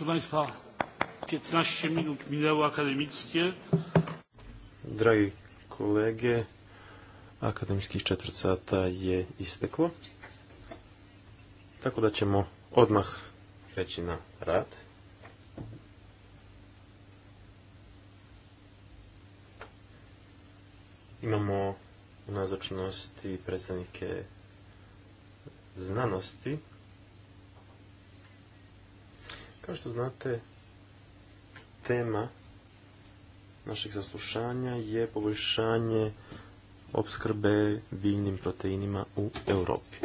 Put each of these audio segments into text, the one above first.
Proszę Państwa, 15 minut minęło akademickie. Dragi kolege, akademskih četvrt je isteklo. Tako da ćemo odmah reći na rad. Imamo u nazočnosti predstavnike znanosti kao što znate, tema našeg zaslušanja je poboljšanje opskrbe biljnim proteinima u Europi.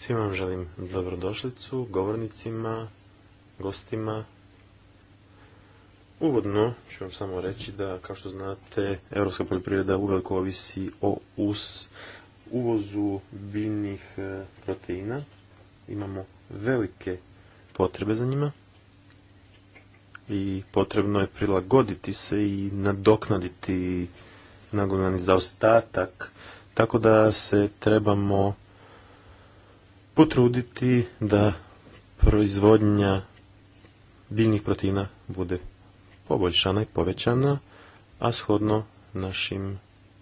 Svima vam želim dobrodošlicu, govornicima, gostima. Uvodno ću vam samo reći da, kao što znate, europska poljoprivreda uveliko ovisi o us uvozu biljnih e, proteina. Imamo velike potrebe za njima i potrebno je prilagoditi se i nadoknaditi za zaostatak, tako da se trebamo potruditi da proizvodnja biljnih proteina bude poboljšana i povećana, a shodno našim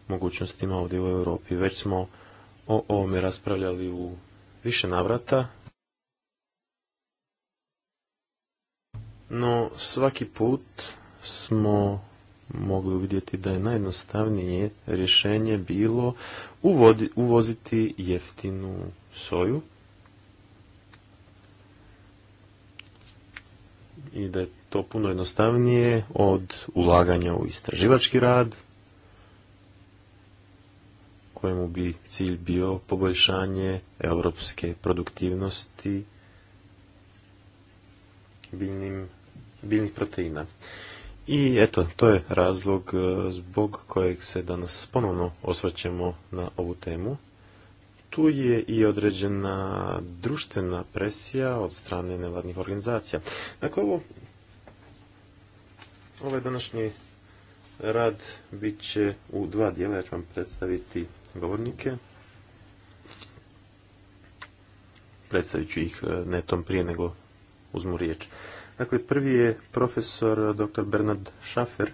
mogućnostima ovdje u Europi. Već smo o ovome raspravljali u više navrata, no svaki put smo mogli uvidjeti da je najjednostavnije rješenje bilo uvoziti jeftinu soju i da je to puno jednostavnije od ulaganja u istraživački rad kojemu bi cilj bio poboljšanje europske produktivnosti biljnim, biljnih proteina. I eto, to je razlog e, zbog kojeg se danas ponovno osvaćemo na ovu temu. Tu je i određena društvena presija od strane nevladnih organizacija. Dakle, ovo, ovaj današnji rad bit će u dva dijela. Ja ću vam predstaviti govornike. Predstavit ću ih e, netom prije nego uzmu riječ. Dakle, prvi je profesor e, dr. Bernard Schaffer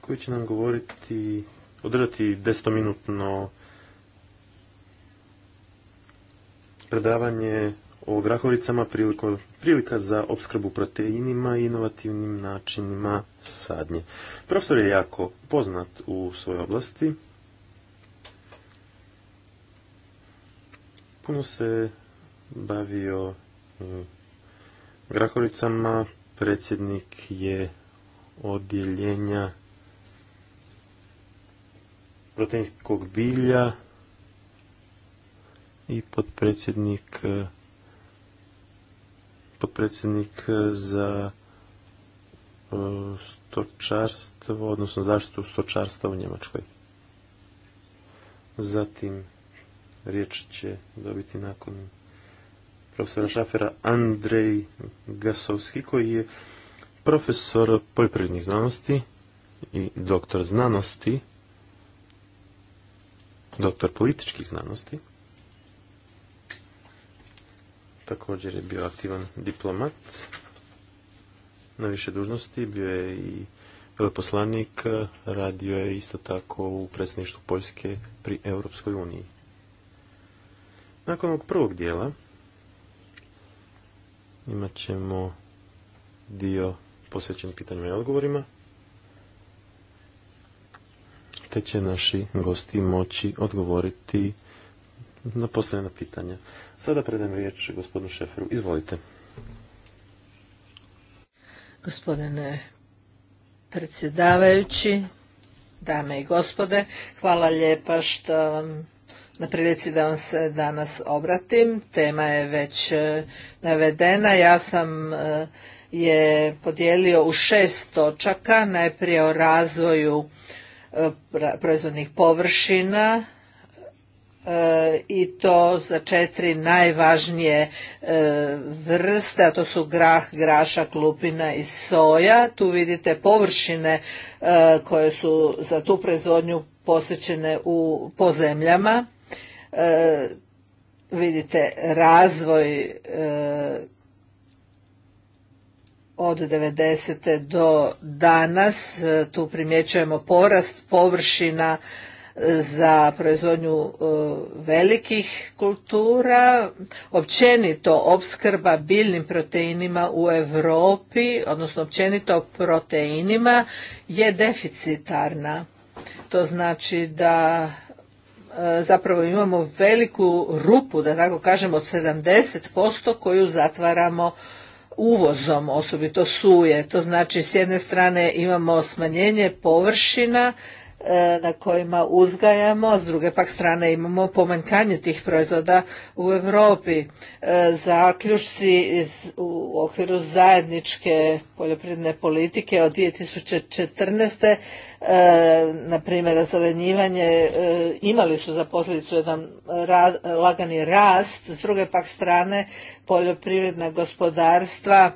koji će nam govoriti, održati desetominutno predavanje o grahovicama prilika za opskrbu proteinima i inovativnim načinima sadnje. Profesor je jako poznat u svojoj oblasti, Puno se bavio e, Grahovicama, predsjednik je odjeljenja proteinskog bilja i podpredsjednik e, podpredsjednik za e, stočarstvo, odnosno zaštitu stočarstva u Njemačkoj. Zatim riječ će dobiti nakon profesora Šafera Andrej Gasovski koji je profesor poljoprivrednih znanosti i doktor znanosti, doktor političkih znanosti. Također je bio aktivan diplomat na više dužnosti, bio je i veleposlanik, radio je isto tako u predsjedništvu Poljske pri Europskoj uniji. Nakon ovog prvog dijela imat ćemo dio posvećen pitanjima i odgovorima, te će naši gosti moći odgovoriti na postavljena pitanja. Sada predajem riječ gospodinu Šeferu. Izvolite. Gospodine predsjedavajući, dame i gospode, hvala lijepa što vam na prilici da vam se danas obratim. Tema je već e, navedena. Ja sam e, je podijelio u šest točaka. Najprije o razvoju e, proizvodnih površina i to za četiri najvažnije vrste, a to su grah, graša, klupina i soja. Tu vidite površine koje su za tu proizvodnju posjećene u, po zemljama. E, vidite razvoj e, od 90. do danas. E, tu primjećujemo porast površina za proizvodnju velikih kultura. Općenito opskrba biljnim proteinima u Europi, odnosno općenito proteinima, je deficitarna. To znači da E, zapravo imamo veliku rupu, da tako kažem, od 70% koju zatvaramo uvozom, osobito suje. To znači s jedne strane imamo smanjenje površina, E, na kojima uzgajamo, s druge pak strane imamo pomanjkanje tih proizvoda u Europi. E, zaključci iz, u okviru zajedničke poljoprivredne politike od 2014. E, na primjer razolenjivanje imali su za posljedicu jedan lagani rast, s druge pak strane poljoprivredna gospodarstva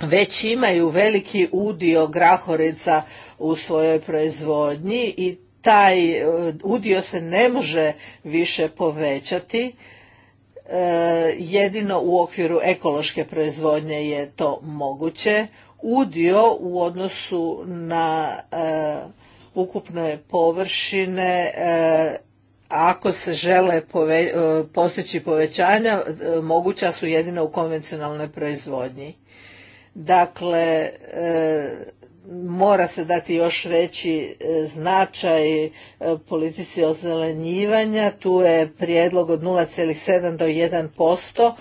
već imaju veliki udio grahorica u svojoj proizvodnji i taj e, udio se ne može više povećati e, jedino u okviru ekološke proizvodnje je to moguće udio u odnosu na e, ukupne površine ako se žele postići povećanja moguća su jedino u konvencionalnoj proizvodnji Dakle, e, mora se dati još veći e, značaj e, politici ozelenjivanja. Tu je prijedlog od 0,7 do 1%.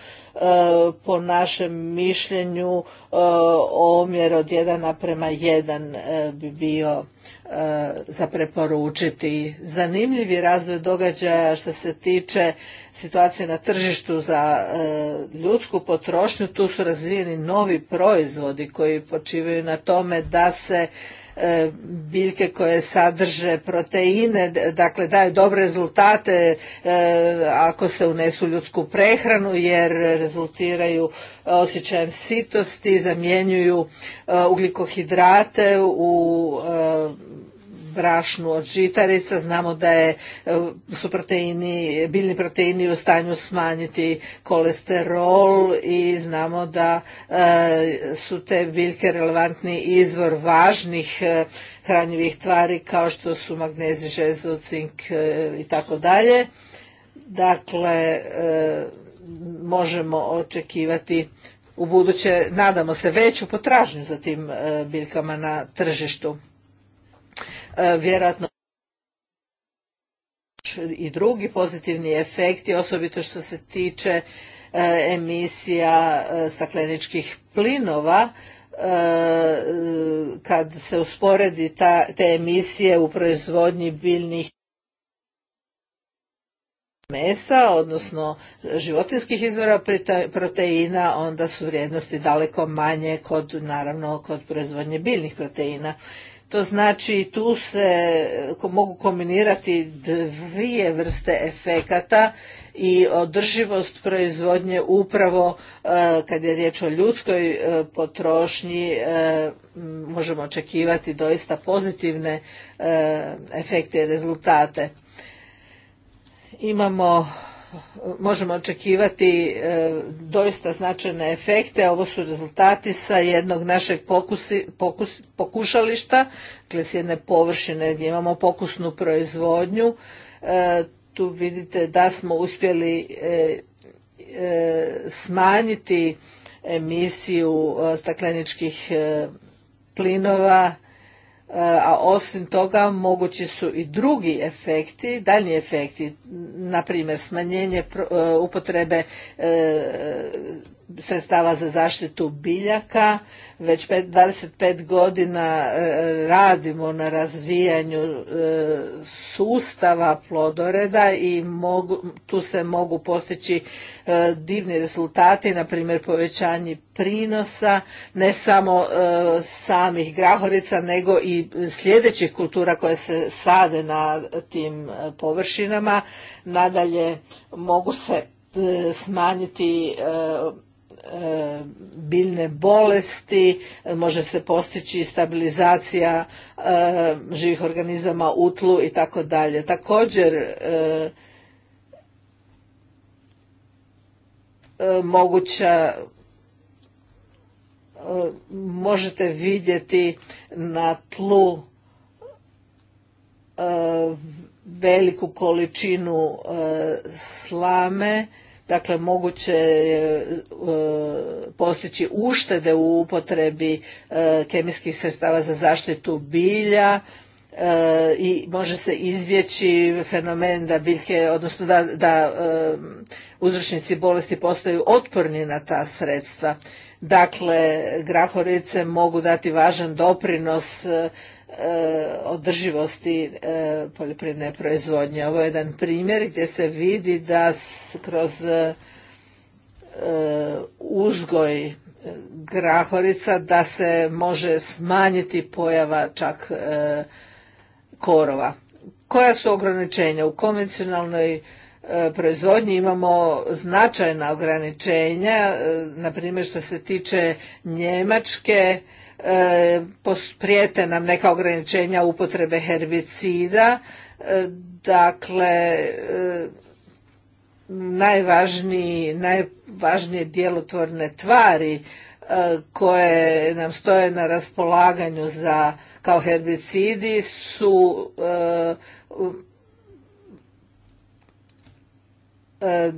Po našem mišljenju omjer od 1 naprema 1 bi bio E, za preporučiti. Zanimljivi razvoj događaja što se tiče situacije na tržištu za e, ljudsku potrošnju, tu su razvijeni novi proizvodi koji počivaju na tome da se e, biljke koje sadrže proteine, dakle daju dobre rezultate ako se unesu ljudsku prehranu jer rezultiraju osjećajem sitosti, zamjenjuju ugljikohidrate u brašnu od žitarica. Znamo da je, e, su proteini, biljni proteini u stanju smanjiti kolesterol i znamo da e, su te biljke relevantni izvor važnih e, hranjivih tvari kao što su magnezi, žezo, cink i tako dalje. Dakle, možemo očekivati u buduće, nadamo se, veću potražnju za tim biljkama na tržištu. E, vjerojatno i drugi pozitivni efekti, osobito što se tiče e, emisija e, stakleničkih plinova, kad se usporedi te emisije u proizvodnji biljnih mesa, odnosno životinskih izvora proteina, onda su vrijednosti daleko manje kod, naravno, kod proizvodnje biljnih proteina. To znači tu se mogu kombinirati dvije vrste efekata i održivost proizvodnje upravo e, kad je riječ o ljudskoj e, potrošnji e, možemo očekivati doista pozitivne efekte i rezultate. Imamo možemo očekivati e, doista značajne efekte. Ovo su rezultati sa jednog našeg pokušališta, dakle s jedne površine gdje imamo pokusnu proizvodnju. E, tu vidite da smo uspjeli e, smanjiti emisiju stakleničkih plinova a osim toga mogući su i drugi efekti, daljni efekti, na primjer smanjenje e, upotrebe e, sredstava za zaštitu biljaka. Već 25 godina e, radimo na razvijanju e, sustava plodoreda i tu se mogu postići e, divni rezultati, na primjer povećanje prinosa, ne samo samih grahorica, nego i sljedećih kultura koje se sade na tim površinama. Nadalje mogu se smanjiti biljne bolesti, može se postići stabilizacija e, živih organizama u tlu i tako dalje. Također e, e, moguća možete vidjeti na tlu veliku količinu slame Dakle, moguće je e, postići uštede u upotrebi e, kemijskih sredstava za zaštitu bilja, e, i može se izbjeći fenomen da biljke, odnosno da, uzročnici bolesti postaju otporni na ta sredstva. Dakle, grahorice mogu dati važan doprinos Eh, održivosti eh, poljoprivredne proizvodnje. Ovo je jedan primjer gdje se vidi da kroz eh, uzgoj grahorica da se može smanjiti pojava čak korova. Koja su ograničenja? U konvencionalnoj proizvodnji imamo značajna ograničenja, na primjer što se tiče Njemačke, E, prijete nam neka ograničenja upotrebe herbicida, e, dakle e, najvažnije djelotvorne tvari koje nam stoje na raspolaganju za kao herbicidi su E,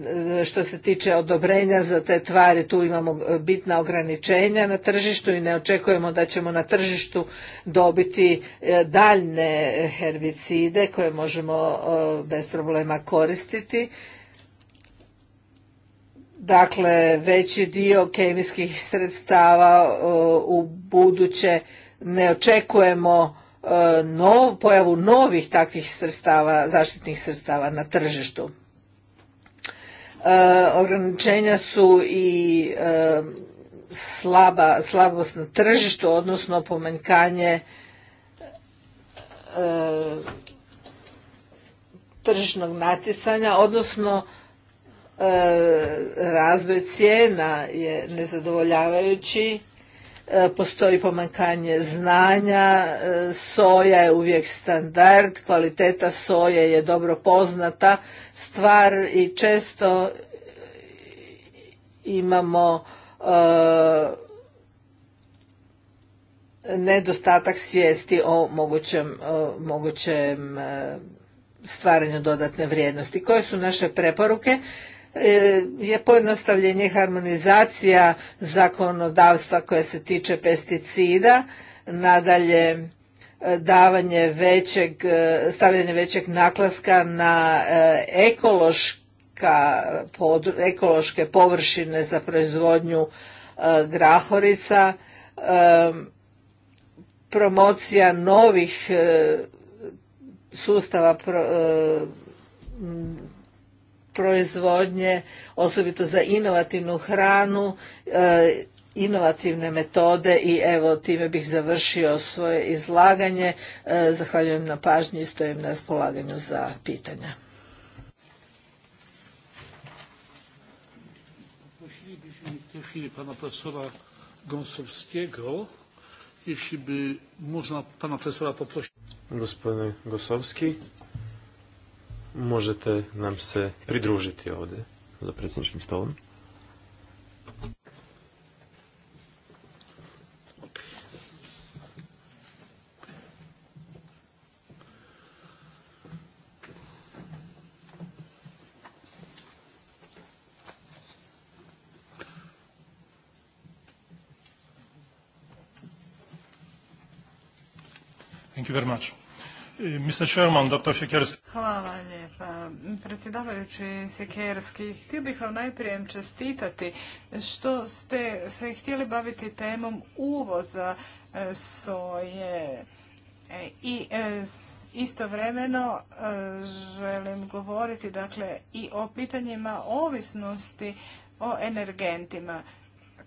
što se tiče odobrenja za te tvari, tu imamo e, bitna ograničenja na tržištu i ne očekujemo da ćemo na tržištu dobiti e, daljne herbicide koje možemo bez problema koristiti. Dakle, veći dio kemijskih sredstava u buduće ne očekujemo pojavu novih takvih sredstava, zaštitnih sredstava na tržištu. E, ograničenja su i e, slabost na tržištu, odnosno pomenkanje e, tržišnog natjecanja, odnosno razvoj cijena je nezadovoljavajući E, postoji pomankanje znanja, e, soja je uvijek standard, kvaliteta soje je dobro poznata stvar i često imamo e, nedostatak svijesti o mogućem, o mogućem stvaranju dodatne vrijednosti. Koje su naše preporuke? E, je pojednostavljenje harmonizacija zakonodavstva koje se tiče pesticida, nadalje e, davanje većeg, e, stavljanje većeg naklaska na ekološka, ekološke površine za proizvodnju grahorica, promocija novih sustava proizvodnje, osobito za inovativnu hranu, e, inovativne metode i evo time bih završio svoje izlaganje. E, zahvaljujem na pažnji i stojim na raspolaganju za pitanja. Gospodine pana profesora možete nam se pridružiti ovdje za predsjedničkim stolom. Thank you very E, Mr. Sherman, dr. Hvala lijepa. Predsjedavajući Sekerski, htio bih vam najprije čestitati što ste se htjeli baviti temom uvoza e, soje e, i istovremeno želim govoriti dakle i o pitanjima ovisnosti o energentima.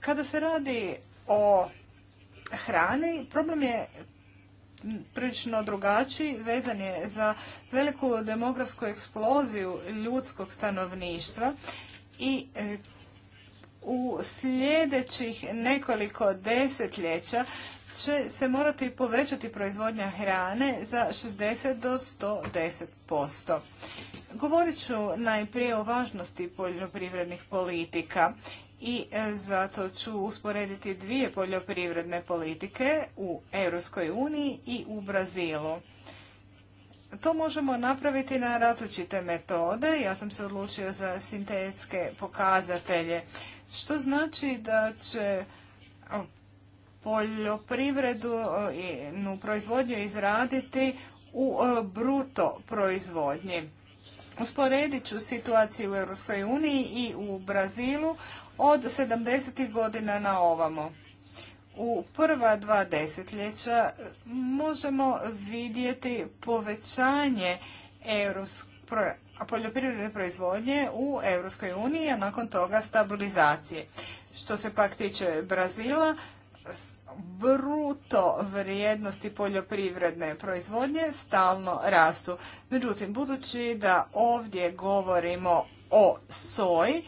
Kada se radi o hrani, problem je prilično drugačiji, vezan je za veliku demografsku eksploziju ljudskog stanovništva i e, u sljedećih nekoliko desetljeća će se morati povećati proizvodnja hrane za 60 do 110%. Govorit ću najprije o važnosti poljoprivrednih politika i e, zato ću usporediti dvije poljoprivredne politike u Europskoj uniji i u Brazilu. To možemo napraviti na različite metode. Ja sam se odlučio za sintetske pokazatelje, što znači da će poljoprivredu proizvodnju izraditi u bruto proizvodnji. Usporedit ću situaciju u Europskoj uniji i u Brazilu, od 70. godina na ovamo. U prva dva desetljeća možemo vidjeti povećanje poljoprivredne proizvodnje u Europskoj uniji, a nakon toga stabilizacije. Što se pak tiče Brazila, bruto vrijednosti poljoprivredne proizvodnje stalno rastu. Međutim, budući da ovdje govorimo o soji,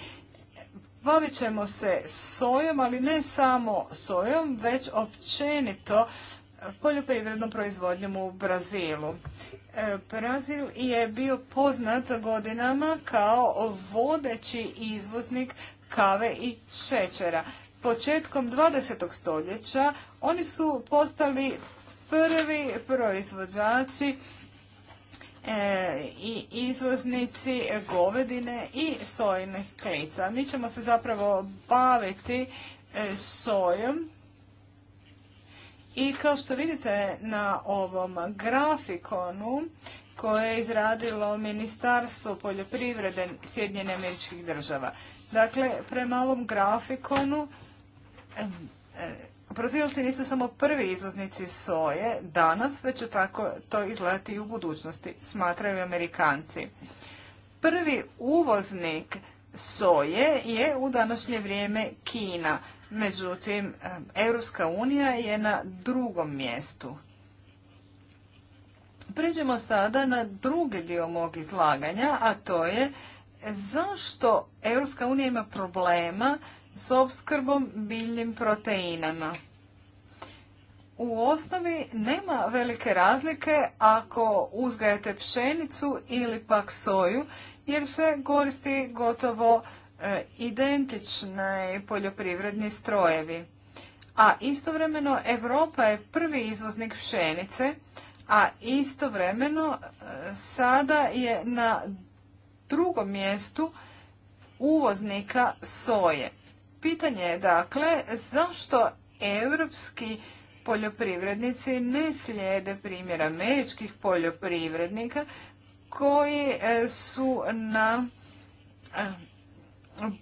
Bavit ćemo se sojom, ali ne samo sojom, već općenito poljoprivrednom proizvodnjom u Brazilu. E, Brazil je bio poznat godinama kao vodeći izvoznik kave i šećera. Početkom 20. stoljeća oni su postali prvi proizvođači E, i izvoznici govedine i sojnih klica. Mi ćemo se zapravo baviti e, sojom i kao što vidite na ovom grafikonu koje je izradilo Ministarstvo poljoprivrede Sjedinjene američkih država. Dakle, prema ovom grafikonu e, Brazilci nisu samo prvi izvoznici soje danas, već će tako to izgledati i u budućnosti, smatraju Amerikanci. Prvi uvoznik soje je u današnje vrijeme Kina. Međutim, Europska unija je na drugom mjestu. Priđemo sada na drugi dio mog izlaganja, a to je zašto Europska unija ima problema s obskrbom biljnim proteinama. U osnovi nema velike razlike ako uzgajate pšenicu ili pak soju jer se koristi gotovo e, identične poljoprivredni strojevi. A istovremeno Europa je prvi izvoznik pšenice, a istovremeno e, sada je na drugom mjestu uvoznika soje. Pitanje je dakle zašto europski poljoprivrednici ne slijede primjer američkih poljoprivrednika koji e, su na e,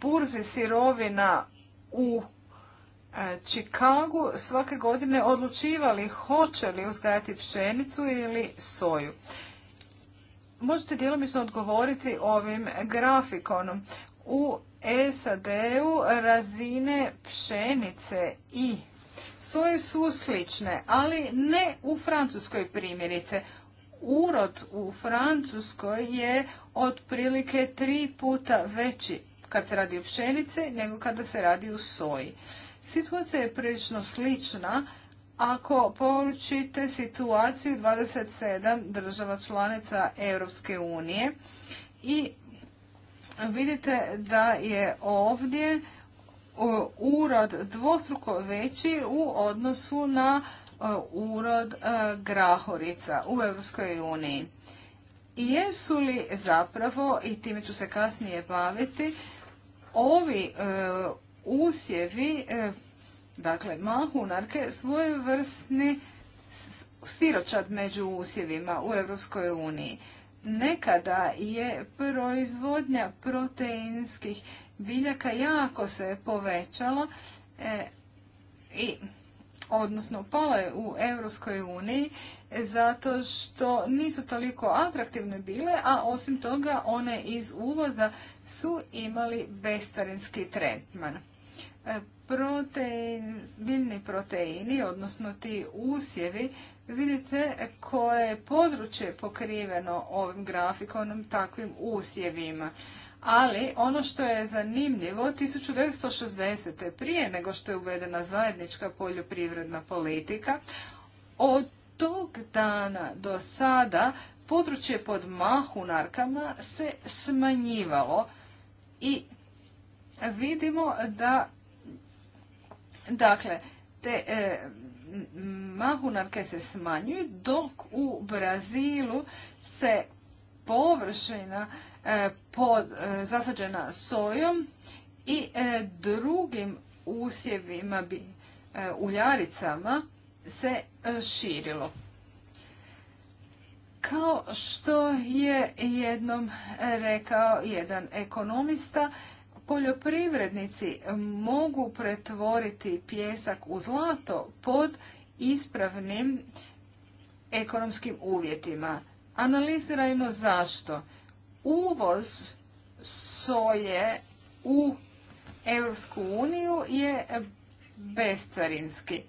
burzi sirovina u Chicagu e, svake godine odlučivali hoće li uzgajati pšenicu ili soju. Možete djelomično odgovoriti ovim grafikonom. U SAD-u razine pšenice i soje su slične, ali ne u Francuskoj primjerice. Urod u Francuskoj je otprilike tri puta veći kad se radi u pšenice nego kada se radi o soji. Situacija je prilično slična ako poručite situaciju 27 država članica Europske unije i vidite da je ovdje e, urod dvostruko veći u odnosu na e, urod e, grahorica u Europskoj uniji. Jesu li zapravo, i time ću se kasnije baviti, ovi usjevi, dakle mahunarke, svojevrsni siročad među usjevima u Europskoj uniji. Nekada je proizvodnja proteinskih biljaka jako se povećala e, i odnosno pala je u Europskoj uniji zato što nisu toliko atraktivne bile, a osim toga one iz uvoza su imali bestarinski tretman. E, protein, biljni proteini, odnosno ti usjevi, vidite koje je područje pokriveno ovim grafikonom, takvim usjevima. Ali ono što je zanimljivo, 1960. prije nego što je uvedena zajednička poljoprivredna politika, od tog dana do sada područje pod mahunarkama se smanjivalo i vidimo da dakle te e, mahunarke se smanjuju, dok u Brazilu se površina e, e, zasađena sojom i e, drugim usjevima uljaricama se širilo. Kao što je jednom rekao jedan ekonomista, poljoprivrednici eh, mogu pretvoriti pjesak u zlato pod ispravnim ekonomskim uvjetima. Analizirajmo zašto. Uvoz soje u Europsku uniju je bescarinski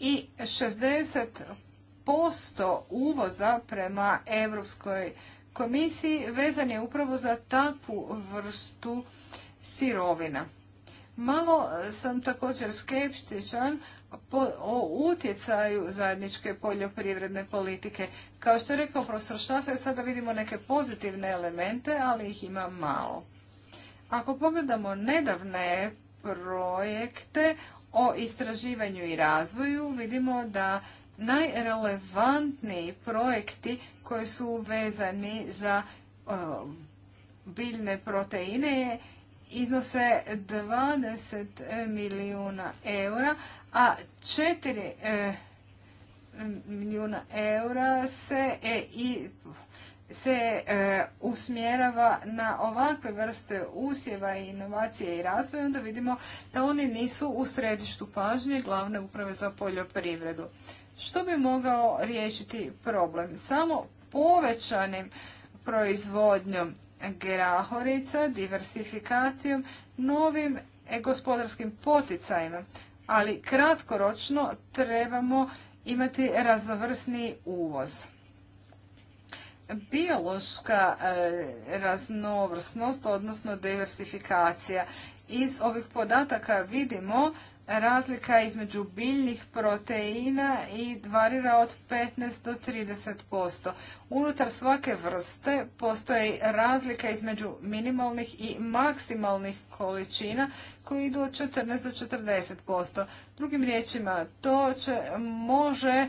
i 60% uvoza prema Europskoj komisiji vezan je upravo za takvu vrstu sirovina. Malo e, sam također skeptičan o utjecaju zajedničke poljoprivredne politike. Kao što je rekao profesor Štafer, sada vidimo neke pozitivne elemente, ali ih ima malo. Ako pogledamo nedavne projekte o istraživanju i razvoju, vidimo da najrelevantniji projekti koji su vezani za e, biljne proteine je iznose 20 milijuna eura, a 4 e, milijuna eura se, e, i, se e, usmjerava na ovakve vrste usjeva i inovacije i razvoja, onda vidimo da oni nisu u središtu pažnje glavne uprave za poljoprivredu. Što bi mogao riješiti problem? Samo povećanim proizvodnjom grahorica, diversifikacijom, novim e, gospodarskim poticajima. Ali kratkoročno trebamo imati raznovrsni uvoz. Biološka e, raznovrsnost, odnosno diversifikacija. Iz ovih podataka vidimo Razlika između biljnih proteina i varira od 15 do 30%. Unutar svake vrste postoji razlika između minimalnih i maksimalnih količina koji idu od 14 do 40%. Drugim riječima, to će, može e,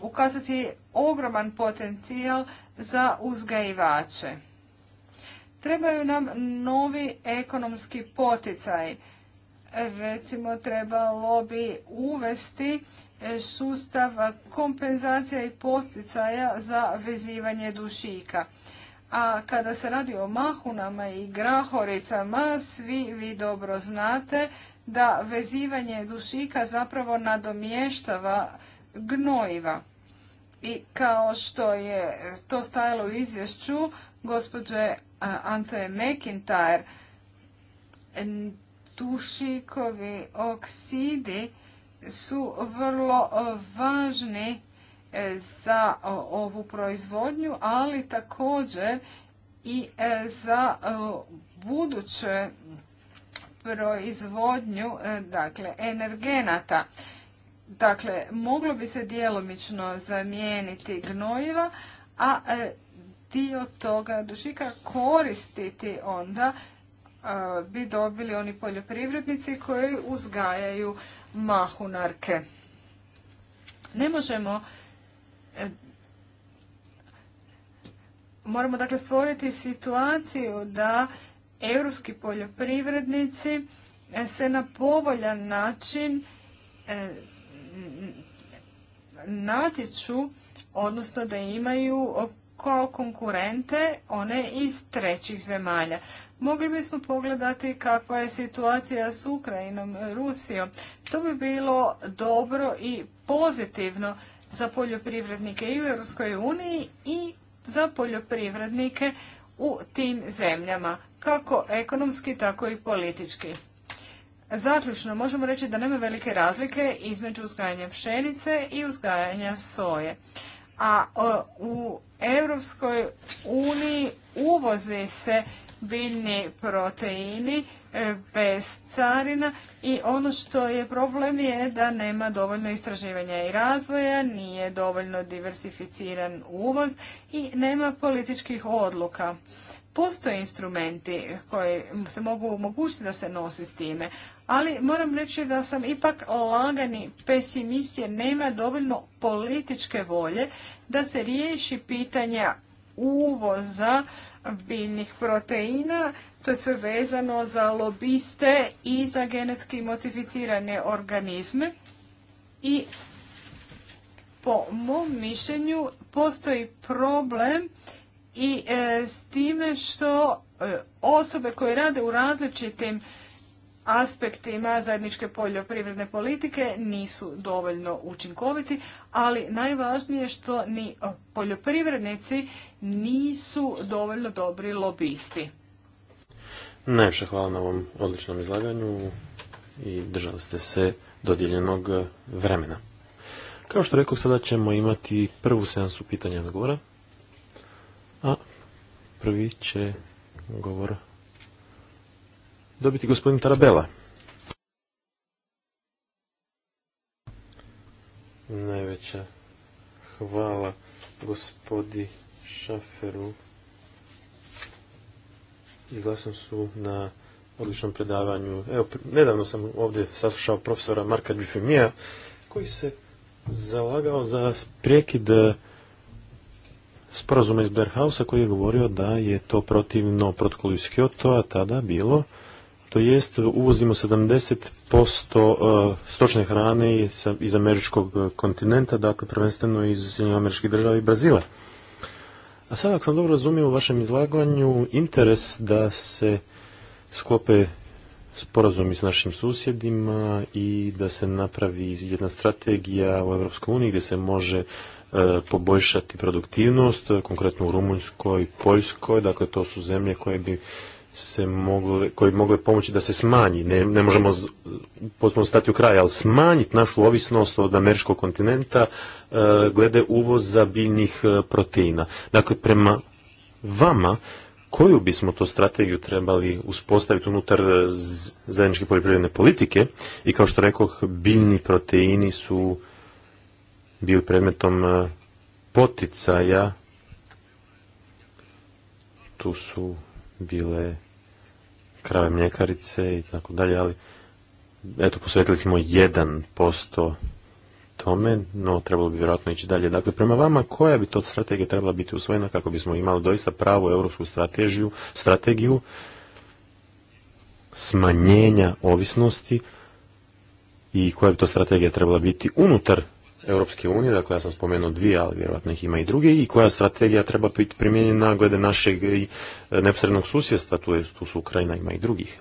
ukazati ogroman potencijal za uzgajivače. Trebaju nam novi ekonomski poticaj recimo trebalo bi uvesti sustav kompenzacija i posticaja za vezivanje dušika. A kada se radi o mahunama i grahoricama, svi vi dobro znate da vezivanje dušika zapravo nadomještava gnojiva. I kao što je to stajalo u izvješću gospođe Ante McIntyre, dušikovi oksidi su vrlo e, važni e, za ovu proizvodnju, ali također i e, za buduće proizvodnju dakle, energenata. Dakle, moglo bi se djelomično zamijeniti gnojiva, a dio toga dušika koristiti onda bi dobili oni poljoprivrednici koji uzgajaju mahunarke. Ne možemo e, moramo dakle stvoriti situaciju da europski poljoprivrednici e, se na povoljan način e, natječu, odnosno da imaju kao konkurente one iz trećih zemalja. Mogli bismo pogledati kakva je situacija s Ukrajinom, Rusijom. To bi bilo dobro i pozitivno za poljoprivrednike i u Europskoj uniji i za poljoprivrednike u tim zemljama, kako ekonomski, tako i politički. Zaključno, možemo reći da nema velike razlike između uzgajanja pšenice i uzgajanja soje. A u Europskoj uniji uvozi se biljni proteini e, bez carina i ono što je problem je da nema dovoljno istraživanja i razvoja, nije dovoljno diversificiran uvoz i nema političkih odluka. Postoje instrumenti koji se mogu omogućiti da se nosi s time, ali moram reći da sam ipak lagani pesimist jer nema dovoljno političke volje da se riješi pitanja uvoza biljnih proteina. To je sve vezano za lobiste i za genetski modificirane organizme. I po mom mišljenju postoji problem i e, s time što e, osobe koje rade u različitim aspektima zajedničke poljoprivredne politike nisu dovoljno učinkoviti, ali najvažnije je što ni poljoprivrednici nisu dovoljno dobri lobisti. Najviše hvala na ovom odličnom izlaganju i držali ste se dodijeljenog vremena. Kao što rekao, sada ćemo imati prvu seansu pitanja na gora, a prvi će govor dobiti gospodin Tarabela. Najveća hvala gospodi Šaferu i glasom su na odličnom predavanju. Evo, nedavno sam ovdje saslušao profesora Marka Djufemija koji se zalagao za prekid e, sporazuma iz Berhausa koji je govorio da je to protivno protokolu iz a tada bilo to jest uvozimo 70% e, stočne hrane iz američkog e, kontinenta, dakle prvenstveno iz Sjedinjene američkih država i Brazila. A sada ako sam dobro razumio u vašem izlaganju interes da se sklope sporazumi s našim susjedima i da se napravi jedna strategija u EU gdje se može e, poboljšati produktivnost, konkretno u Rumunjskoj, Poljskoj, dakle to su zemlje koje bi se mogle, koji mogle pomoći da se smanji. Ne, ne možemo potpuno stati u kraj, ali smanjiti našu ovisnost od američkog kontinenta e, glede uvoza biljnih e, proteina. Dakle, prema vama, koju bismo to strategiju trebali uspostaviti unutar e, zajedničke poljoprivredne politike i kao što rekoh, biljni proteini su bili predmetom e, poticaja tu su bile krave mljekarice i tako dalje, ali eto, posvetili smo 1% tome, no trebalo bi vjerojatno ići dalje. Dakle, prema vama, koja bi to strategija trebala biti usvojena kako bismo imali doista pravu europsku strategiju, strategiju smanjenja ovisnosti i koja bi to strategija trebala biti unutar Europske unije, dakle ja sam spomenuo dvije, ali vjerojatno ih ima i druge, i koja strategija treba biti primijenjena glede našeg e, neposrednog susjedstva, tu, su Ukrajina, ima i drugih.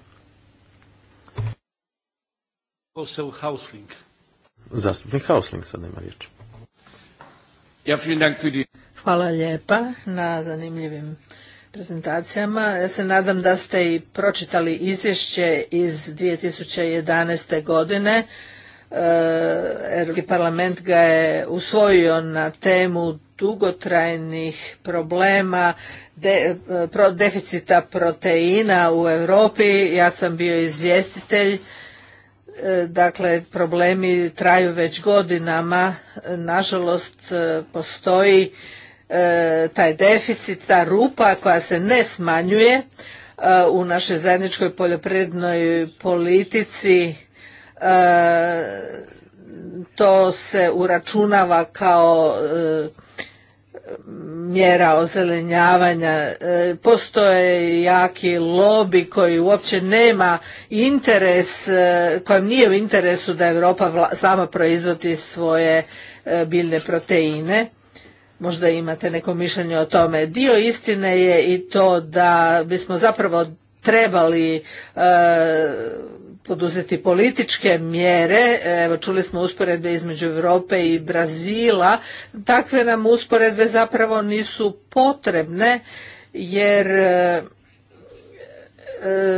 Hausling. Zastupnik Hausling sada ima riječ. Ja, Hvala lijepa na zanimljivim prezentacijama. Ja se nadam da ste i pročitali izvješće iz 2011. godine E, Europski parlament ga je usvojio na temu dugotrajnih problema e, pro, deficita proteina u Europi. Ja sam bio izvjestitelj. E, dakle, problemi traju već godinama. Nažalost, postoji taj deficit, ta rupa koja se ne smanjuje u našoj zajedničkoj poljoprivrednoj politici E, to se uračunava kao e, mjera ozelenjavanja e, postoje jaki lobi koji uopće nema interes kojem nije u interesu da Europa sama proizvodi svoje biljne proteine možda imate neko mišljenje o tome dio istine je i to da bismo zapravo trebali poduzeti političke mjere. Evo, čuli smo usporedbe između Europe i Brazila. Takve nam usporedbe zapravo nisu potrebne jer e, e,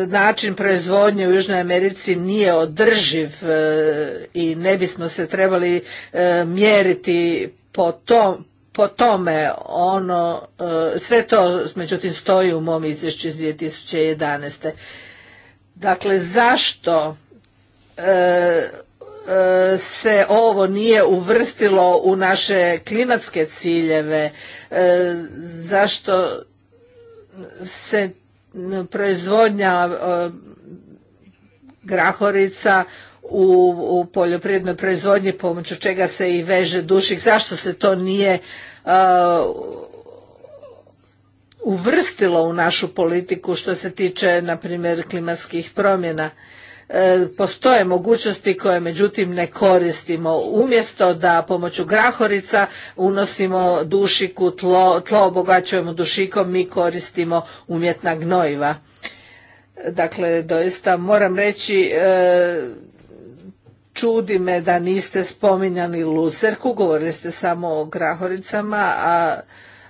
način proizvodnje u Južnoj Americi nije održiv e, i ne bismo se trebali mjeriti po po tome ono sve to međutim stoji u mom izvješću iz 2011. Dakle, zašto e, e, se ovo nije uvrstilo u naše klimatske ciljeve, e, zašto se proizvodnja grahorica u, u poljoprivrednoj proizvodnji pomoću čega se i veže dušik, zašto se to nije uvrstilo u našu politiku što se tiče na primjer klimatskih promjena e, postoje mogućnosti koje međutim ne koristimo. Umjesto da pomoću grahorica unosimo dušiku, tlo, obogaćujemo dušikom, mi koristimo umjetna gnojiva. Dakle, doista moram reći, e, čudi me da niste spominjali lucerku, govorili ste samo o grahoricama, a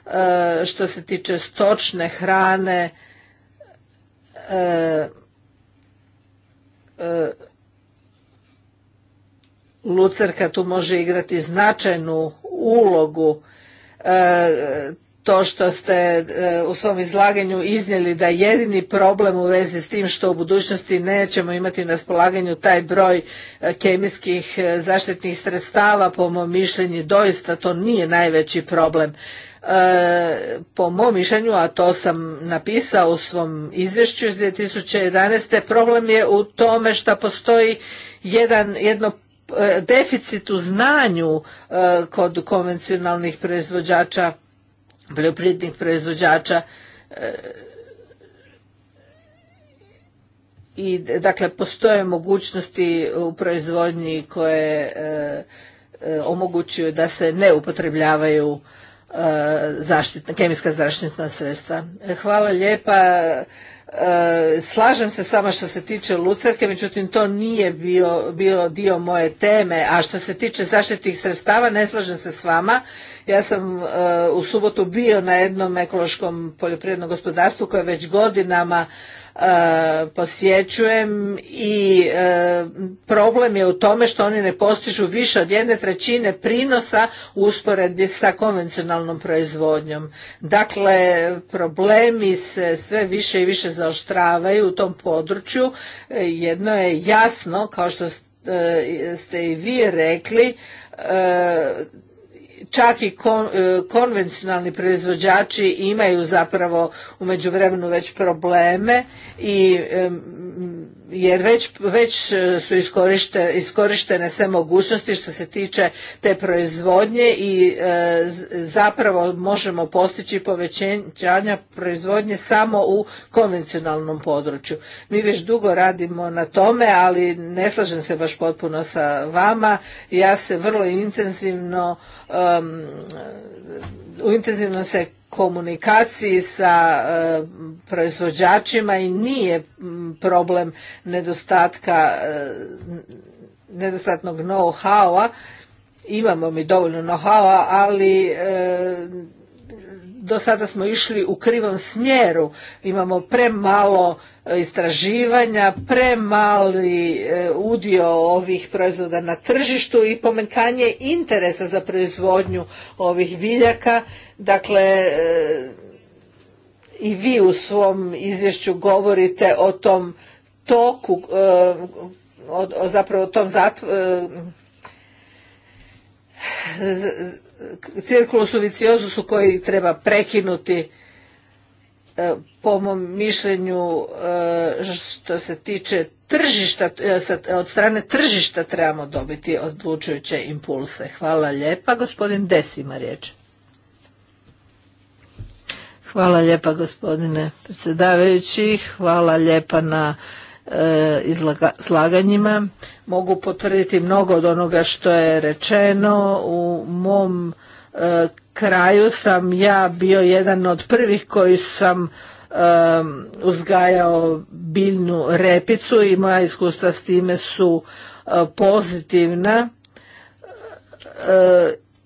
E, što se tiče stočne hrane e, e, lucerka tu može igrati značajnu ulogu to što ste u svom izlaganju iznijeli da jedini problem u vezi s tim što u budućnosti nećemo imati na spolaganju taj broj kemijskih zaštitnih sredstava po mom mišljenju doista to nije najveći problem E, po mom mišljenju, a to sam napisao u svom izvješću iz 2011. problem je u tome što postoji jedan, jedno e, deficit u znanju e, kod konvencionalnih proizvođača, poljoprivrednih proizvođača i dakle postoje mogućnosti u proizvodnji koje omogućuju da se ne upotrebljavaju E, zaštitna, kemijska zaštitna sredstva. E, hvala lijepa. E, slažem se vama što se tiče lucerke, međutim to nije bio, bio dio moje teme, a što se tiče zaštitnih sredstava ne slažem se s vama. Ja sam u subotu bio na jednom ekološkom poljoprivrednom gospodarstvu koje već godinama E, posjećujem i e, problem je u tome što oni ne postižu više od jedne trećine prinosa u usporedbi sa konvencionalnom proizvodnjom. Dakle, problemi se sve više i više zaoštravaju u tom području. E, jedno je jasno, kao što ste i vi rekli, čak i e, konvencionalni proizvođači imaju zapravo u međuvremenu već probleme i jer već, već e, su iskorištene sve mogućnosti što se tiče te proizvodnje i e, zapravo možemo postići povećanja proizvodnje samo u konvencionalnom području. Mi već dugo radimo na tome, ali ne slažem se baš potpuno sa vama. Ja se vrlo intenzivno um, u intenzivnom se komunikaciji sa e, proizvođačima i nije problem nedostatka e, nedostatnog know-howa imamo mi dovoljno know-howa ali e, do sada smo išli u krivom smjeru. Imamo premalo e, istraživanja, premali e, udio ovih proizvoda na tržištu i pomenkanje interesa za proizvodnju ovih biljaka. Dakle, e, i vi u svom izvješću govorite o tom toku, zapravo o tom zatvoru, cirkulusu viciozusu koji treba prekinuti e, po mom mišljenju e, što se tiče tržišta, e, od strane tržišta trebamo dobiti odlučujuće impulse. Hvala lijepa. Gospodin Desima, riječ. Hvala lijepa gospodine predsjedavajući, hvala lijepa na E, izlaganjima. Mogu potvrditi mnogo od onoga što je rečeno. U mom e, kraju sam ja bio jedan od prvih koji sam e, uzgajao biljnu repicu i moja iskustva s time su pozitivna.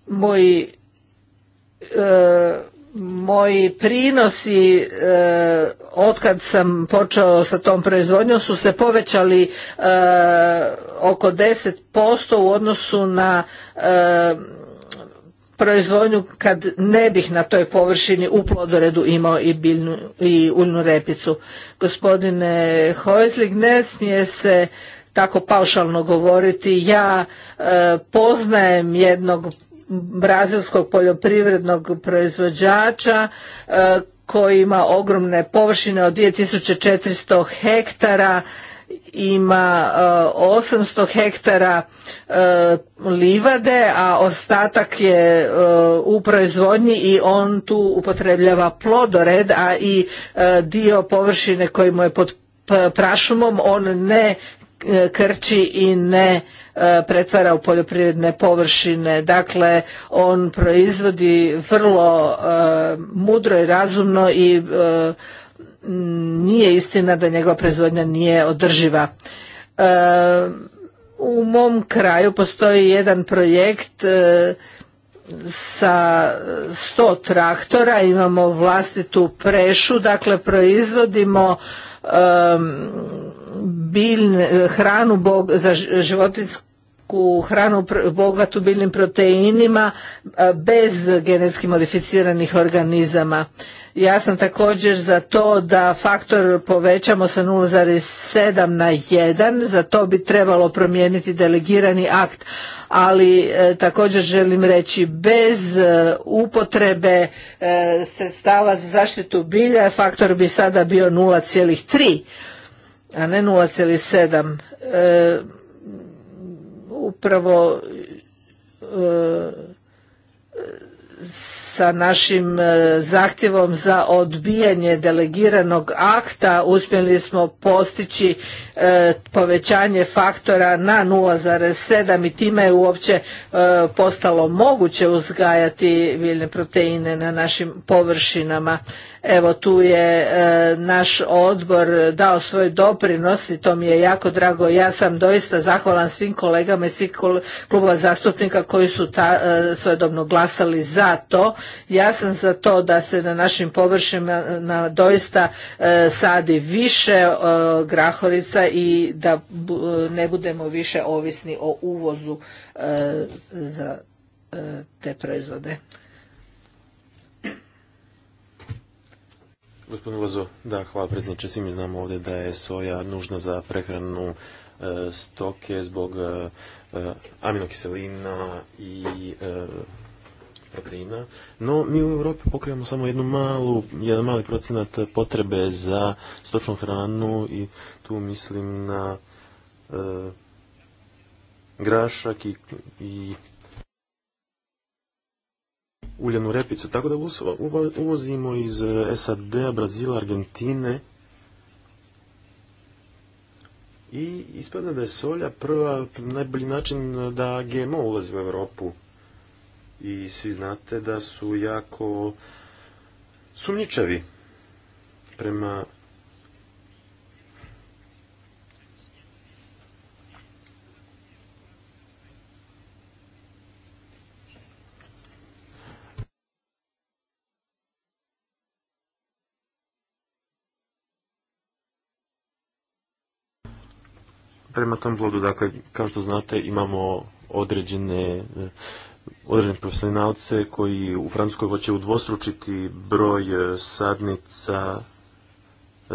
Moji moji prinosi e, otkad sam počeo sa tom proizvodnjom su se povećali e, oko 10% u odnosu na e, proizvodnju kad ne bih na toj površini u plodoredu imao i, biljnu, i uljnu repicu. Gospodine Hojzlik, ne smije se tako paušalno govoriti. Ja e, poznajem jednog brazilskog poljoprivrednog proizvođača e, koji ima ogromne površine od 2400 hektara ima 800 e, hektara e, livade, a ostatak je u proizvodnji i on tu upotrebljava plodored, a i dio površine koji mu je pod prašumom on ne krči i ne E, pretvara u poljoprivredne površine. Dakle, on proizvodi vrlo e, mudro i razumno i e, nije istina da njegova proizvodnja nije održiva. U mom kraju postoji jedan projekt sa sto traktora, imamo vlastitu prešu, dakle proizvodimo um, hranu za životinjsku u hranu bogatu biljnim proteinima bez genetski modificiranih organizama. Ja sam također za to da faktor povećamo sa 0,7 na 1, za to bi trebalo promijeniti delegirani akt, ali e, također želim reći bez e, upotrebe e, sredstava za zaštitu bilja faktor bi sada bio 0,3, a ne 0,7 upravo e, sa našim e, zahtjevom za odbijanje delegiranog akta uspjeli smo postići e, povećanje faktora na 0,7 i time je uopće e, postalo moguće uzgajati biljne proteine na našim površinama. Evo tu je naš odbor dao svoj doprinos i to mi je jako drago. Ja sam doista zahvalan svim kolegama i svih klubova zastupnika koji su ta, glasali za to. Ja sam za to da se na našim površima na doista e, sadi više e, grahorica i da e, ne budemo više ovisni o uvozu e, za te proizvode. Gospodin da, hvala predsjedniče. Svi mi znamo ovdje da je soja nužna za prehranu stoke zbog aminokiselina i proteina, no mi u Europi pokrijemo samo jednu malu, jedan mali procenat potrebe za stočnu hranu i tu mislim na e, grašak i, i uljenu repicu. Tako da uvozimo iz e, sad Brazila, Argentine i ispada da je solja prva najbolji način da GMO ulazi u Europu i svi znate da su jako sumničavi prema prema tom blodu. Dakle, kao što znate, imamo određene određene profesionalce koji u Francuskoj hoće udvostručiti broj e, sadnica e,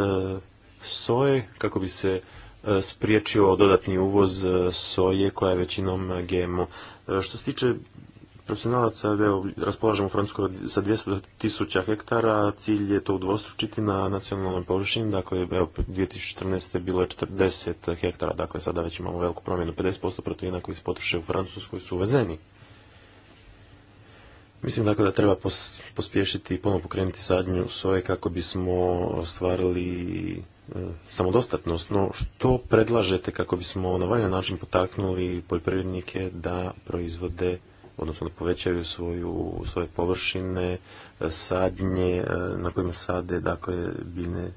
soje kako bi se e, spriječio dodatni uvoz soje koja je većinom GMO. Što se tiče profesionalaca, evo, raspolažemo u Francuskoj sa 200 tisuća hektara, cilj je to udvostručiti na nacionalnoj površini, dakle, evo, 2014. bilo je 40 hektara, dakle, sada već imamo veliku promjenu, 50% proteina koji se potroše u Francuskoj su uvezeni Mislim dakle da treba pospješiti i ponovno pokrenuti sadnju soje kako bismo ostvarili e, samodostatnost, no što predlažete kako bismo na valjan način potaknuli poljoprivrednike da proizvode, odnosno da povećaju svoju, svoje površine, e, sadnje e, na kojima sade dakle biljne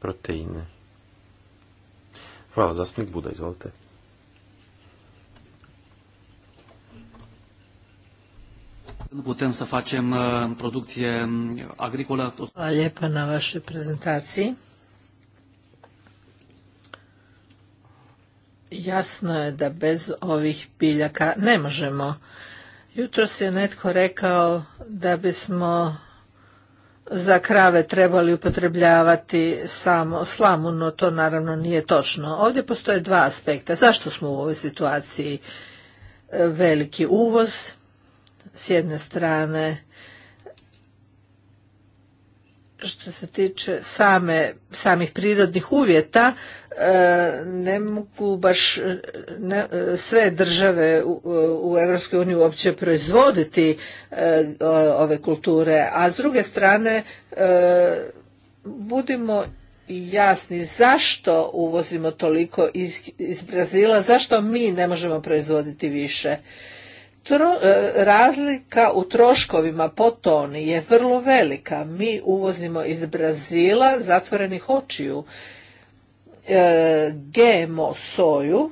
proteine. Hvala, zastupnik Buda, izvolite. putem să facem uh, um, Hvala lijepa na vašoj prezentaciji. Jasno je da bez ovih biljaka ne možemo. Jutros je netko rekao da bismo za krave trebali upotrebljavati samo slamu, no to naravno nije točno. Ovdje postoje dva aspekta. Zašto smo u ovoj situaciji veliki uvoz s jedne strane što se tiče same, samih prirodnih uvjeta, e, ne mogu baš e, ne, e, sve države u, u EU uopće proizvoditi ove kulture, a s druge strane budimo jasni zašto uvozimo toliko iz, iz Brazila, zašto mi ne možemo proizvoditi više. E, razlika u troškovima po toni je vrlo velika. Mi uvozimo iz Brazila zatvorenih očiju e, GMO soju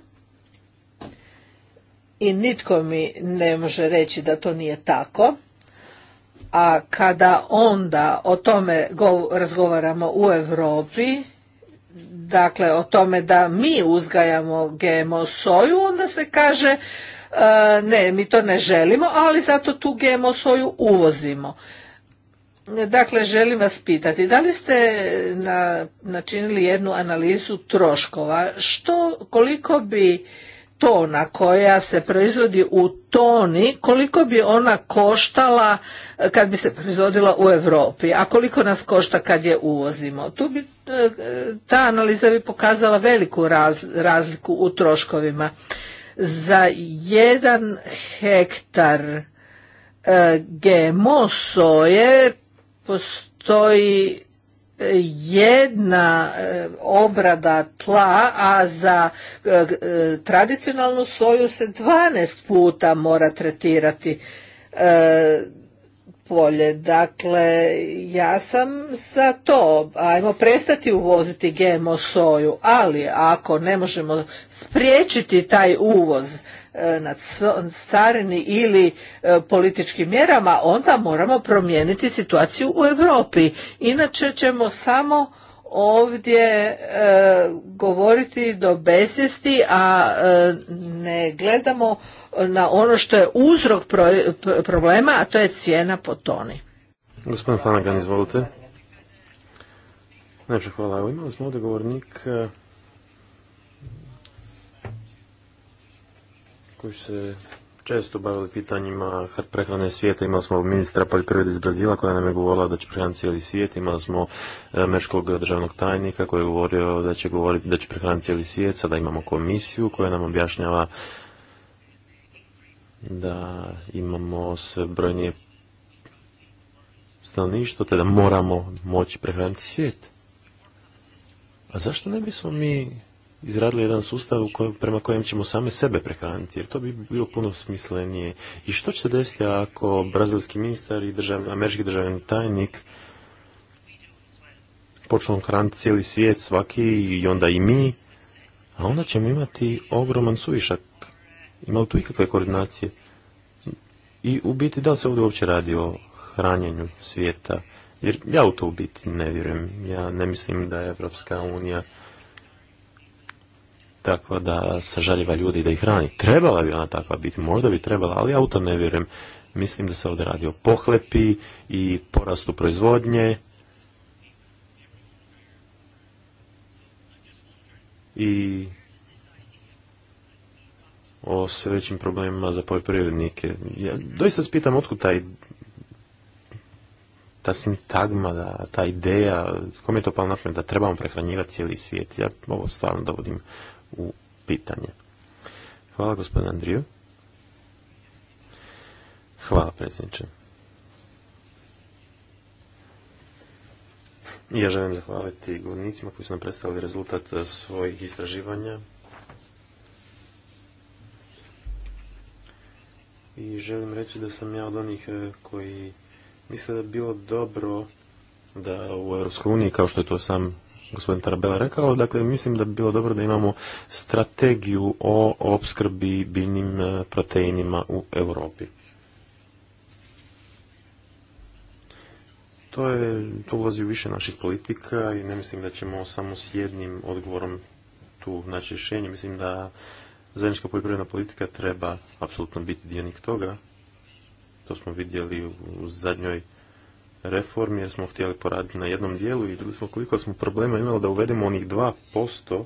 i nitko mi ne može reći da to nije tako. A kada onda o tome razgovaramo u Europi, dakle o tome da mi uzgajamo GMO soju, onda se kaže E, ne, mi to ne želimo, ali zato tu GMO soju uvozimo. Dakle, želim vas pitati, da li ste načinili jednu analizu troškova? Što, koliko bi tona koja se proizvodi u toni, koliko bi ona koštala kad bi se proizvodila u Europi, a koliko nas košta kad je uvozimo? Tu bi, e, ta analiza bi pokazala veliku razliku u troškovima. Za jedan hektar e, GMO soje postoji e, jedna e, obrada tla, a za tradicionalnu soju se 12 puta mora tretirati polje. Dakle, ja sam za to. Ajmo prestati uvoziti GMO soju, ali ako ne možemo spriječiti taj uvoz e, na carini ili e, političkim mjerama, onda moramo promijeniti situaciju u Europi. Inače ćemo samo ovdje e, govoriti do besvijesti, a ne gledamo na ono što je uzrok problema, a to je cijena po toni. Gospodin Flanagan, izvolite. hvala. Evo imali smo ovdje govornik e, koji se često bavili pitanjima prehrane svijeta. Imali smo ministra poljoprivrede iz Brazila koja nam je govorila da će prehraniti cijeli svijet. Imali smo e, meškog državnog tajnika koji je govorio da će, govoriti, da će prehraniti cijeli svijet. Sada imamo komisiju koja nam objašnjava da imamo sve brojnije stanovništvo, te da moramo moći prehraniti svijet. A zašto ne bismo mi izradili jedan sustav prema kojem ćemo same sebe prehraniti, jer to bi bilo puno smislenije. I što će se desiti ako brazilski ministar i američki državni tajnik počnu hraniti cijeli svijet, svaki, i onda i mi, a onda ćemo imati ogroman suvišak ima li tu ikakve koordinacije? I u biti, da li se ovdje uopće radi o hranjenju svijeta? Jer ja u to u biti ne vjerujem. Ja ne mislim da je Evropska unija takva da sažaljiva ljudi da ih hrani. Trebala bi ona takva biti, možda bi trebala, ali ja u to ne vjerujem. Mislim da se ovdje radi o pohlepi i porastu proizvodnje. I o sve većim problemima za poljoprivrednike. Ja doista se pitam otkud taj ta sintagma, da, ta ideja, kom je to palo napamet da trebamo prehranjivati cijeli svijet. Ja ovo stvarno dovodim u pitanje. Hvala gospodine Andriju. Hvala predsjedniče. Ja želim zahvaliti govornicima koji su nam predstavili rezultat svojih istraživanja. i želim reći da sam ja od onih e, koji misle da bi bilo dobro da u EU, kao što je to sam gospodin Tarabela rekao, dakle mislim da bi bilo dobro da imamo strategiju o opskrbi biljnim e, proteinima u Europi. To, je, to ulazi u više naših politika i ne mislim da ćemo samo s jednim odgovorom tu naći rješenje. Mislim da zajednička poljoprivredna politika treba apsolutno biti dionik toga. To smo vidjeli u zadnjoj reformi jer smo htjeli poraditi na jednom dijelu i vidjeli smo koliko smo problema imali da uvedemo onih 2%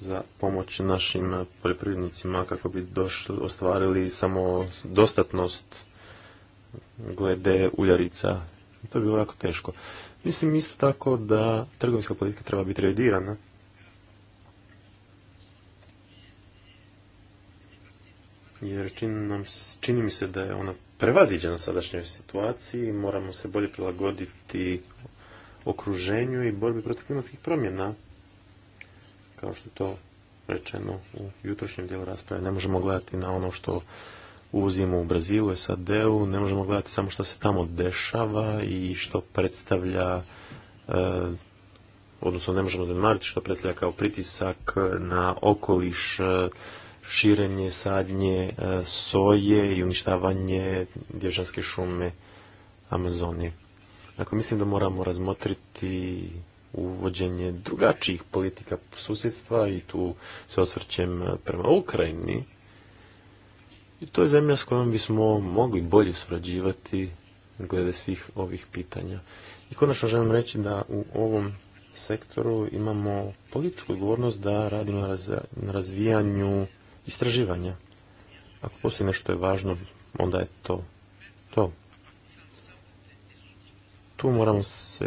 za pomoć našim poljoprivrednicima kako bi došli, ostvarili samo dostatnost glede uljarica. To je bilo jako teško. Mislim isto tako da trgovinska politika treba biti revidirana jer čini, mi se da je ona prevaziđena sadašnjoj situaciji, moramo se bolje prilagoditi okruženju i borbi protiv klimatskih promjena, kao što je to rečeno u jutrošnjem dijelu rasprave. Ne možemo gledati na ono što uzimo u Brazilu, SAD-u, ne možemo gledati samo što se tamo dešava i što predstavlja e, odnosno ne možemo zanemariti što predstavlja kao pritisak na okoliš e, širenje sadnje e, soje i uništavanje dježanske šume Amazonije. Dakle, mislim da moramo razmotriti uvođenje drugačijih politika susjedstva i tu se osvrćem e, prema Ukrajini. I to je zemlja s kojom bismo mogli bolje surađivati glede svih ovih pitanja. I konačno želim reći da u ovom sektoru imamo političku odgovornost da radimo na razvijanju istraživanja. Ako postoji nešto je važno, onda je to to. Tu moramo se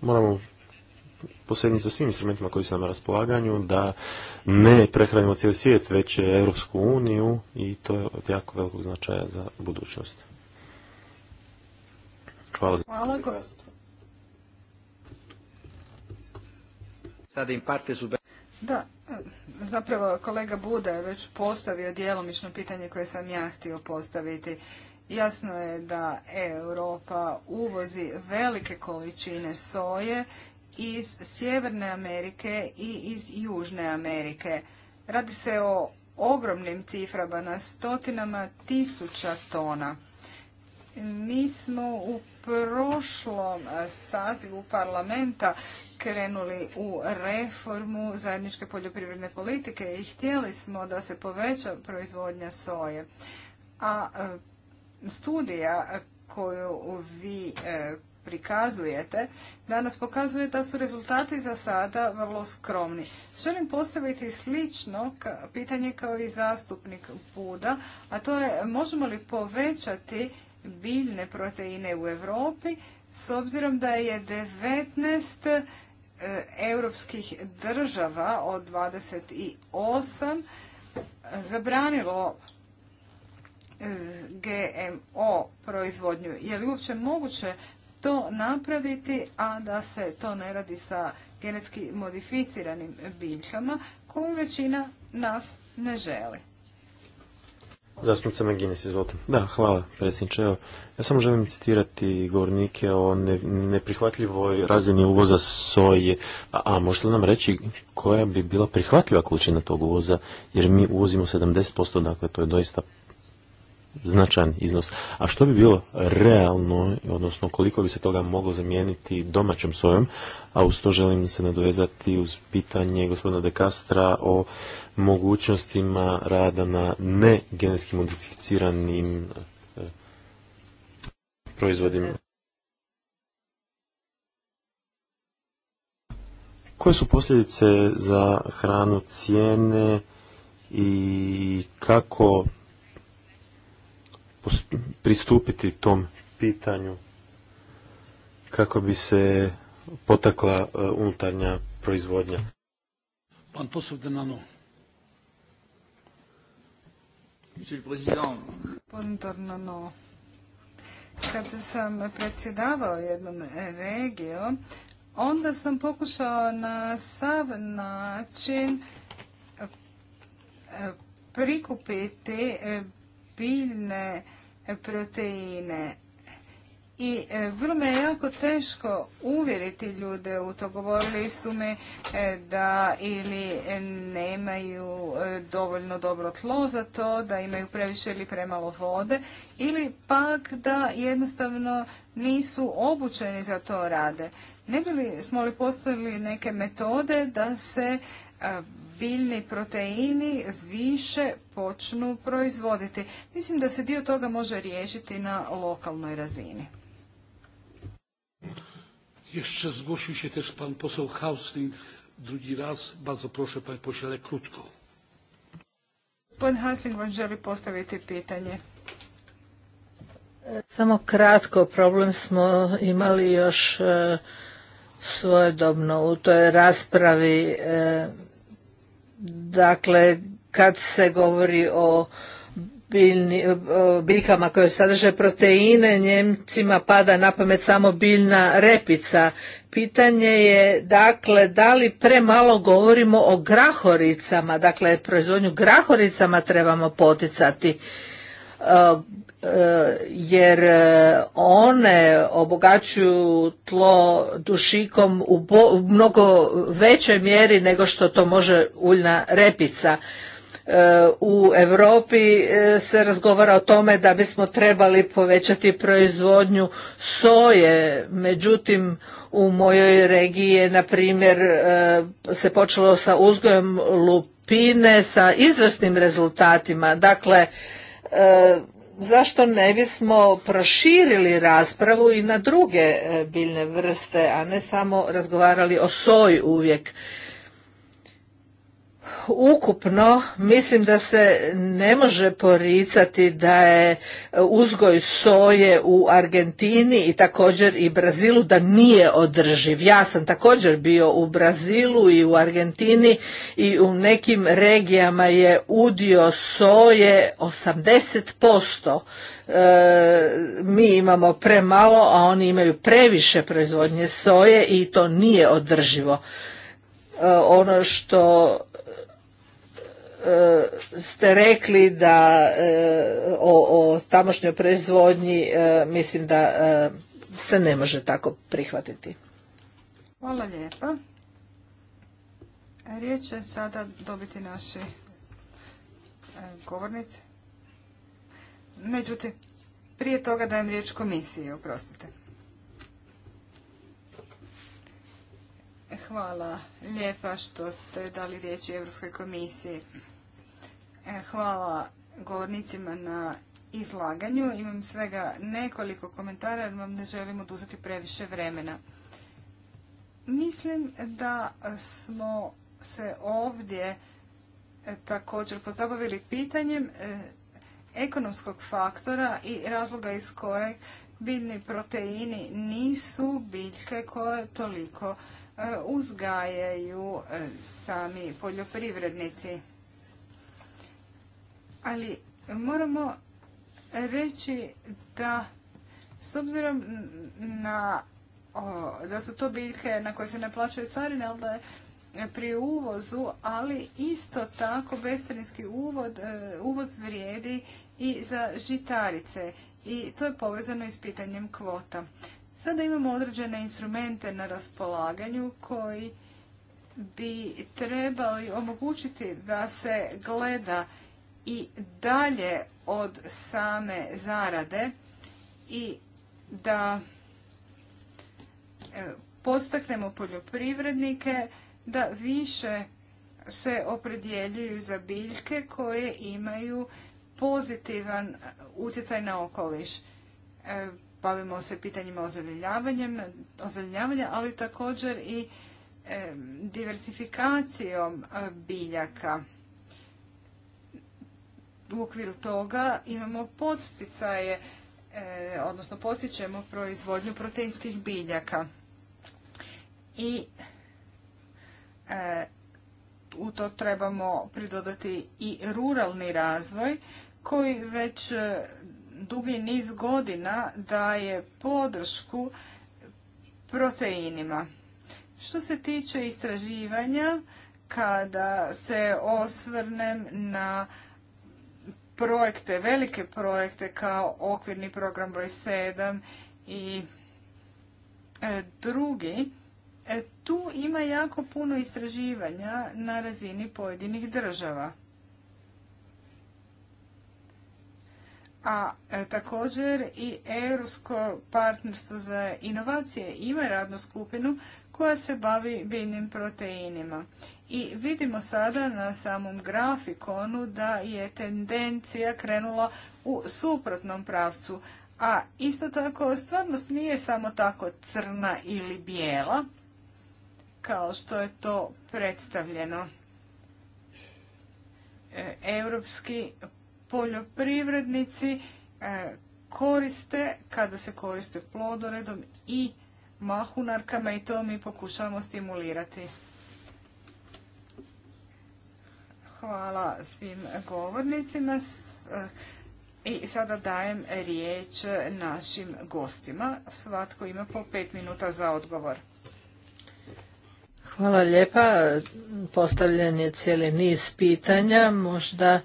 moramo posljednji sa svim instrumentima koji su nam na raspolaganju, da ne prehranimo cijeli svijet, već Europsku uniju i to je od jako velikog značaja za budućnost. Hvala, Sada im da, e, zapravo kolega Buda je već postavio djelomično pitanje koje sam ja htio postaviti. Jasno je da Europa uvozi velike količine soje iz Sjeverne Amerike i iz Južne Amerike. Radi se o ogromnim ciframa na stotinama tisuća tona. Mi smo u prošlom sazivu parlamenta krenuli u reformu zajedničke poljoprivredne politike i htjeli smo da se poveća proizvodnja soje. A e, studija koju vi e, prikazujete, danas pokazuje da su rezultati za sada vrlo skromni. Želim postaviti slično pitanje kao i zastupnik Buda, a to je možemo li povećati biljne proteine u Europi s obzirom da je 19 E, europskih država od 28 e, zabranilo e, GMO proizvodnju. Je li uopće moguće to napraviti, a da se to ne radi sa genetski modificiranim biljkama koju većina nas ne želi? Zastupnica Magines, izvolite. Da, hvala predsjedniče. Evo, ja samo želim citirati govornike o neprihvatljivoj razini uvoza soje. A, a možete li nam reći koja bi bila prihvatljiva količina tog uvoza? Jer mi uvozimo 70%, dakle to je doista značajan iznos. A što bi bilo realno, odnosno koliko bi se toga moglo zamijeniti domaćom sojom, a uz to želim se nadovezati uz pitanje gospodina De Castra o mogućnostima rada na ne genetski modificiranim eh, proizvodima. Koje su posljedice za hranu cijene i kako pristupiti tom pitanju kako bi se potakla e, unutarnja proizvodnja. Pan posao Denano. Pan Denano. Kad sam predsjedavao jednom regijom, onda sam pokušao na sav način e, prikupiti e, biljne proteine. I e, vrlo me je jako teško uvjeriti ljude u to. Govorili su mi e, da ili nemaju e, dovoljno dobro tlo za to, da imaju previše ili premalo vode, ili pak da jednostavno nisu obučeni za to rade. Ne bi smo li postavili neke metode da se biljni proteini više počnu proizvoditi. Mislim da se dio toga može riješiti na lokalnoj razini. Jeszcze zgłosił się też pan poseł Hausling drugi raz. Bardzo proszę, panie pośle, krótko. Gospodin Hausling vam želi postaviti pitanje. Samo kratko, problem smo imali još e, svojedobno u toj raspravi e, dakle kad se govori o biljni, biljkama koje sadrže proteine, Njemcima pada na pamet samo biljna repica. Pitanje je, dakle, da li premalo govorimo o grahoricama, dakle, proizvodnju grahoricama trebamo poticati Eh, jer eh, one obogaćuju tlo dušikom u mnogo većoj mjeri nego što to može uljna repica. Eh, u Europi se razgovara o tome da bismo trebali povećati proizvodnju soje, međutim u mojoj regiji je na primjer se počelo sa uzgojem lupine sa izvrsnim rezultatima. Dakle, E, zašto ne bismo proširili raspravu i na druge e, biljne vrste, a ne samo razgovarali o soji uvijek ukupno mislim da se ne može poricati da je uzgoj soje u Argentini i također i Brazilu da nije održiv. Ja sam također bio u Brazilu i u Argentini i u nekim regijama je udio soje 80%. E, mi imamo premalo, a oni imaju previše proizvodnje soje i to nije održivo e, ono što E, ste rekli da e, o, tamošnjoj proizvodnji e, mislim da se ne može tako prihvatiti. Hvala lijepa. Riječ će sada dobiti naši govornici. Međutim, prije toga dajem riječ komisiji, oprostite. Hvala lijepa što ste dali riječ Europskoj komisiji. E, hvala govornicima na izlaganju. Imam svega nekoliko komentara jer vam ne želim oduzeti previše vremena. Mislim da smo se ovdje e, također pozabavili pitanjem e, ekonomskog faktora i razloga iz kojeg biljni proteini nisu biljke koje toliko uzgajaju sami poljoprivrednici. Ali moramo reći da s obzirom na da su to biljke na koje se ne plaćaju carine, ali da pri uvozu, ali isto tako bescarinski uvod, e, uvoz vrijedi i za žitarice i to je povezano i s pitanjem kvota. Sada imamo određene instrumente na raspolaganju koji bi trebali omogućiti da se gleda i dalje od same zarade i da e, postaknemo poljoprivrednike da više se opredjeljuju za biljke koje imaju pozitivan utjecaj na okoliš. E, bavimo se pitanjima ozeljavanja, ali također i e, diversifikacijom biljaka u okviru toga imamo podsticaje, e, odnosno posjećemo proizvodnju proteinskih biljaka. I e, u to trebamo pridodati i ruralni razvoj koji već e, dugi niz godina daje podršku proteinima. Što se tiče istraživanja, kada se osvrnem na projekte, velike projekte kao okvirni program broj 7 i e, drugi, e, tu ima jako puno istraživanja na razini pojedinih država. A e, također i Europsko partnerstvo za inovacije ima radnu skupinu koja se bavi biljnim proteinima. I vidimo sada na samom grafikonu da je tendencija krenula u suprotnom pravcu. A isto tako stvarnost nije samo tako crna ili bijela kao što je to predstavljeno. E, europski poljoprivrednici e, koriste kada se koriste plodoredom i mahunarkama i to mi pokušavamo stimulirati. Hvala svim govornicima. Eh, I sada dajem riječ našim gostima. Svatko ima po pet minuta za odgovor. Hvala lijepa. Postavljen je cijeli niz pitanja. Možda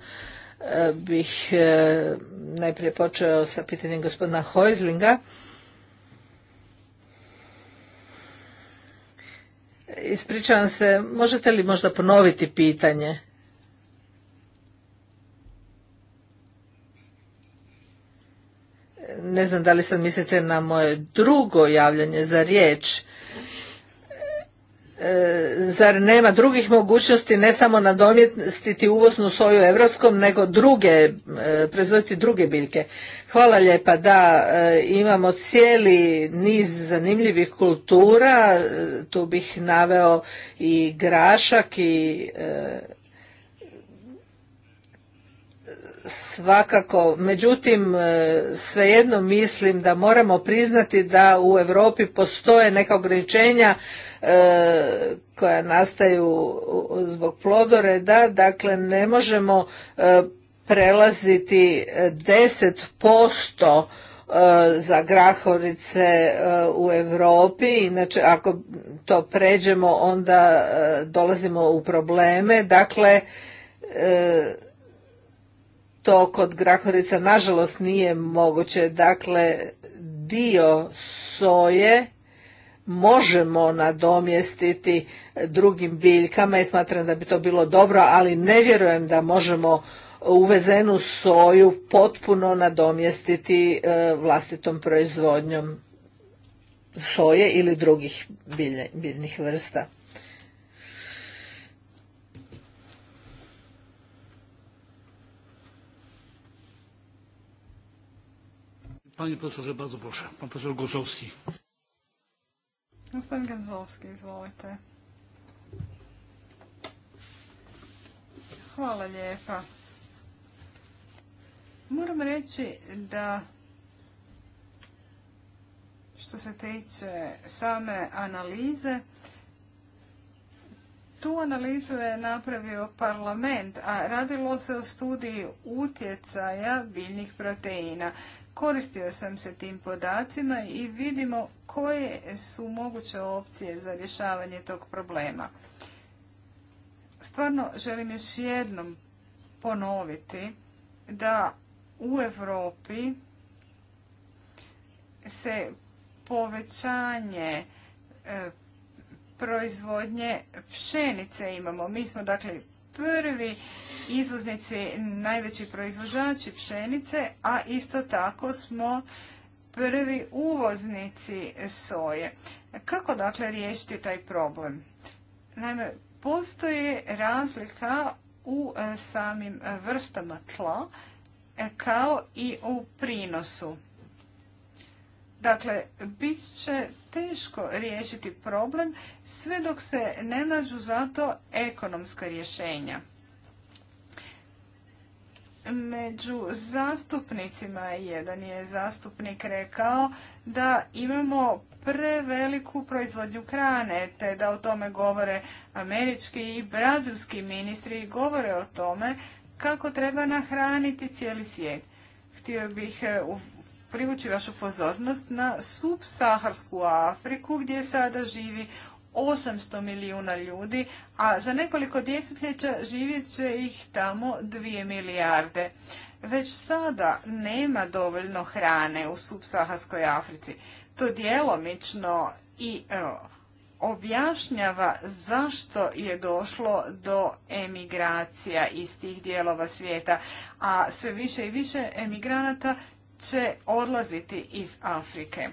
eh, bih eh, najprije počeo sa pitanjem gospodina Hojzlinga. Ispričavam se, možete li možda ponoviti pitanje? Ne znam da li sad mislite na moje drugo javljanje za riječ. E, zar nema drugih mogućnosti ne samo nadomjestiti uvoznu soju europskom nego druge e, proizvoditi druge biljke hvala lijepa da e, imamo cijeli niz zanimljivih kultura tu bih naveo i grašak i svakako međutim svejedno mislim da moramo priznati da u Europi postoje neka ograničenja E, koja nastaju zbog plodoreda, dakle ne možemo e, prelaziti 10% e, za grahorice u Europi, inače ako to pređemo onda dolazimo u probleme, dakle to kod grahorica nažalost nije moguće, dakle dio soje možemo nadomjestiti drugim biljkama i smatram da bi to bilo dobro, ali ne vjerujem da možemo uvezenu soju potpuno nadomjestiti e, vlastitom proizvodnjom soje ili drugih biljnih vrsta. Panie bardzo proszę. Pan Gospodin Genzovski, izvolite. Hvala lijepa. Moram reći da što se tiče same analize, tu analizu je napravio parlament, a radilo se o studiji utjecaja biljnih proteina. Koristio sam se tim podacima i vidimo koje su moguće opcije za rješavanje tog problema. Stvarno želim još jednom ponoviti da u Europi se povećanje e, proizvodnje pšenice imamo. Mi smo dakle prvi izvoznici, najveći proizvođači pšenice, a isto tako smo prvi uvoznici soje. Kako dakle riješiti taj problem? Naime, postoji razlika u e, samim vrstama tla e, kao i u prinosu. Dakle, bit će teško riješiti problem sve dok se ne nađu za to ekonomska rješenja među zastupnicima. Jedan je zastupnik rekao da imamo preveliku proizvodnju hrane, te da o tome govore američki i brazilski ministri i govore o tome kako treba nahraniti cijeli svijet. Htio bih e, privući vašu pozornost na subsaharsku Afriku gdje sada živi 800 milijuna ljudi, a za nekoliko desetljeća živjet će ih tamo 2 milijarde. Već sada nema dovoljno hrane u subsaharskoj Africi. To djelomično i e, objašnjava zašto je došlo do emigracija iz tih dijelova svijeta, a sve više i više emigranata će odlaziti iz Afrike.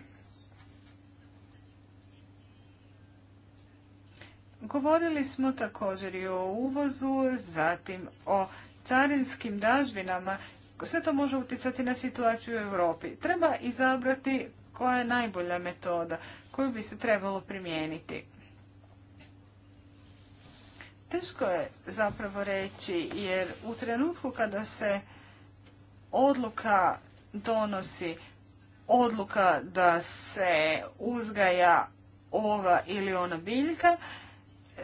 Govorili smo također i o uvozu, zatim o carinskim dažbinama. Sve to može utjecati na situaciju u Europi. Treba izabrati koja je najbolja metoda koju bi se trebalo primijeniti. Teško je zapravo reći jer u trenutku kada se odluka donosi, odluka da se uzgaja ova ili ona biljka,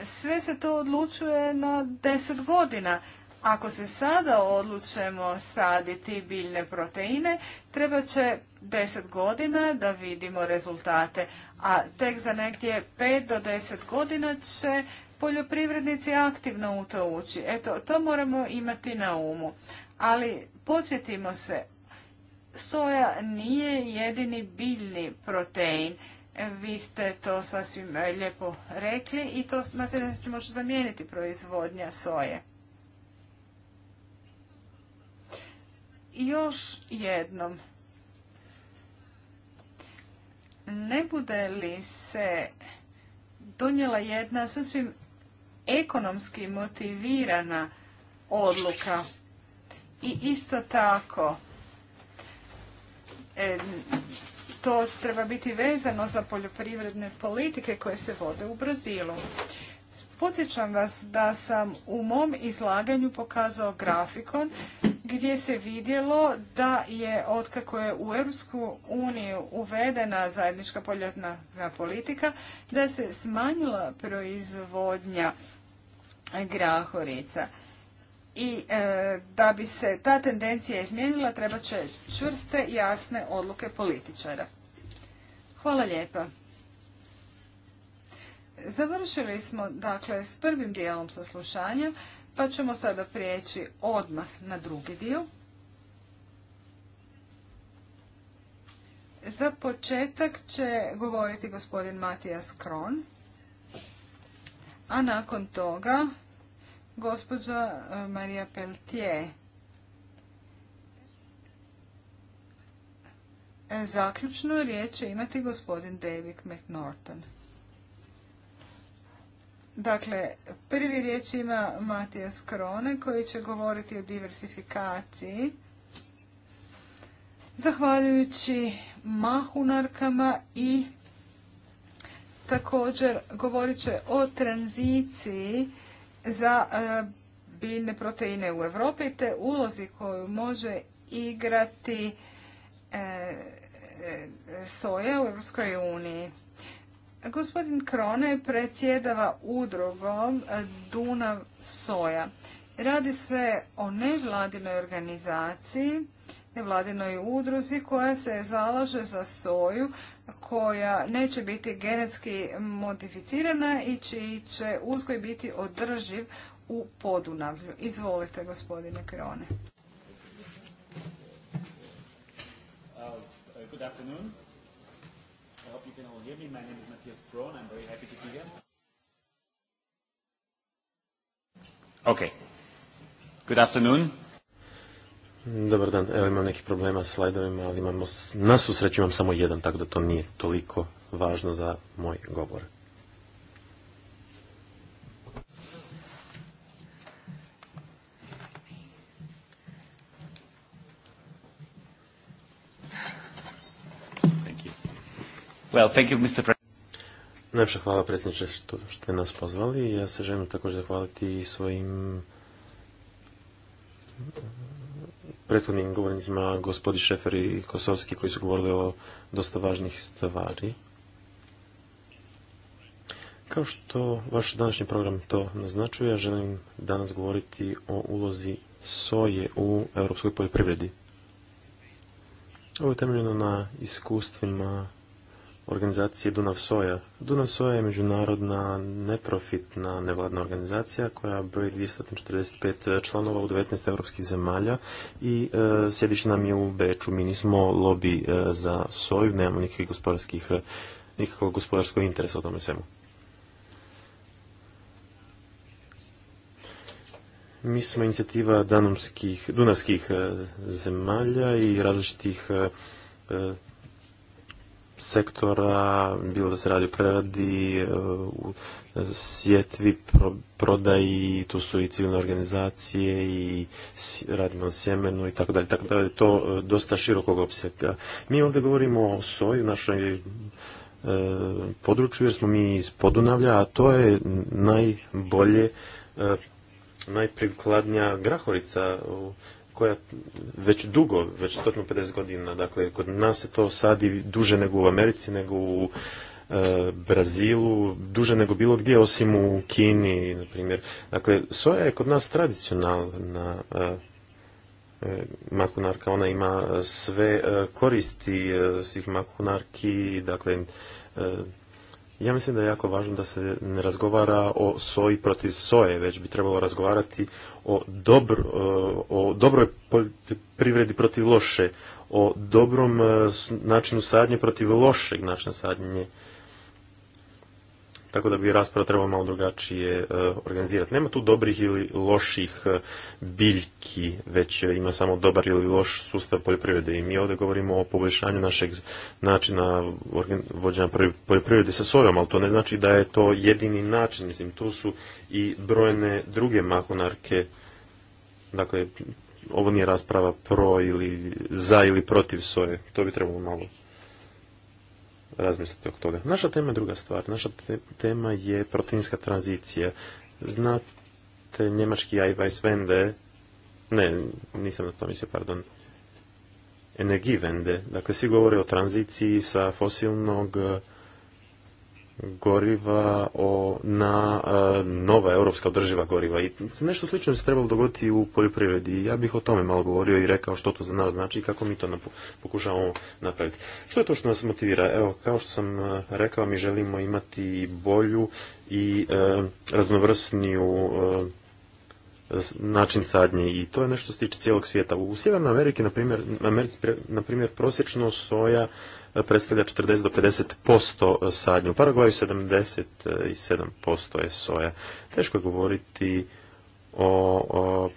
sve se to odlučuje na deset godina. Ako se sada odlučemo saditi biljne proteine, treba će deset godina da vidimo rezultate, a tek za negdje 5 do 10 godina će poljoprivrednici aktivno u to ući. Eto, to moramo imati na umu. Ali podsjetimo se, soja nije jedini biljni protein. Vi ste to sasvim e, lijepo rekli i to na da će možda zamijeniti proizvodnja soje. Još jednom, ne bude li se donijela jedna sasvim ekonomski motivirana odluka i isto tako to treba biti vezano za poljoprivredne politike koje se vode u Brazilu. Podsjećam vas da sam u mom izlaganju pokazao grafikon gdje se vidjelo da je otkako je u Europsku uniju uvedena zajednička poljoprivredna politika, da se smanjila proizvodnja grahorica i e, da bi se ta tendencija izmijenila treba će čvrste, jasne odluke političara. Hvala lijepa. Završili smo dakle s prvim dijelom saslušanja, pa ćemo sada prijeći odmah na drugi dio. Za početak će govoriti gospodin Matijas Kron, a nakon toga Gospođa e, Marija Peltier. E, zaključno riječ će imati gospodin David McNorton. Dakle, prvi riječ ima Matijas Krone koji će govoriti o diversifikaciji. Zahvaljujući mahunarkama i također govorit će o tranziciji za e, biljne proteine u Europi te ulozi koju može igrati e, e, soje u Europskoj uniji. Gospodin Krone predsjedava udrugom Dunav Soja. Radi se o nevladinoj organizaciji, nevladinoj udruzi koja se zalaže za soju koja neće biti genetski modificirana i čiji će uzgoj biti održiv u Podunavlju. Izvolite, gospodine Krone. Uh, good afternoon. I hope you can all hear me. My name is Matthias Braun. I'm very happy to be here. Okay. Good afternoon. Dobar dan, evo imam nekih problema s slajdovima, ali imamo, na sreću imam samo jedan, tako da to nije toliko važno za moj govor. Well, thank you, Najpša hvala predsjedniče što ste nas pozvali. Ja se želim također zahvaliti svojim prethodnim govornicima gospodi Šefer i Kosovski koji su govorili o dosta važnih stvari. Kao što vaš današnji program to naznačuje, ja želim danas govoriti o ulozi soje u europskoj poljoprivredi. Ovo je temeljeno na iskustvima organizacije Dunav Soja. Dunav Soja je međunarodna neprofitna nevladna organizacija koja broji 245 članova u 19 europskih zemalja i e, nam je u Beču. Mi nismo lobby e, za soju, nemamo nikakvih gospodarskih e, nikakvog gospodarskog interesa o tome svemu. Mi smo inicijativa danomskih dunavskih e, zemalja i različitih sektora, bilo da se radi o preradi, e, e, sjetvi, prodaji, tu su i civilne organizacije i radimo na sjemenu i tako dalje, tako dalje to e, dosta širokog opsega. Mi ovdje govorimo o soji, našoj području jer smo mi iz Podunavlja, a to je najbolje najprikladnija grahorica koja već dugo, već 150 godina, dakle kod nas se to sadi duže nego u Americi, nego u e, Brazilu, duže nego bilo gdje, osim u Kini, na primjer. Dakle, soja je kod nas tradicionalna e, e makunarka, ona ima sve e, koristi svih makunarki, dakle, ja mislim da je jako važno da se ne razgovara o soji protiv soje, već bi trebalo razgovarati o, dobro, o dobroj privredi protiv loše, o dobrom e, načinu sadnje protiv lošeg načina sadnje tako da bi rasprava trebala malo drugačije e, organizirati. Nema tu dobrih ili loših e, biljki, već e, ima samo dobar ili loš sustav poljoprivrede i mi ovdje govorimo o poboljšanju našeg načina vođenja poljoprivrede sa sojom, ali to ne znači da je to jedini način, mislim, tu su i brojne druge mahunarke, dakle, ovo nije rasprava pro ili za ili protiv soje, to bi trebalo malo razmisliti oko toga. Naša tema je druga stvar. Naša tema je proteinska tranzicija. Znate njemački Eiweißwende, ne, nisam na to mislio, pardon, energivende. Dakle, svi govore o tranziciji sa fosilnog goriva o, na e, nova europska održiva goriva. I nešto slično se trebalo dogoditi u poljoprivredi. Ja bih o tome malo govorio i rekao što to za nas znači i kako mi to napo, pokušavamo napraviti. Što je to što nas motivira? Evo, kao što sam e, rekao, mi želimo imati bolju i e, raznovrsniju e, način sadnje i to je nešto što se tiče cijelog svijeta. U Sjevernoj Ameriki, na primjer, na primjer, prosječno soja predstavlja 40 do 50% sadnje. U Paragvaju 77% je soja. Teško je govoriti o,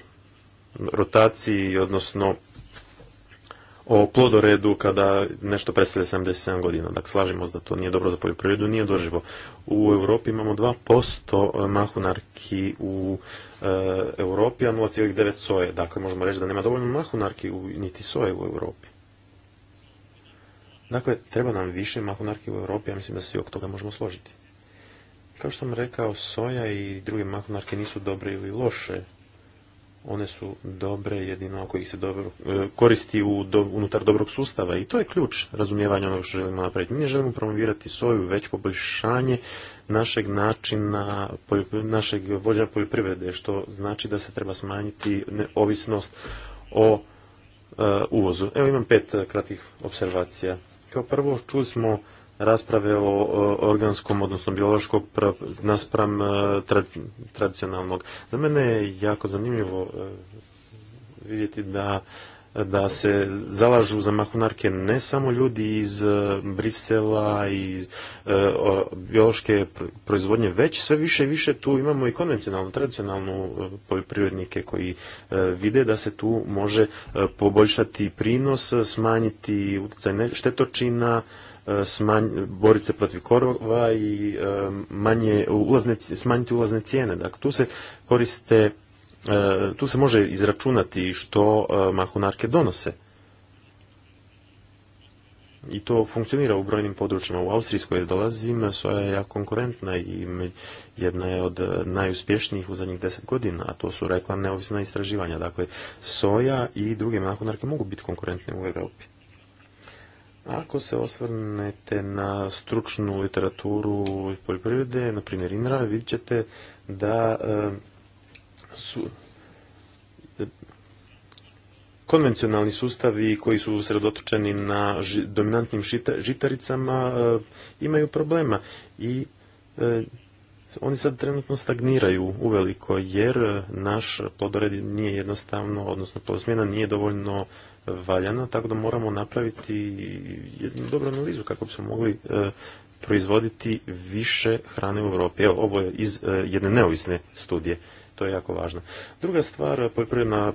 rotaciji, odnosno o plodoredu kada nešto predstavlja 77 godina. Dakle, slažemo se da to nije dobro za poljoprivredu, nije održivo. U Europi imamo 2% mahunarki u e, Europi, a 0,9 soje. Dakle, možemo reći da nema dovoljno mahunarki niti soje u Europi. Dakle, treba nam više mahunarki u Europi, ja mislim da svi oko toga možemo složiti. Kao što sam rekao, soja i druge mahunarke nisu dobre ili loše. One su dobre jedino ako ih se dobro, e, koristi u, unutar dobrog sustava i to je ključ razumijevanja onoga što želimo napraviti. Mi ne želimo promovirati soju, već poboljšanje našeg načina, našeg vođa poljoprivrede, što znači da se treba smanjiti ovisnost o e, uvozu. Evo imam pet kratkih observacija. Kao prvo, čuli smo rasprave o organskom, odnosno biološkom naspram e, tradicionalnog. Za mene je jako zanimljivo e, vidjeti da da se zalažu za mahunarke ne samo ljudi iz e, Brisela i e, biološke proizvodnje, već sve više i više tu imamo i konvencionalnu, tradicionalnu e, poljoprivrednike koji vide da se tu može poboljšati prinos, smanjiti utjecaj štetočina, smanj, boriti se protiv korova i smanjiti ulazne cijene. Dakle, tu se koriste E, tu se može izračunati što e, mahunarke donose. I to funkcionira u brojnim područjima. U Austrijskoj dolazim, soja je jako konkurentna i jedna je od e, najuspješnijih u zadnjih deset godina, a to su rekla neovisna istraživanja. Dakle, soja i druge mahunarke mogu biti konkurentne u Europi. Ako se osvrnete na stručnu literaturu poljoprivrede, na primjer INRA, vidjet ćete da su konvencionalni sustavi koji su usredotočeni na dominantnim žitaricama e, imaju problema i e, oni sad trenutno stagniraju uveliko jer naš plodored nije jednostavno, odnosno plodosmjena nije dovoljno valjana, tako da moramo napraviti jednu dobru analizu kako bismo mogli e, proizvoditi više hrane u Europi. Evo, ovo je iz jedne neovisne studije to je jako važno. Druga stvar, poljoprivredna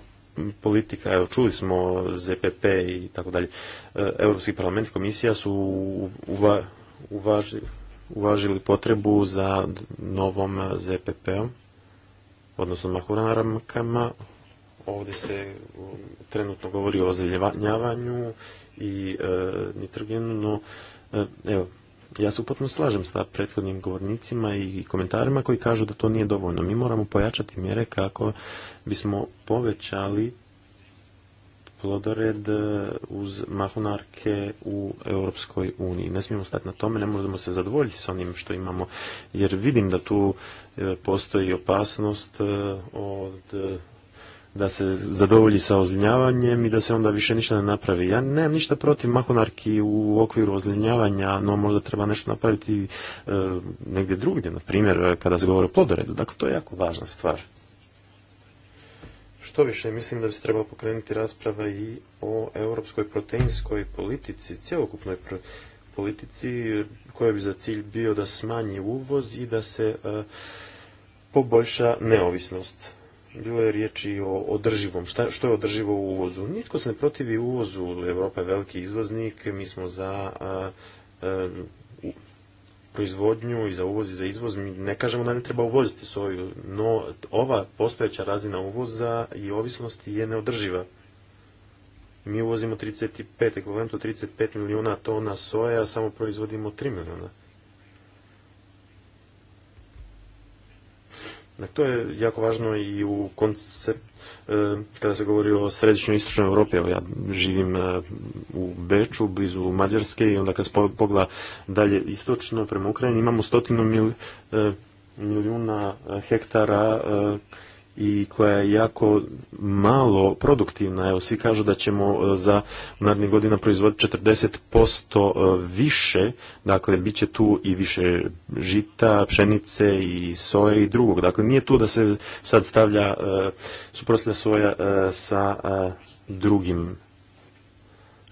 politika, evo čuli smo ZPP i tako dalje, e, Europski parlament i komisija su uvažili potrebu za novom ZPP-om, odnosno ramkama. Ovdje se trenutno govori o zeljevanjavanju i e, nitrogenu, no e, evo, ja se upotno slažem sa prethodnim govornicima i komentarima koji kažu da to nije dovoljno. Mi moramo pojačati mjere kako bismo povećali plodored e, uz mahunarke u Europskoj uniji. Ne smijemo stati na tome, ne možemo se zadovoljiti s onim što imamo, jer vidim da tu e, postoji opasnost e, od da se zadovolji sa ozlinjavanjem i da se onda više ništa ne napravi. Ja nemam ništa protiv mahonarki u okviru ozlinjavanja, no možda treba nešto napraviti e, negdje drugdje, na primjer e, kada se govori o plodoredu. Dakle, to je jako važna stvar. Što više, mislim da bi se trebalo pokrenuti rasprava i o europskoj proteinskoj politici, cjelokupnoj politici koja bi za cilj bio da smanji uvoz i da se e, poboljša neovisnost bilo je riječi o održivom, Šta, što je održivo u uvozu. Nitko se ne protivi uvozu, Europa je veliki izvoznik, mi smo za proizvodnju i za uvoz i za izvoz, ne kažemo da ne treba uvoziti soju, no ova postojeća razina uvoza i ovisnosti je neodrživa. Mi uvozimo 35, trideset 35 milijuna tona soja, a samo proizvodimo 3 milijuna. Dakle, to je jako važno i u koncept, e, kada se govori o središnjoj istočnoj Europi, ja živim e, u Beču, blizu Mađarske i onda kad se pogleda dalje istočno prema Ukrajini, imamo stotinu e, milijuna hektara i koja je jako malo produktivna. Evo, svi kažu da ćemo e, za narednih godina proizvoditi 40% e, više, dakle, bit će tu i više žita, pšenice i soje i drugog. Dakle, nije tu da se sad stavlja e, suprostlja soja sa drugim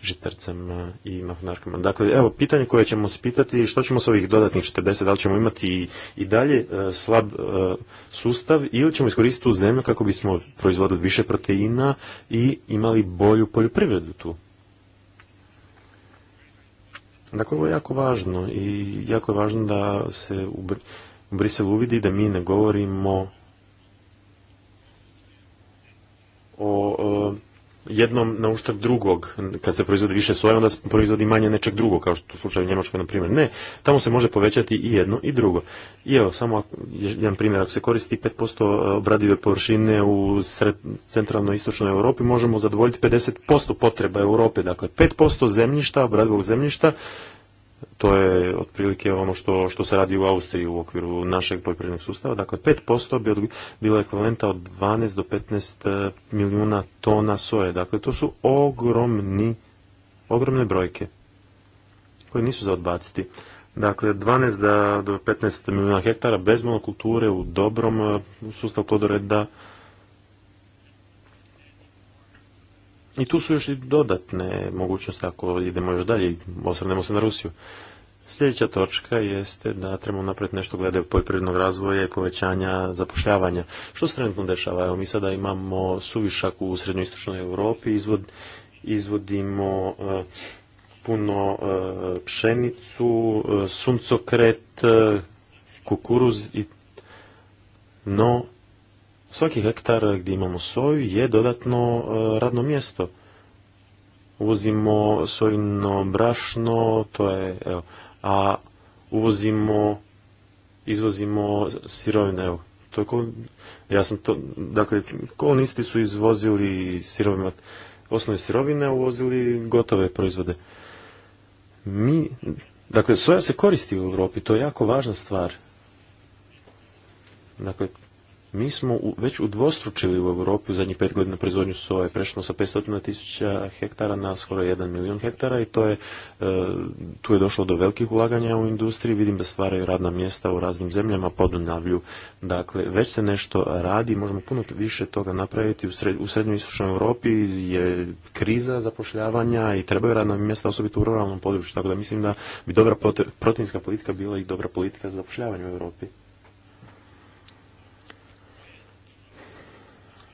žitarcem i mahnarkama. Dakle, evo, pitanje koje ćemo se pitati, što ćemo s ovih dodatnih 40, da li ćemo imati i, i dalje e, slab e, sustav ili ćemo iskoristiti tu zemlju kako bismo proizvodili više proteina i imali bolju poljoprivredu tu? Dakle, ovo je jako važno i jako je važno da se u, Br Briselu uvidi da mi ne govorimo o jednom na uštrb drugog. Kad se proizvodi više soje, onda se proizvodi manje nečeg drugog, kao što u slučaju Njemačkoj, na primjer. Ne, tamo se može povećati i jedno i drugo. I evo, samo jedan primjer, ako se koristi 5% e, obradive površine u centralnoj istočnoj Europi, možemo zadovoljiti 50% potreba Europe. Dakle, 5% zemljišta, obradivog zemljišta, to je otprilike ono što, što se radi u Austriji u okviru našeg poljoprivrednog sustava. Dakle, 5% bi od, bila ekvivalenta od 12 do 15 e, milijuna tona soje. Dakle, to su ogromni, ogromne brojke koje nisu za odbaciti. Dakle, 12 do 15 milijuna hektara bez monokulture u dobrom e, sustavu plodoreda. I tu su još i dodatne mogućnosti ako idemo još dalje i osvrnemo se na Rusiju. Sljedeća točka jeste da trebamo napraviti nešto glede poljoprivrednog razvoja i povećanja zapošljavanja. Što se trenutno dešava? Evo, mi sada imamo suvišak u srednjoistočnoj Europi, izvod, izvodimo e, puno e, pšenicu, e, suncokret, kukuruz i no svaki hektar gdje imamo soju je dodatno radno mjesto. Uzimo sojino brašno, to je evo, a uvozimo, izvozimo sirovine, evo. To ja sam to, dakle, kolonisti su izvozili sirovine, osnovne sirovine, uvozili gotove proizvode. Mi, dakle, soja se koristi u Europi, to je jako važna stvar. Dakle, mi smo u, već udvostručili u Europi u zadnjih pet godina proizvodnju soje. prešlo sa 500 tisuća hektara na skoro 1 milijun hektara i to je, e, tu je došlo do velikih ulaganja u industriji. Vidim da stvaraju radna mjesta u raznim zemljama podunavlju. Dakle, već se nešto radi, možemo puno više toga napraviti. U, sred, srednjoj istočnoj Europi je kriza zapošljavanja i trebaju radna mjesta osobito u ruralnom području. Tako da mislim da bi dobra protinska politika bila i dobra politika za zapošljavanje u Europi.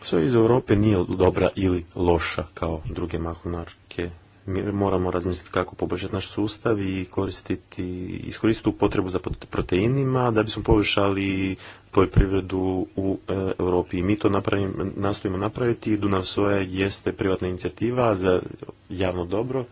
sve iz Europe nije dobra ili loša kao druge mahunarke. Mi moramo razmisliti kako poboljšati naš sustav i koristiti, iskoristiti tu potrebu za proteinima da bismo poboljšali poljoprivredu u e, Europi. I mi to napravim, nastojimo napraviti. Dunav Soja jeste privatna inicijativa za javno dobro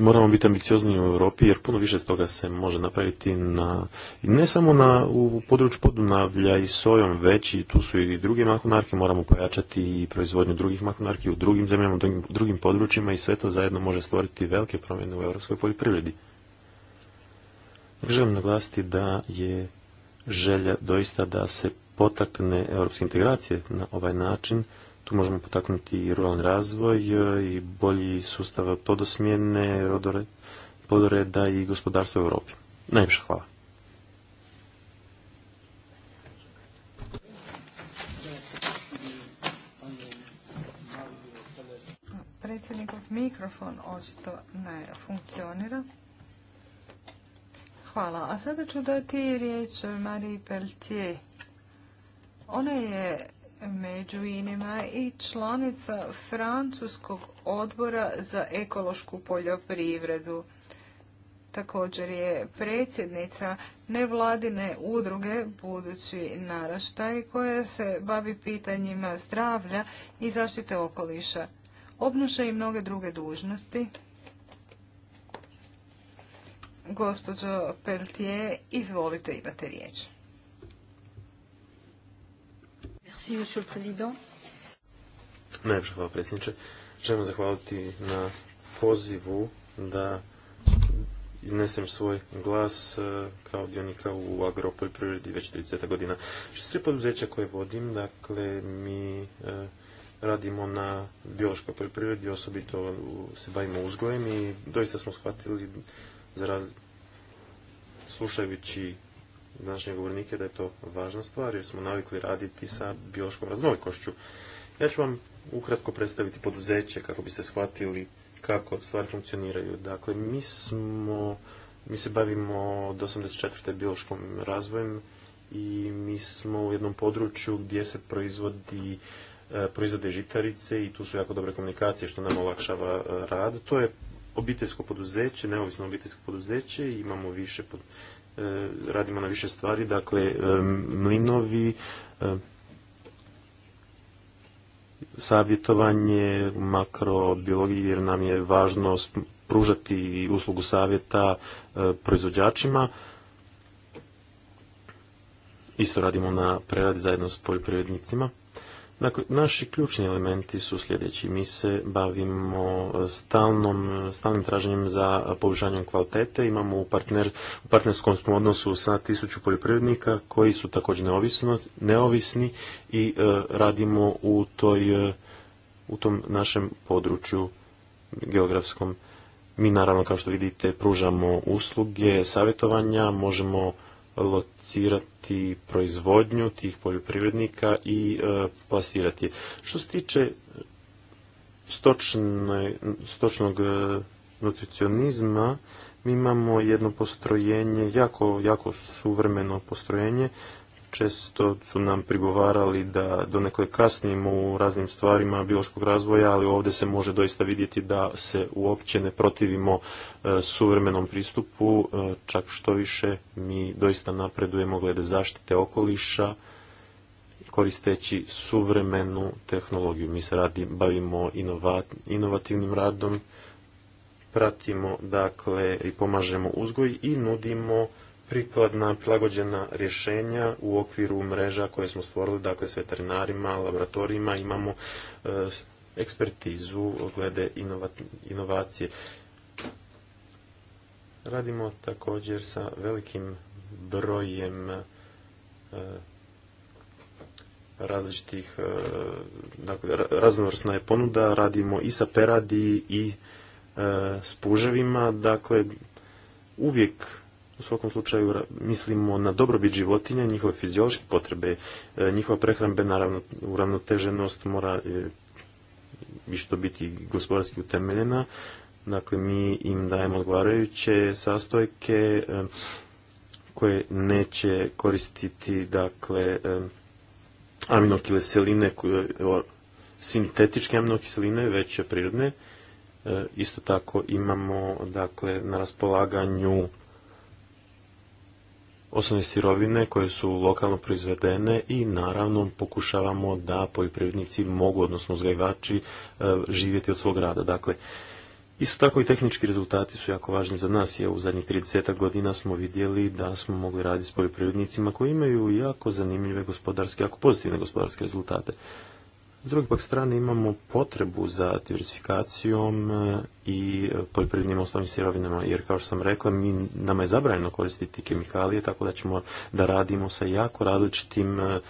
moramo biti ambiciozniji u Europi jer puno više toga se može napraviti na, ne samo na, u području podunavlja i sojom, već i tu su i druge makunarke, moramo pojačati i proizvodnju drugih maknarki u drugim zemljama, u drugim, drugim područjima i sve to zajedno može stvoriti velike promjene u europskoj poljoprivredi. Želim naglasiti da je želja doista da se potakne europske integracije na ovaj način tu možemo potaknuti i ruralni razvoj e, i bolji sustav podosmjene, podoreda i gospodarstvo u Europi. Najviše hvala. Predsjednikov mikrofon očito ne funkcionira. Hvala. A sada ću dati riječ Mariji Peltier. Ona je među inima i članica Francuskog odbora za ekološku poljoprivredu. Također je predsjednica nevladine udruge Budući naraštaj koja se bavi pitanjima zdravlja i zaštite okoliša. Obnuša i mnoge druge dužnosti. Gospođo Peltije, izvolite imate riječ. hvala Želim zahvaliti na pozivu da iznesem svoj glas e, kao dionika u agropoljoprivredi već 30 godina. Što se poduzeća koje vodim, dakle, mi e, radimo na biološkoj poljoprivredi, osobito se bavimo uzgojem i doista smo shvatili, za raz... slušajući današnje govornike da je to važna stvar jer smo navikli raditi sa biološkom raznolikošću. Ja ću vam ukratko predstaviti poduzeće kako biste shvatili kako stvari funkcioniraju. Dakle, mi smo, mi se bavimo od 84. biološkom razvojem i mi smo u jednom području gdje se proizvodi e, proizvode žitarice i tu su jako dobre komunikacije što nam olakšava e, rad. To je obiteljsko poduzeće, neovisno obiteljsko poduzeće, imamo više E, radimo na više stvari, dakle e, mlinovi, e, savjetovanje makrobiologiji jer nam je važno pružati uslugu savjeta proizvođačima. Isto radimo na preradi zajedno s poljoprivrednicima. Dakle, naši ključni elementi su sljedeći. Mi se bavimo e, stalnom, stalnim traženjem za poboljšanjem kvalitete. Imamo u, partner, u partnerskom smo odnosu sa tisuću poljoprivrednika koji su također neovisni i e, radimo u, toj, e, u tom našem području geografskom. Mi naravno, kao što vidite, pružamo usluge, savjetovanja, možemo locirati proizvodnju tih poljoprivrednika i e, plasirati. Što se tiče stočnog e, nutricionizma, mi imamo jedno postrojenje, jako, jako suvremeno postrojenje često su nam prigovarali da donekle kasnimo u raznim stvarima biološkog razvoja, ali ovdje se može doista vidjeti da se uopće ne protivimo e, suvremenom pristupu, e, čak što više mi doista napredujemo glede zaštite okoliša koristeći suvremenu tehnologiju. Mi se radi, bavimo inovativnim radom, pratimo dakle i pomažemo uzgoj i nudimo prikladna, prilagođena rješenja u okviru mreža koje smo stvorili, dakle s veterinarima, laboratorijima, imamo e, ekspertizu glede inovacije. Radimo također sa velikim brojem e, različitih, e, dakle raznovrsna je ponuda, radimo i sa peradi i s puževima, dakle uvijek u svakom slučaju mislimo na dobrobit životinja, njihove fiziološke potrebe, e, njihova prehrambena uravnoteženost mora što e, biti gospodarski utemeljena. Dakle, mi im dajemo odgovarajuće sastojke e, koje neće koristiti dakle aminokiseline sintetičke aminokiseline veće prirodne isto tako imamo dakle na raspolaganju osnovne sirovine koje su lokalno proizvedene i naravno pokušavamo da poljoprivrednici mogu, odnosno uzgajivači, e, živjeti od svog rada. Dakle, Isto tako i tehnički rezultati su jako važni za nas, jer u zadnjih 30 godina smo vidjeli da smo mogli raditi s poljoprivrednicima koji imaju jako zanimljive gospodarske, jako pozitivne gospodarske rezultate. S druge pak strane imamo potrebu za diversifikacijom e, i poljoprivrednim osnovnim sirovinama, jer kao što sam rekla, mi, nama je zabranjeno koristiti kemikalije, tako da ćemo da radimo sa jako različitim e,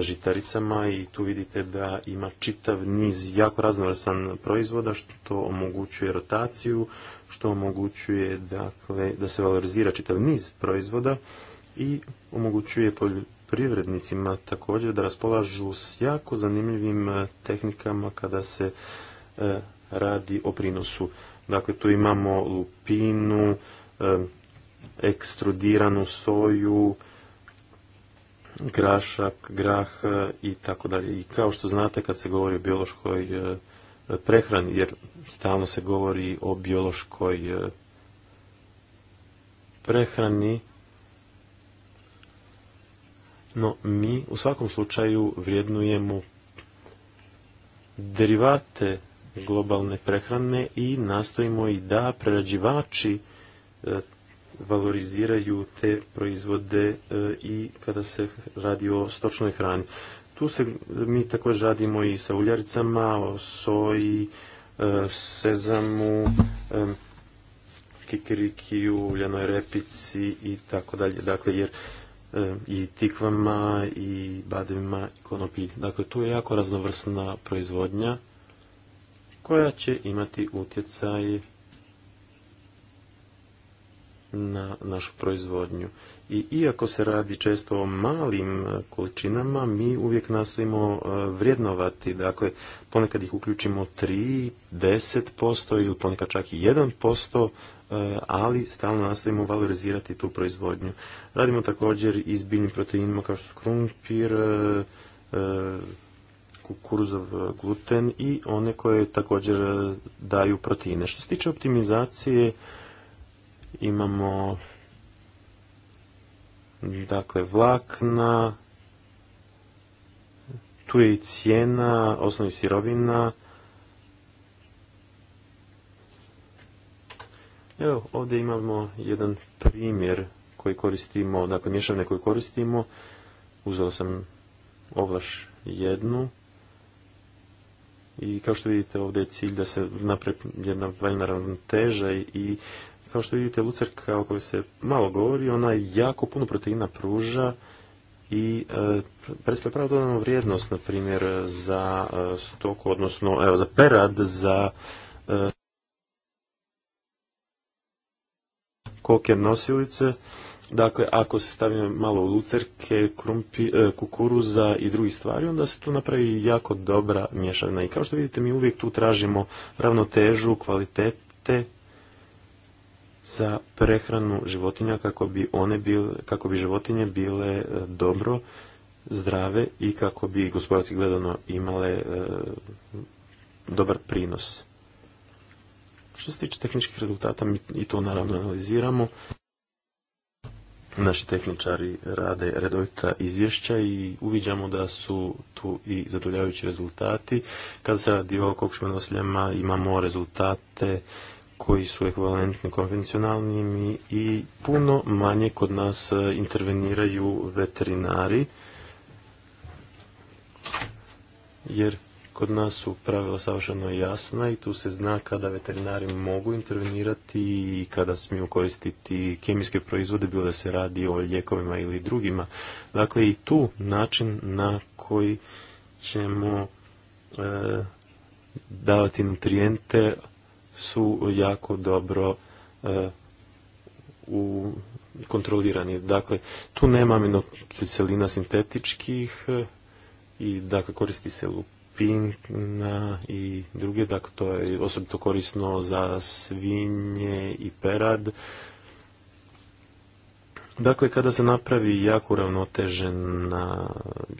žitaricama i tu vidite da ima čitav niz jako raznovrsan proizvoda što omogućuje rotaciju, što omogućuje dakle, da se valorizira čitav niz proizvoda i omogućuje privrednicima također da raspolažu s jako zanimljivim e, tehnikama kada se e, radi o prinosu. Dakle, tu imamo lupinu, e, ekstrudiranu soju, grašak, grah i tako dalje. I kao što znate kad se govori o biološkoj prehrani, jer stalno se govori o biološkoj prehrani, no, mi u svakom slučaju vrijednujemo derivate globalne prehrane i nastojimo i da prerađivači e, valoriziraju te proizvode e, i kada se radi o stočnoj hrani. Tu se mi također radimo i sa uljaricama, o soji, e, sezamu, kikirikiju, uljanoj repici i tako dalje. Dakle, jer E, i tikvama i badevima i konopi. Dakle, tu je jako raznovrsna proizvodnja koja će imati utjecaj na našu proizvodnju. I iako se radi često o malim e, količinama, mi uvijek nastojimo e, vrijednovati. Dakle, ponekad ih uključimo 3, 10% ili ponekad čak i 1% E, ali stalno nastavimo valorizirati tu proizvodnju. Radimo također i s biljnim proteinima kao što su krumpir, e, e, kukuruzov gluten i one koje također daju proteine. Što se tiče optimizacije, imamo dakle vlakna, tu je i cijena osnovi sirovina, Evo, ovdje imamo jedan primjer koji koristimo, dakle mješavne koje koristimo. Uzeo sam ovlaš jednu i kao što vidite ovdje je cilj da se naprijed jedna valjna ravnoteža i kao što vidite lucerka o kojoj se malo govori, ona jako puno proteina pruža i e, predstavlja vrijednost, na primjer, za e, stoku, odnosno evo, za perad, za e, koke nosilice. Dakle, ako se stavimo malo lucerke, krumpi, e, kukuruza i drugih stvari, onda se tu napravi jako dobra mješavina. I kao što vidite, mi uvijek tu tražimo ravnotežu, kvalitete za prehranu životinja kako bi, one bile, kako bi životinje bile e, dobro, zdrave i kako bi gospodarski gledano imale e, dobar prinos. Što se tiče tehničkih rezultata, mi i to naravno analiziramo. Naši tehničari rade redovita izvješća i uviđamo da su tu i zadovoljavajući rezultati. Kada se radi o nosiljama imamo rezultate koji su ekvivalentni konvencionalnim i puno manje kod nas interveniraju veterinari jer Kod nas su pravila savršeno jasna i tu se zna kada veterinari mogu intervenirati i kada smiju koristiti kemijske proizvode, bilo da se radi o ljekovima ili drugima. Dakle, i tu način na koji ćemo e, davati nutriente su jako dobro e, u kontrolirani. Dakle, tu nema aminokiselina sintetičkih e, i dakle koristi se luk Pina i druge, dakle to je osobito korisno za svinje i perad. Dakle, kada se napravi jako ravnotežena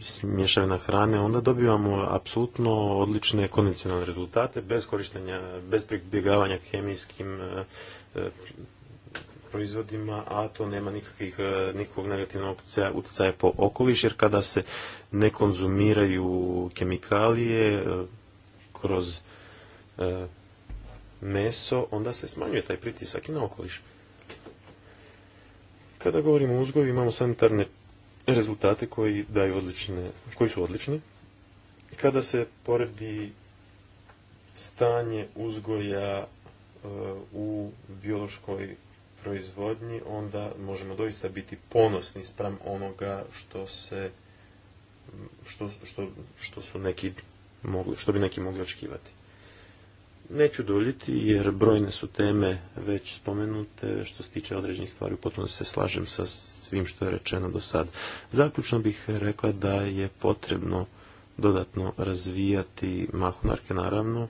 smješavina hrane, onda dobivamo apsolutno odlične konvencionalne rezultate bez korištenja, bez pribjegavanja kemijskim e, e, proizvodima, a to nema nikakvih, e, nikakvog negativnog utjecaja po okoliš, jer kada se ne konzumiraju kemikalije e, kroz e, meso, onda se smanjuje taj pritisak i na okoliš. Kada govorimo o uzgoju, imamo sanitarne rezultate koji daju odlične, koji su odlični. Kada se poredi stanje uzgoja e, u biološkoj proizvodnji, onda možemo doista biti ponosni spram onoga što se što, što, što su neki mogli, što bi neki mogli očekivati. Neću duljiti jer brojne su teme već spomenute što se tiče određenih stvari, potom se slažem sa svim što je rečeno do sad. Zaključno bih rekla da je potrebno dodatno razvijati mahunarke naravno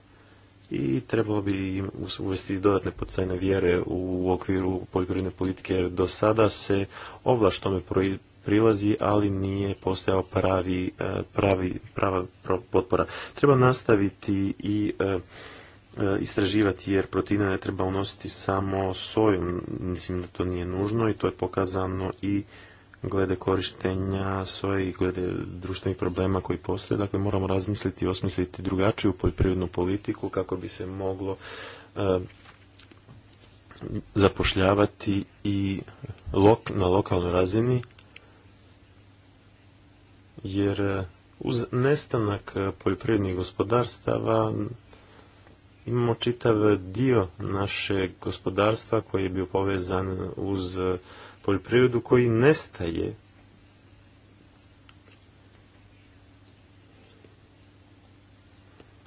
i trebalo bi im uvesti dodatne podcajne vjere u okviru poljoprivredne politike jer do sada se ovlaš tome prilazi, ali nije postojao pravi, e, pravi, prava potpora. Treba nastaviti i e, e, istraživati jer proteine ne treba unositi samo sojom, mislim da to nije nužno i to je pokazano i glede korištenja soje i glede društvenih problema koji postoje. Dakle, moramo razmisliti i osmisliti drugačiju poljoprivrednu politiku kako bi se moglo zapošljavati i na lokalnoj razini jer e, uz nestanak e, poljoprivrednih gospodarstava imamo čitav dio našeg gospodarstva koji je bio povezan uz e, poljoprivredu koji nestaje.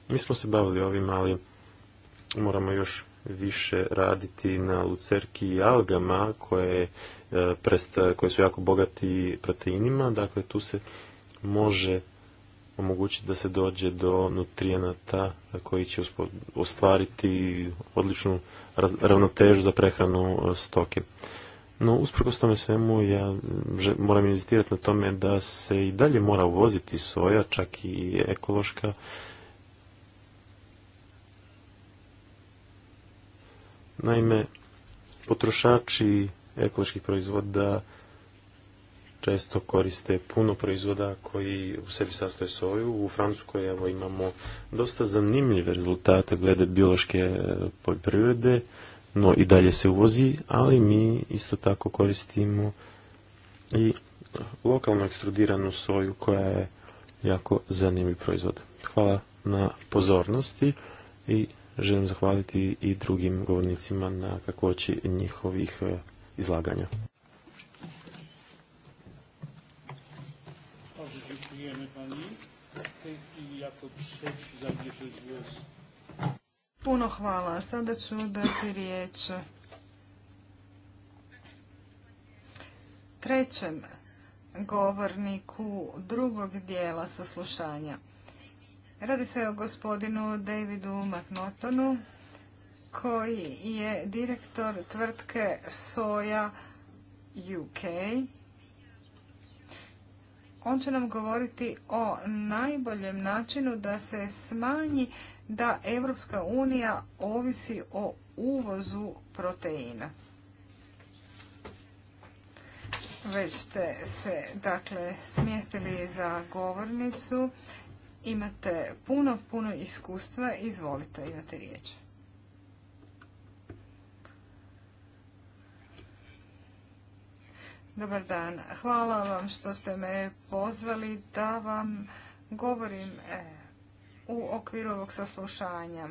Mi smo se bavili ovim, ali moramo još više raditi na lucerki i algama koje, koje su jako bogati proteinima, dakle tu se može omogućiti da se dođe do nutrijenata koji će ostvariti odličnu ravnotežu za prehranu e, stoke. No, usprkos tome svemu, ja moram inzistirati na tome da se i dalje mora uvoziti soja, čak i ekološka. Naime, potrošači ekoloških proizvoda često koriste puno proizvoda koji u sebi sastoje soju. U Francuskoj evo, imamo dosta zanimljive rezultate glede biološke poljoprivrede, no i dalje se uvozi, ali mi isto tako koristimo i lokalno ekstrudiranu soju koja je jako zanimljiv proizvod. Hvala na pozornosti i želim zahvaliti i drugim govornicima na kakvoći njihovih e, izlaganja. Puno hvala. Sada ću dati riječ trećem govorniku drugog dijela saslušanja. Radi se o gospodinu Davidu Matnotonu, koji je direktor tvrtke Soja UK on će nam govoriti o najboljem načinu da se smanji da Europska unija ovisi o uvozu proteina. Već ste se dakle smjestili za govornicu. Imate puno, puno iskustva. Izvolite, imate riječ. Dobar dan. Hvala vam što ste me pozvali da vam govorim e, u okviru ovog saslušanja.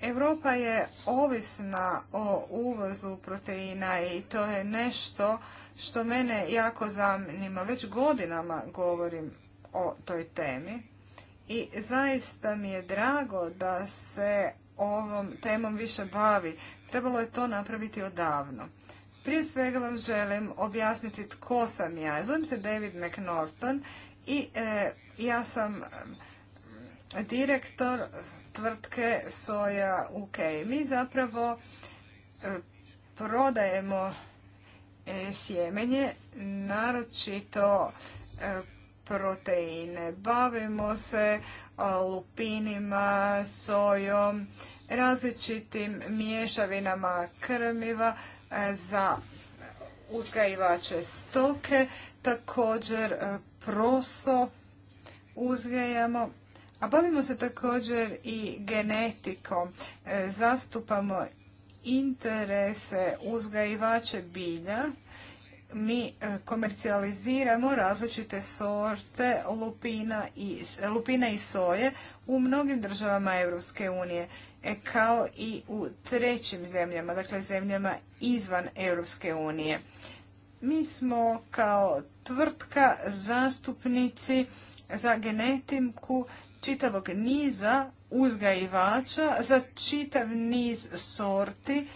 Europa je ovisna o uvozu proteina i to je nešto što mene jako zanima. Već godinama govorim o toj temi i zaista mi je drago da se ovom temom više bavi. Trebalo je to napraviti odavno. Prije svega vam želim objasniti tko sam ja. Zovem se David McNorton i e, ja sam e, direktor tvrtke Soja UK. Mi zapravo e, prodajemo sjemenje, naročito proteine. Bavimo se lupinima, sojom, različitim mješavinama krmiva, za uzgajivače stoke, također e, proso uzgajamo, a bavimo se također i genetikom. E, zastupamo interese uzgajivače bilja. Mi e, komercijaliziramo različite sorte lupina i, lupina i soje u mnogim državama Europske unije. E, kao i u trećim zemljama, dakle zemljama izvan Europske unije. Mi smo kao tvrtka zastupnici za genetiku čitavog niza uzgajivača za čitav niz sorti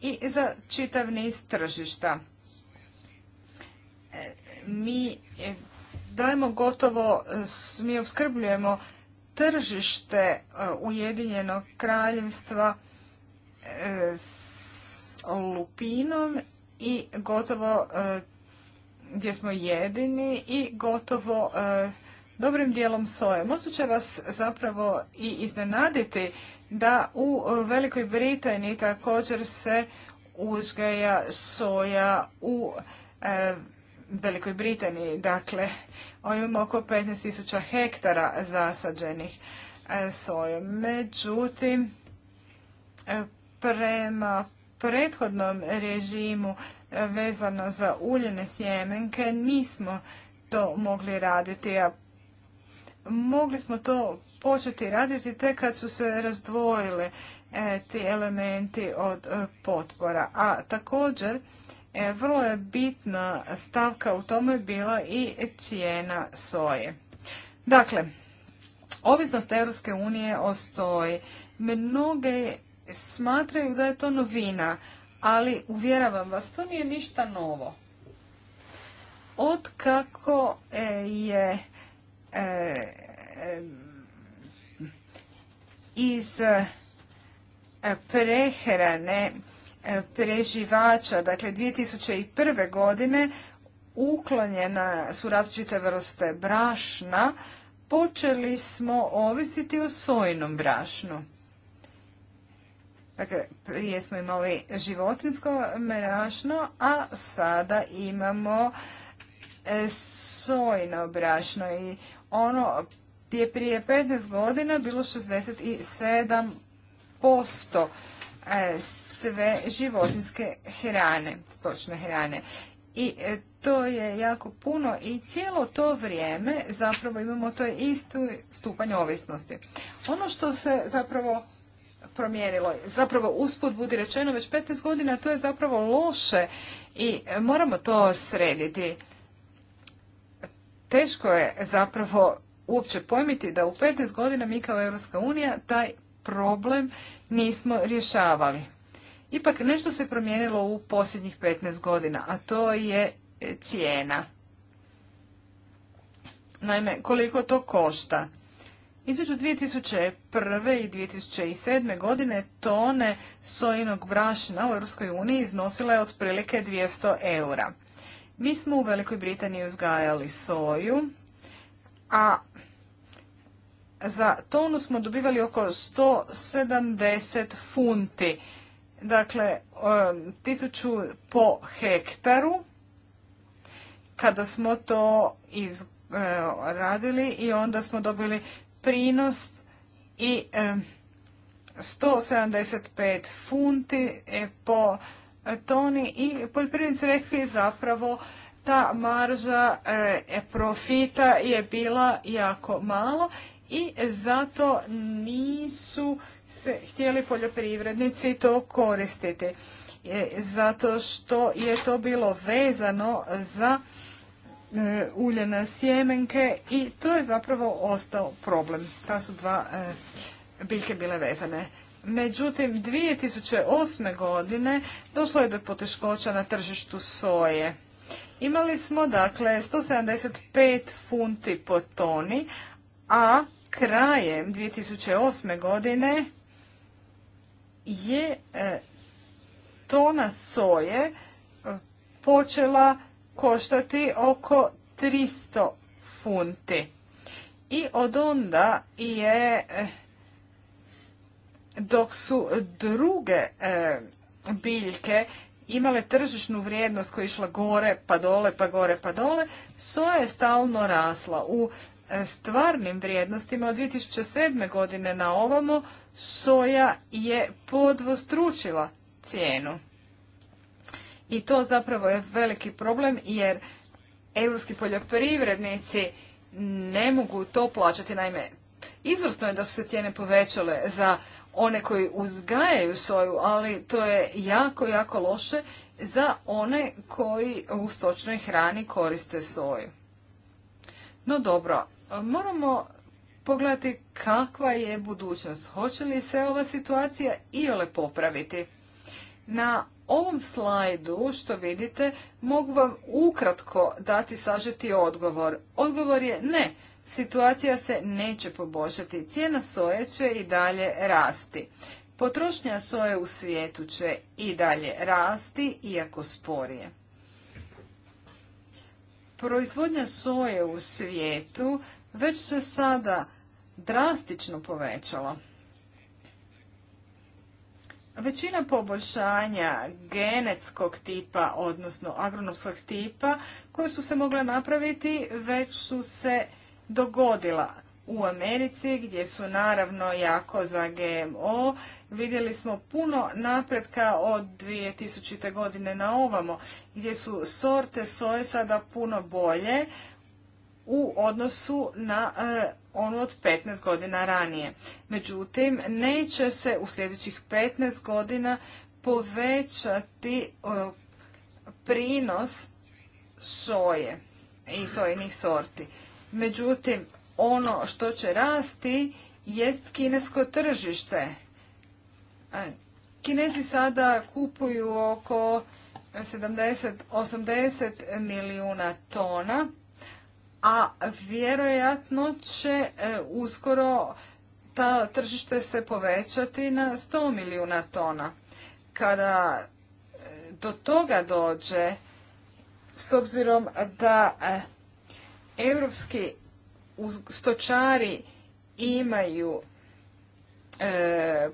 i za čitav niz tržišta. E, mi e, dajemo gotovo, mi obskrbljujemo tržište e, Ujedinjenog kraljevstva e, s lupinom i gotovo e, gdje smo jedini i gotovo dobrim dijelom soje. Možda će vas zapravo i iznenaditi da u Velikoj Britaniji također se uzgaja soja u Velikoj Britaniji. Dakle, imamo oko 15.000 hektara zasađenih e, sojom. Međutim, e, prema prethodnom režimu e, vezano za uljene sjemenke nismo to mogli raditi, mogli smo to početi raditi tek kad su se razdvojile ti elementi od potpora. A također E, vrlo je bitna stavka u tome bila i cijena soje. Dakle, ovisnost Europske unije o stoji. Mnoge smatraju da je to novina, ali uvjeravam vas, to nije ništa novo. Od kako e, je e, iz prehrane preživača, dakle 2001. godine uklonjena su različite vrste brašna, počeli smo ovisiti o sojnom brašnu. Dakle, prije smo imali životinsko brašno, a sada imamo e, sojno brašno i ono je prije 15 godina bilo 67% sve životinske hrane, stočne hrane. I e, to je jako puno i cijelo to vrijeme zapravo imamo to istu stupanj ovisnosti. Ono što se zapravo promijenilo, zapravo usput budi rečeno već 15 godina, to je zapravo loše i moramo to srediti. Teško je zapravo uopće pojmiti da u 15 godina mi kao Europska unija taj problem nismo rješavali. Ipak nešto se promijenilo u posljednjih 15 godina, a to je e, cijena. Naime, koliko to košta? Između 2001. i 2007. godine tone sojinog brašna u EU iznosila je otprilike 200 eura. Mi smo u Velikoj Britaniji uzgajali soju, a za tonu smo dobivali oko 170 funti Dakle, um, tisuću po hektaru, kada smo to izradili e, radili i onda smo dobili prinos i 175 funti e, po toni i poljoprivrednici rekli zapravo ta marža e, profita je bila jako malo i zato nisu se htjeli poljoprivrednici to koristiti. E, zato što je to bilo vezano za e, uljene sjemenke i to je zapravo ostao problem. Ta su dva e, biljke bile vezane. Međutim, 2008. godine došlo je do poteškoća na tržištu soje. Imali smo dakle 175 funti po toni, a krajem 2008. godine je e, tona soje e, počela koštati oko 300 funti. I od onda je, e, dok su druge biljke imale tržišnu vrijednost koja je išla gore pa dole pa gore pa dole, soja je stalno rasla. U stvarnim vrijednostima od 2007. godine na ovamo soja je podvostručila cijenu. I to zapravo je veliki problem jer europski poljoprivrednici ne mogu to plaćati. Naime, izvrsno je da su se cijene povećale za one koji uzgajaju soju, ali to je jako, jako loše za one koji u stočnoj hrani koriste soju. No dobro, moramo pogledati kakva je budućnost. Hoće li se ova situacija iole popraviti? Na ovom slajdu što vidite mogu vam ukratko dati sažeti odgovor. Odgovor je ne, situacija se neće poboljšati. Cijena soje će i dalje rasti. Potrošnja soje u svijetu će i dalje rasti, iako sporije. Proizvodnja soje u svijetu već se sada drastično povećala. Većina poboljšanja genetskog tipa, odnosno agronomskog tipa, koje su se mogle napraviti, već su se dogodila u Americi gdje su naravno jako za GMO. Vidjeli smo puno napretka od 2000. godine na ovamo gdje su sorte soje sada puno bolje u odnosu na eh, onu od 15 godina ranije. Međutim, neće se u sljedećih 15 godina povećati eh, prinos soje i sojnih sorti. Međutim, ono što će rasti jest kinesko tržište. E, Kinezi sada kupuju oko 70-80 milijuna tona, a vjerojatno će e, uskoro ta tržište se povećati na 100 milijuna tona. Kada e, do toga dođe, s obzirom da europski stočari imaju e,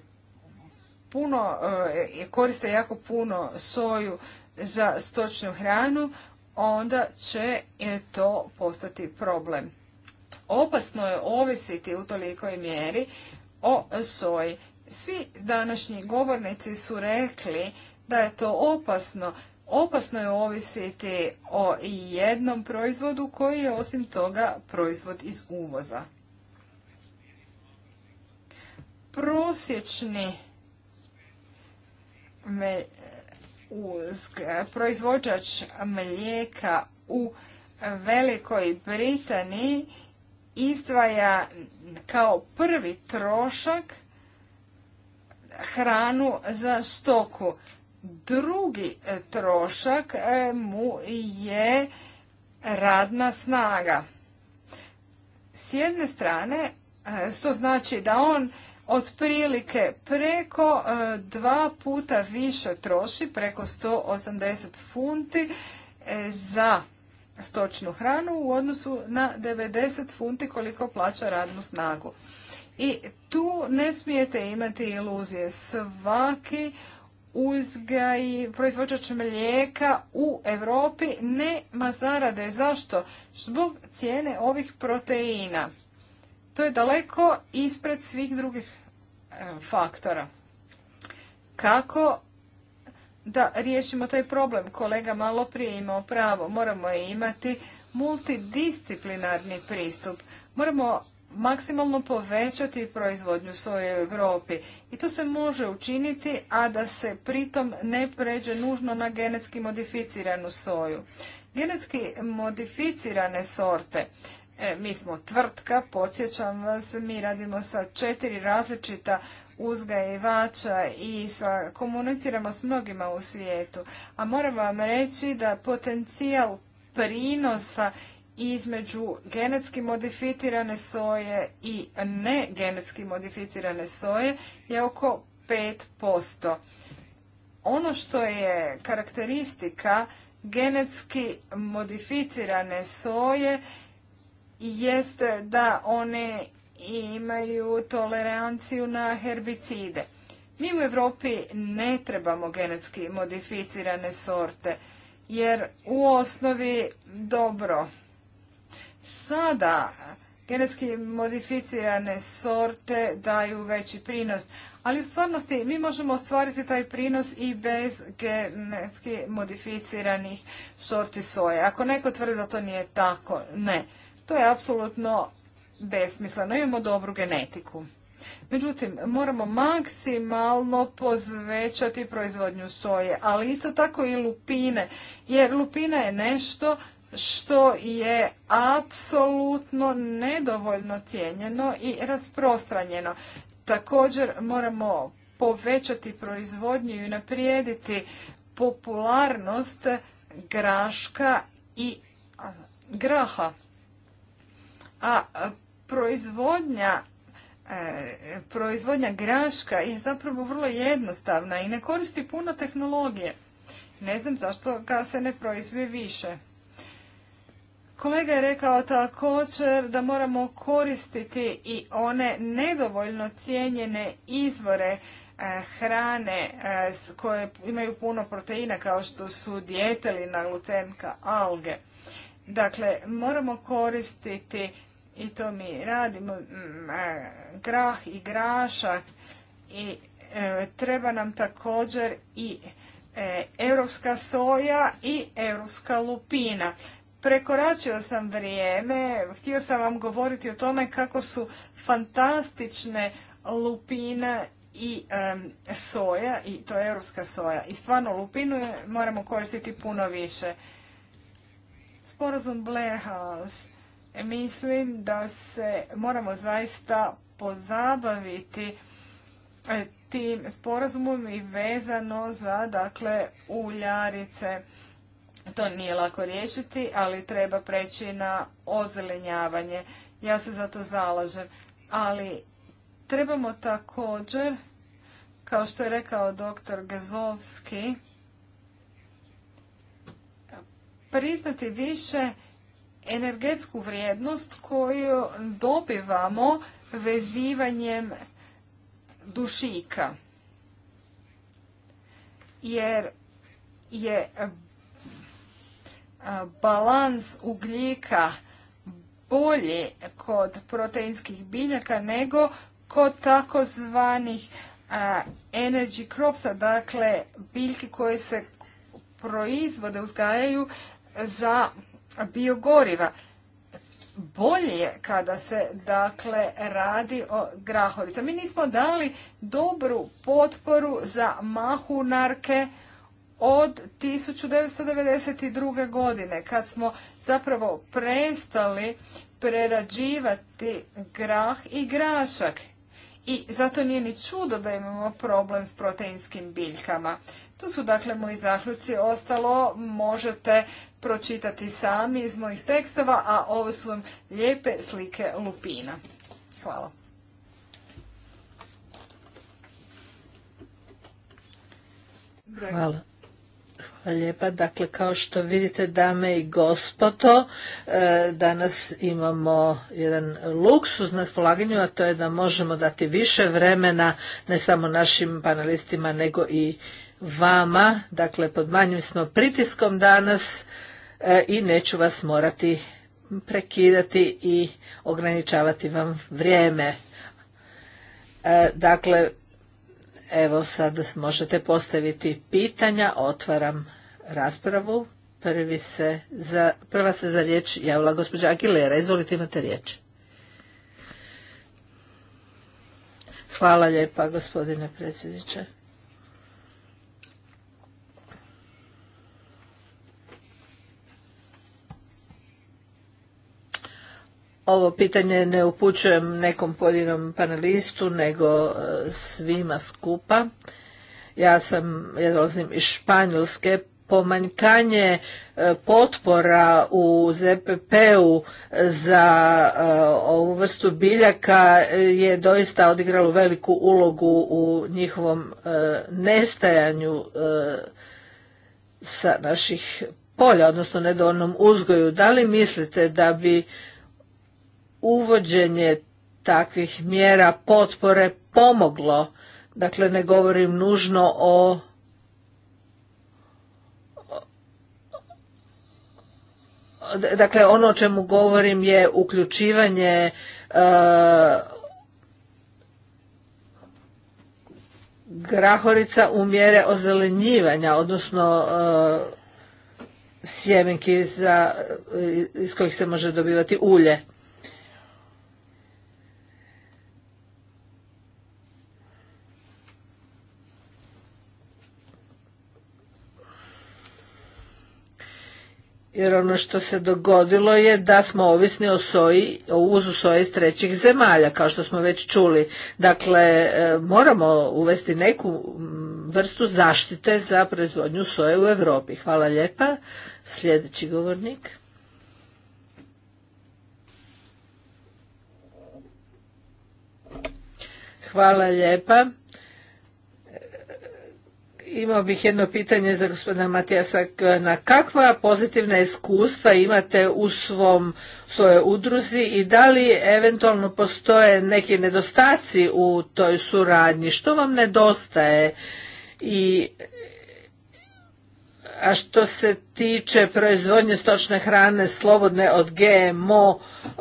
puno, e, koriste jako puno soju za stočnu hranu, onda će e, to postati problem. Opasno je ovisiti u tolikoj mjeri o soji. Svi današnji govornici su rekli da je to opasno opasno je ovisiti o jednom proizvodu koji je osim toga proizvod iz uvoza. Prosječni me, proizvođač mlijeka u Velikoj Britaniji izdvaja kao prvi trošak hranu za stoku drugi e, trošak e, mu je radna snaga. S jedne strane, što e, znači da on otprilike preko dva puta više troši, preko 180 funti za stočnu hranu u odnosu na 90 funti koliko plaća radnu snagu. I tu ne smijete imati iluzije. Svaki uzgaj proizvođač mlijeka u Europi nema zarade. Zašto? Zbog cijene ovih proteina. To je daleko ispred svih drugih e, faktora. Kako da riješimo taj problem? Kolega malo prije imao pravo. Moramo imati multidisciplinarni pristup. Moramo maksimalno povećati proizvodnju soje u Europi i to se može učiniti, a da se pritom ne pređe nužno na genetski modificiranu soju. Genetski modificirane sorte, e, mi smo tvrtka, podsjećam vas, mi radimo sa četiri različita uzgajivača i sa, komuniciramo s mnogima u svijetu. A moram vam reći da potencijal prinosa između genetski modificirane soje i ne genetski modificirane soje je oko 5%. Ono što je karakteristika genetski modificirane soje jeste da one imaju toleranciju na herbicide. Mi u Europi ne trebamo genetski modificirane sorte jer u osnovi dobro sada genetski modificirane sorte daju veći prinos. Ali u stvarnosti mi možemo ostvariti taj prinos i bez genetski modificiranih sorti soje. Ako neko tvrdi da to nije tako, ne. To je apsolutno besmisleno. Imamo dobru genetiku. Međutim, moramo maksimalno pozvećati proizvodnju soje, ali isto tako i lupine, jer lupina je nešto što je apsolutno nedovoljno cijenjeno i rasprostranjeno. Također moramo povećati proizvodnju i naprijediti popularnost graška i graha. A proizvodnja e, proizvodnja graška je zapravo vrlo jednostavna i ne koristi puno tehnologije. Ne znam zašto ga se ne proizvije više. Kolega je rekao također da moramo koristiti i one nedovoljno cijenjene izvore e, hrane e, koje imaju puno proteina kao što su dijetelina, lucenka, alge. Dakle, moramo koristiti i to mi radimo e, grah i grašak i treba nam također i europska soja i europska lupina. Prekoračio sam vrijeme, htio sam vam govoriti o tome kako su fantastične lupina i soja, i to je europska soja. I stvarno lupinu moramo koristiti puno više. Sporazum Blair House. E, mislim da se moramo zaista pozabaviti e, tim sporazumom i vezano za dakle uljarice. To nije lako riješiti, ali treba preći na ozelenjavanje. Ja se za to zalažem. Ali trebamo također, kao što je rekao doktor Gezovski, priznati više energetsku vrijednost koju dobivamo vezivanjem dušika. Jer je balans ugljika bolji kod proteinskih biljaka nego kod takozvanih energy cropsa, dakle biljke koje se proizvode, uzgajaju za biogoriva. Bolje je kada se dakle radi o grahorica. Mi nismo dali dobru potporu za mahunarke, od 1992. godine kad smo zapravo prestali prerađivati grah i grašak. I zato nije ni čudo da imamo problem s proteinskim biljkama. To su dakle moji zaključci. Ostalo možete pročitati sami iz mojih tekstova, a ovo su vam lijepe slike lupina. Hvala. Hvala lijepa. Dakle, kao što vidite, dame i gospodo, e, danas imamo jedan luksus na raspolaganju, a to je da možemo dati više vremena ne samo našim panelistima, nego i vama. Dakle, pod manjim smo pritiskom danas e, i neću vas morati prekidati i ograničavati vam vrijeme. E, dakle, Evo sad možete postaviti pitanja, otvaram raspravu. Prvi se za, prva se za riječ javila gospođa Aguilera. Izvolite, imate riječ. Hvala lijepa, gospodine predsjedniče. ovo pitanje ne upućujem nekom pojedinom panelistu, nego e, svima skupa. Ja sam, ja dolazim iz Španjolske, pomanjkanje e, potpora u ZPP-u za e, ovu vrstu biljaka je doista odigralo veliku ulogu u njihovom nestajanju sa naših polja, odnosno nedovoljnom uzgoju. Da li mislite da bi uvođenje takvih mjera potpore pomoglo. Dakle, ne govorim nužno o dakle ono o čemu govorim je uključivanje e, grahorica u mjere ozelenjivanja odnosno e, sjemenki iz kojih se može dobivati ulje jer ono što se dogodilo je da smo ovisni o soji, o uzu soje iz trećih zemalja, kao što smo već čuli. Dakle, e, moramo uvesti neku mm, vrstu zaštite za proizvodnju soje u Europi. Hvala lijepa. Sljedeći govornik. Hvala lijepa. Imao bih jedno pitanje za gospodina Matijasa. Na kakva pozitivna iskustva imate u svom svojoj udruzi i da li eventualno postoje neki nedostaci u toj suradnji? Što vam nedostaje? I a što se tiče proizvodnje stočne hrane slobodne od GMO e,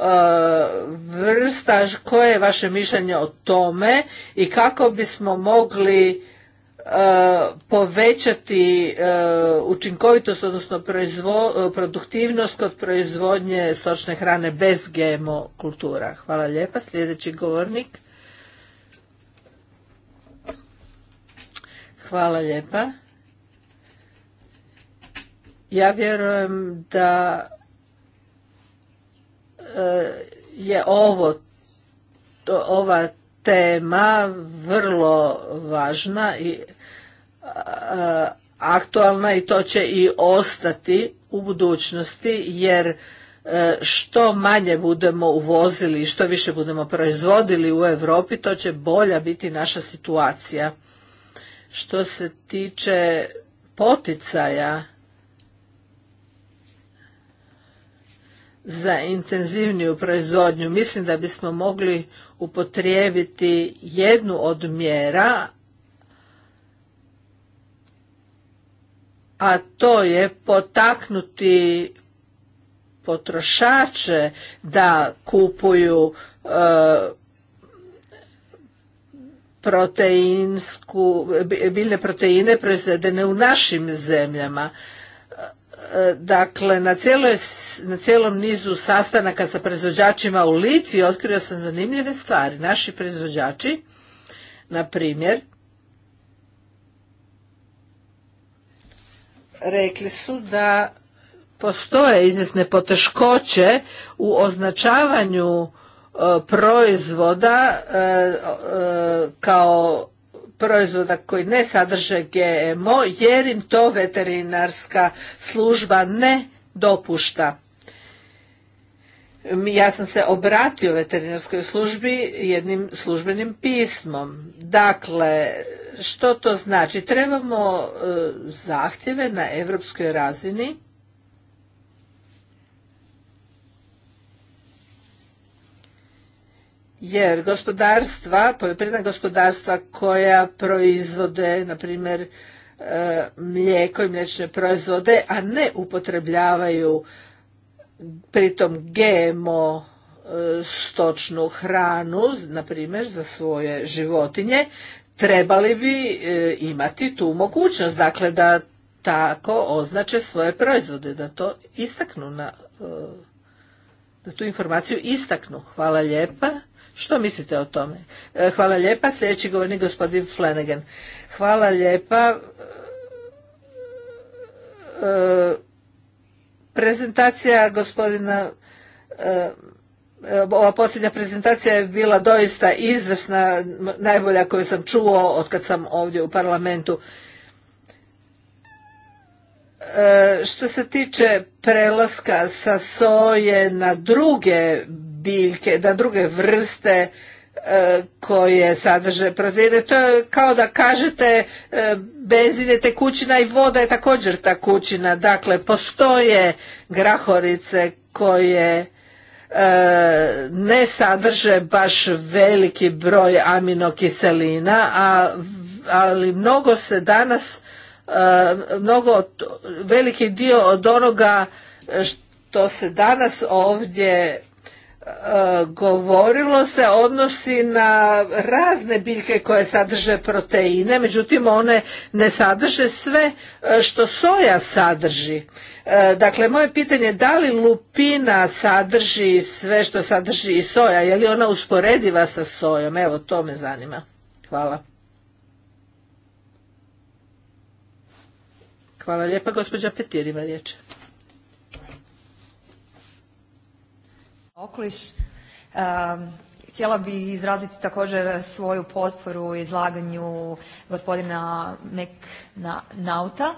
vrsta, koje je vaše mišljenje o tome i kako bismo mogli povećati e, učinkovitost, odnosno produktivnost kod proizvodnje stočne hrane bez GMO kultura. Hvala lijepa. Sljedeći govornik. Hvala lijepa. Ja vjerujem da e, je ovo ova tema vrlo važna i e, aktualna i to će i ostati u budućnosti jer e, što manje budemo uvozili i što više budemo proizvodili u Europi to će bolja biti naša situacija. Što se tiče poticaja za intenzivniju proizvodnju. Mislim da bismo mogli upotrijebiti jednu od mjera, a to je potaknuti potrošače da kupuju e, proteinsku, biljne proteine proizvedene u našim zemljama. Dakle, na, na cijelom nizu sastanaka sa proizvođačima u Litvi otkrio sam zanimljive stvari. Naši proizvođači, na primjer, rekli su da postoje izvjesne poteškoće u označavanju e, proizvoda e, e, kao proizvoda koji ne sadrže GMO jer im to veterinarska služba ne dopušta. Ja sam se obratio veterinarskoj službi jednim službenim pismom. Dakle, što to znači? Trebamo e, zahtjeve na europskoj razini jer gospodarstva, poljoprivredna gospodarstva koja proizvode, na primjer, e, mlijeko i mliječne proizvode, a ne upotrebljavaju pritom GMO e, stočnu hranu, na primjer, za svoje životinje, trebali bi e, imati tu mogućnost, dakle, da tako označe svoje proizvode, da to istaknu na da tu informaciju istaknu. Hvala lijepa. Što mislite o tome? E, hvala lijepa. Sljedeći govornik gospodin Flanagan. Hvala lijepa. E, prezentacija gospodina e, ova posljednja prezentacija je bila doista izvrsna, najbolja koju sam čuo od kad sam ovdje u parlamentu. što se tiče prelaska sa soje na druge biljke, na druge vrste e, koje sadrže proteine. To je kao da kažete e, benzin je tekućina i voda je također kućina. Dakle, postoje grahorice koje e, ne sadrže baš veliki broj aminokiselina, a, ali mnogo se danas, mnogo veliki dio od onoga što se danas ovdje govorilo se odnosi na razne biljke koje sadrže proteine, međutim one ne sadrže sve e, što soja sadrži. E, dakle, moje pitanje je da li lupina sadrži sve što sadrži i soja, je li ona usporediva sa sojom? Evo, to me zanima. Hvala. Hvala lijepa, gospođa Petir ima riječ. okoliš. htjela bih izraziti također svoju potporu izlaganju gospodina Nauta.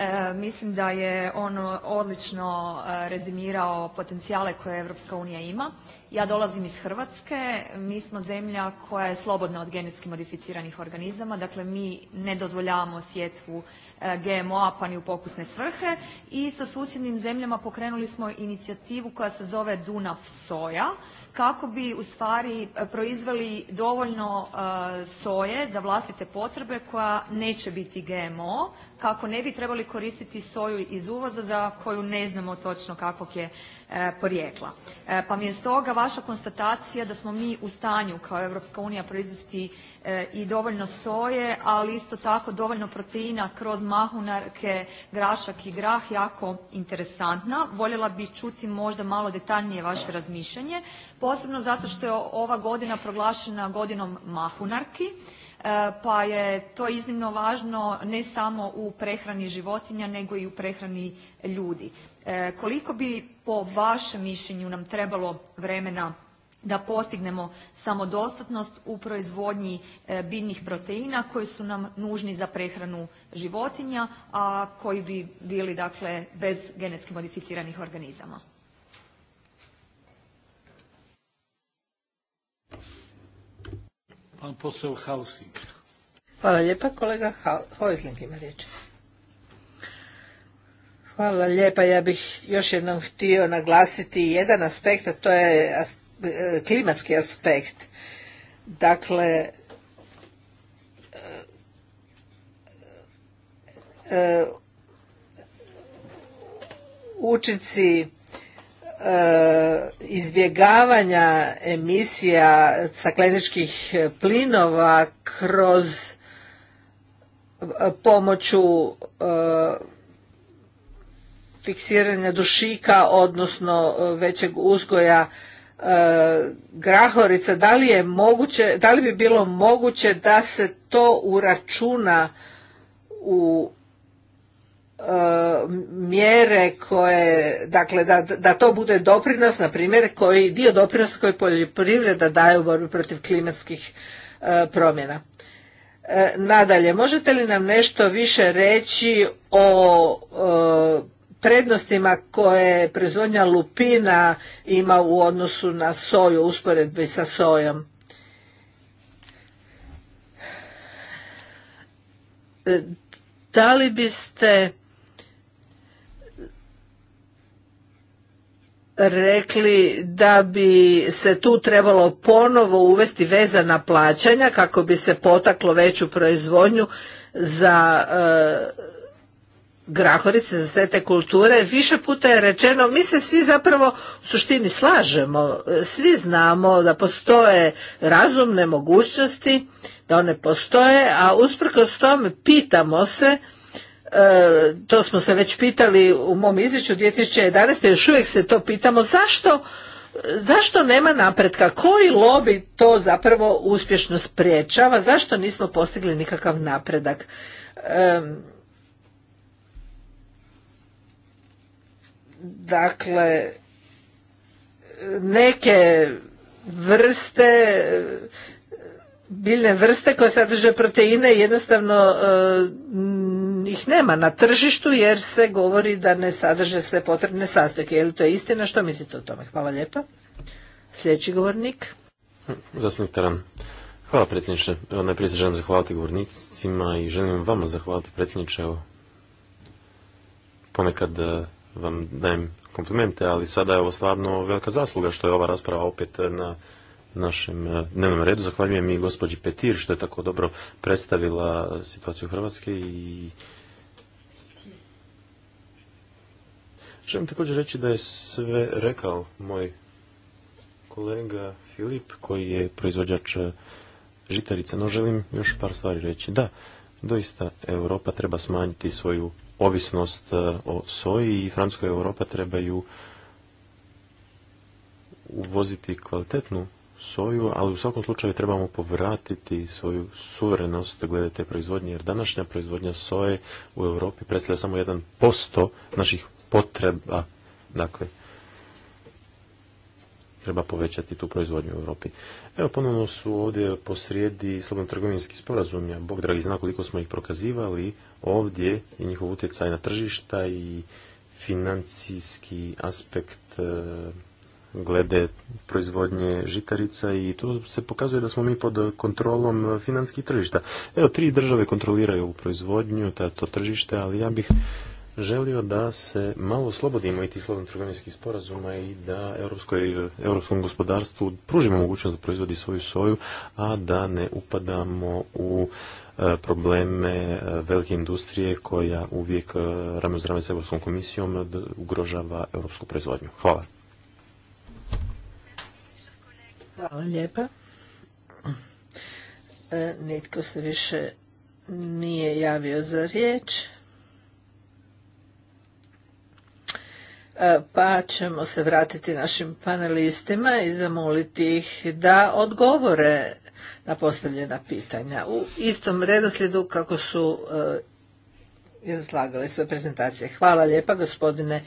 E, mislim da je on odlično e, rezimirao potencijale koje Europska unija ima. Ja dolazim iz Hrvatske, mi smo zemlja koja je slobodna od genetski modificiranih organizama, dakle mi ne dozvoljavamo sjetvu e, GMO-a pa ni u pokusne svrhe i sa susjednim zemljama pokrenuli smo inicijativu koja se zove Dunav soja kako bi ustvari proizveli dovoljno soje za vlastite potrebe koja neće biti GMO kako ne bi trebali koristiti soju iz uvoza za koju ne znamo točno kakvog je e, porijekla. E, pa mi je stoga vaša konstatacija da smo mi u stanju kao Europska unija proizvesti e, i dovoljno soje, ali isto tako dovoljno proteina kroz mahunarke, grašak i grah jako interesantna. Voljela bih čuti možda malo detaljnije vaše razmišljanje, posebno zato što je ova godina proglašena godinom mahunarki E, pa je to iznimno važno ne samo u prehrani životinja nego i u prehrani ljudi. E, koliko bi po vašem mišljenju nam trebalo vremena da postignemo samodostatnost u proizvodnji e, biljnih proteina koji su nam nužni za prehranu životinja, a koji bi bili dakle bez genetski modificiranih organizama. Pan posao Hausling. Hvala lijepa, kolega Hausling ima riječ. Hvala lijepa, ja bih još jednom htio naglasiti jedan aspekt, a to je e, klimatski aspekt. Dakle, e, e, učinci E, izbjegavanja emisija stakleničkih plinova kroz e, pomoću e, fiksiranja dušika, odnosno većeg uzgoja grahorica, da li, je moguće, da li bi bilo moguće da se to uračuna u E, mjere koje, dakle da, da to bude doprinos, na primjer, koji dio doprinosa koji poljoprivreda daje u borbi protiv klimatskih e, promjena. E, nadalje, možete li nam nešto više reći o prednostima koje proizvodnja lupina ima u odnosu na soju, usporedbi sa sojom? Da li biste rekli da bi se tu trebalo ponovo uvesti veza na plaćanja kako bi se potaklo veću proizvodnju za e, grahorice, za sve te kulture. Više puta je rečeno, mi se svi zapravo u suštini slažemo, svi znamo da postoje razumne mogućnosti, da one postoje, a usprkos tome pitamo se E, to smo se već pitali u mom izvješću 2011. još uvijek se to pitamo zašto zašto nema napretka koji lobi to zapravo uspješno spriječava zašto nismo postigli nikakav napredak dakle neke vrste biljne vrste koje sadrže proteine jednostavno e, ih nema na tržištu jer se govori da ne sadrže sve potrebne sastojke. Je li to istina? Što mislite o tome? Hvala lijepa. Sljedeći govornik. Zastupnik Taran. Hvala predsjedniče. najprije se želim zahvaliti govornicima i želim vama zahvaliti predsjedniče. ponekad e, vam dajem komplimente, ali sada je ovo stvarno velika zasluga što je ova rasprava opet e, na našem e, dnevnom redu. Zahvaljujem i gospođi Petir što je tako dobro predstavila situaciju Hrvatske i Želim također reći da je sve rekao moj kolega Filip koji je proizvođač žitarica, no želim još par stvari reći. Da, doista Europa treba smanjiti svoju ovisnost e, o soji i Francuska Europa trebaju uvoziti kvalitetnu soju, ali u svakom slučaju trebamo povratiti svoju suverenost glede te proizvodnje, jer današnja proizvodnja soje u Europi predstavlja samo jedan posto naših potreba. Dakle, treba povećati tu proizvodnju u Europi. Evo, ponovno su ovdje posrijedi slobodno trgovinski sporazum. Bog dragi zna koliko smo ih prokazivali ovdje i njihov utjecaj na tržišta i financijski aspekt eh, glede proizvodnje žitarica i tu se pokazuje da smo mi pod kontrolom finanskih tržišta. Evo, tri države kontroliraju ovu proizvodnju, to tržište, ali ja bih želio da se malo oslobodimo i tih slobodnih trgovinskih sporazuma i da europskom gospodarstvu pružimo mogućnost da proizvodi svoju soju, a da ne upadamo u e, probleme e, velike industrije koja uvijek e, rame uz rame s Europskom komisijom ugrožava europsku proizvodnju. Hvala. Hvala lijepa. E, nitko se više nije javio za riječ. E, pa ćemo se vratiti našim panelistima i zamoliti ih da odgovore na postavljena pitanja u istom redoslijedu kako su e, izlagali sve prezentacije. Hvala lijepa gospodine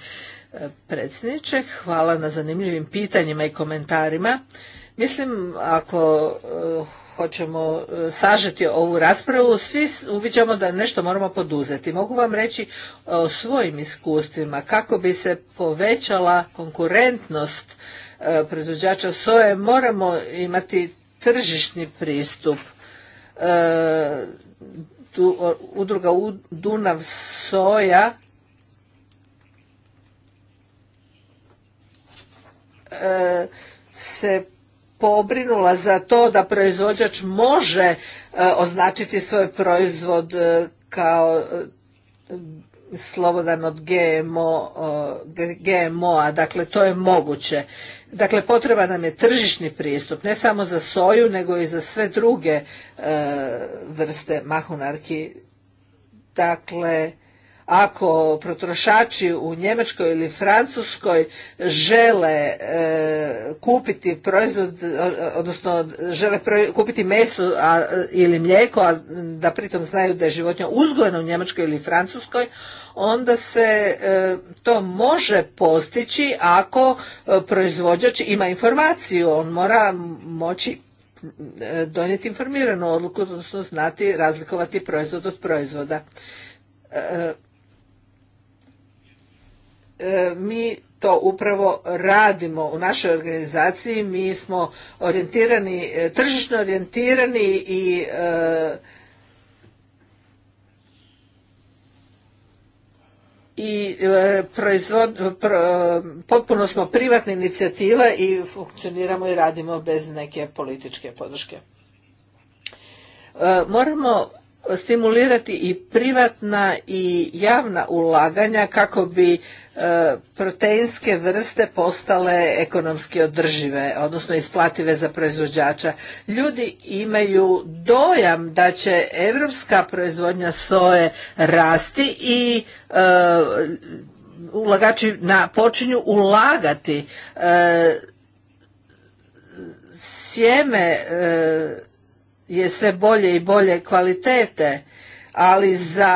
predsjedniče, hvala na zanimljivim pitanjima i komentarima. Mislim, ako eh, hoćemo eh, sažeti ovu raspravu, svi uviđamo da nešto moramo poduzeti. Mogu vam reći eh, o svojim iskustvima kako bi se povećala konkurentnost proizvođača soje, moramo imati tržišni pristup. Udruga Dunav Soja se pobrinula za to da proizvođač može e, označiti svoj proizvod e, kao e, slobodan od GMO, a dakle to je moguće. Dakle, potreba nam je tržišni pristup, ne samo za soju, nego i za sve druge vrste mahunarki. Dakle, ako potrošači u Njemačkoj ili Francuskoj žele e, kupiti proizvod, odnosno žele kupiti meso ili mlijeko, a da pritom znaju da je životinja uzgojena u Njemačkoj ili Francuskoj, onda se e, to može postići ako e, proizvođač ima informaciju, on mora moći donijeti informiranu odluku, odnosno znati razlikovati proizvod od proizvoda. E, mi to upravo radimo u našoj organizaciji. Mi smo orijentirani, e, tržišno orijentirani i e, i proizvod, potpuno smo privatna inicijativa i funkcioniramo i radimo bez neke političke podrške. Moramo stimulirati i privatna i javna ulaganja kako bi e, proteinske vrste postale ekonomski održive, odnosno isplative za proizvođača. Ljudi imaju dojam da će evropska proizvodnja soje rasti i e, ulagači na, počinju ulagati e, sjeme je sve bolje i bolje kvalitete, ali za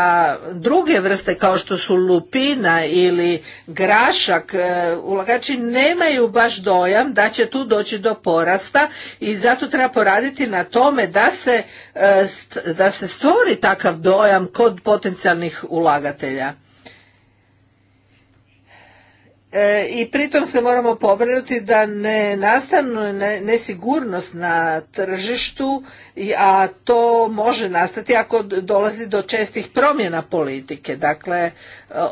druge vrste kao što su lupina ili grašak, e, ulagači nemaju baš dojam da će tu doći do porasta i zato treba poraditi na tome da se, e, da se stvori takav dojam kod potencijalnih ulagatelja. E, i pritom se moramo pobrinuti da ne nastanu nesigurnost na tržištu, a to može nastati ako dolazi do čestih promjena politike. Dakle, e,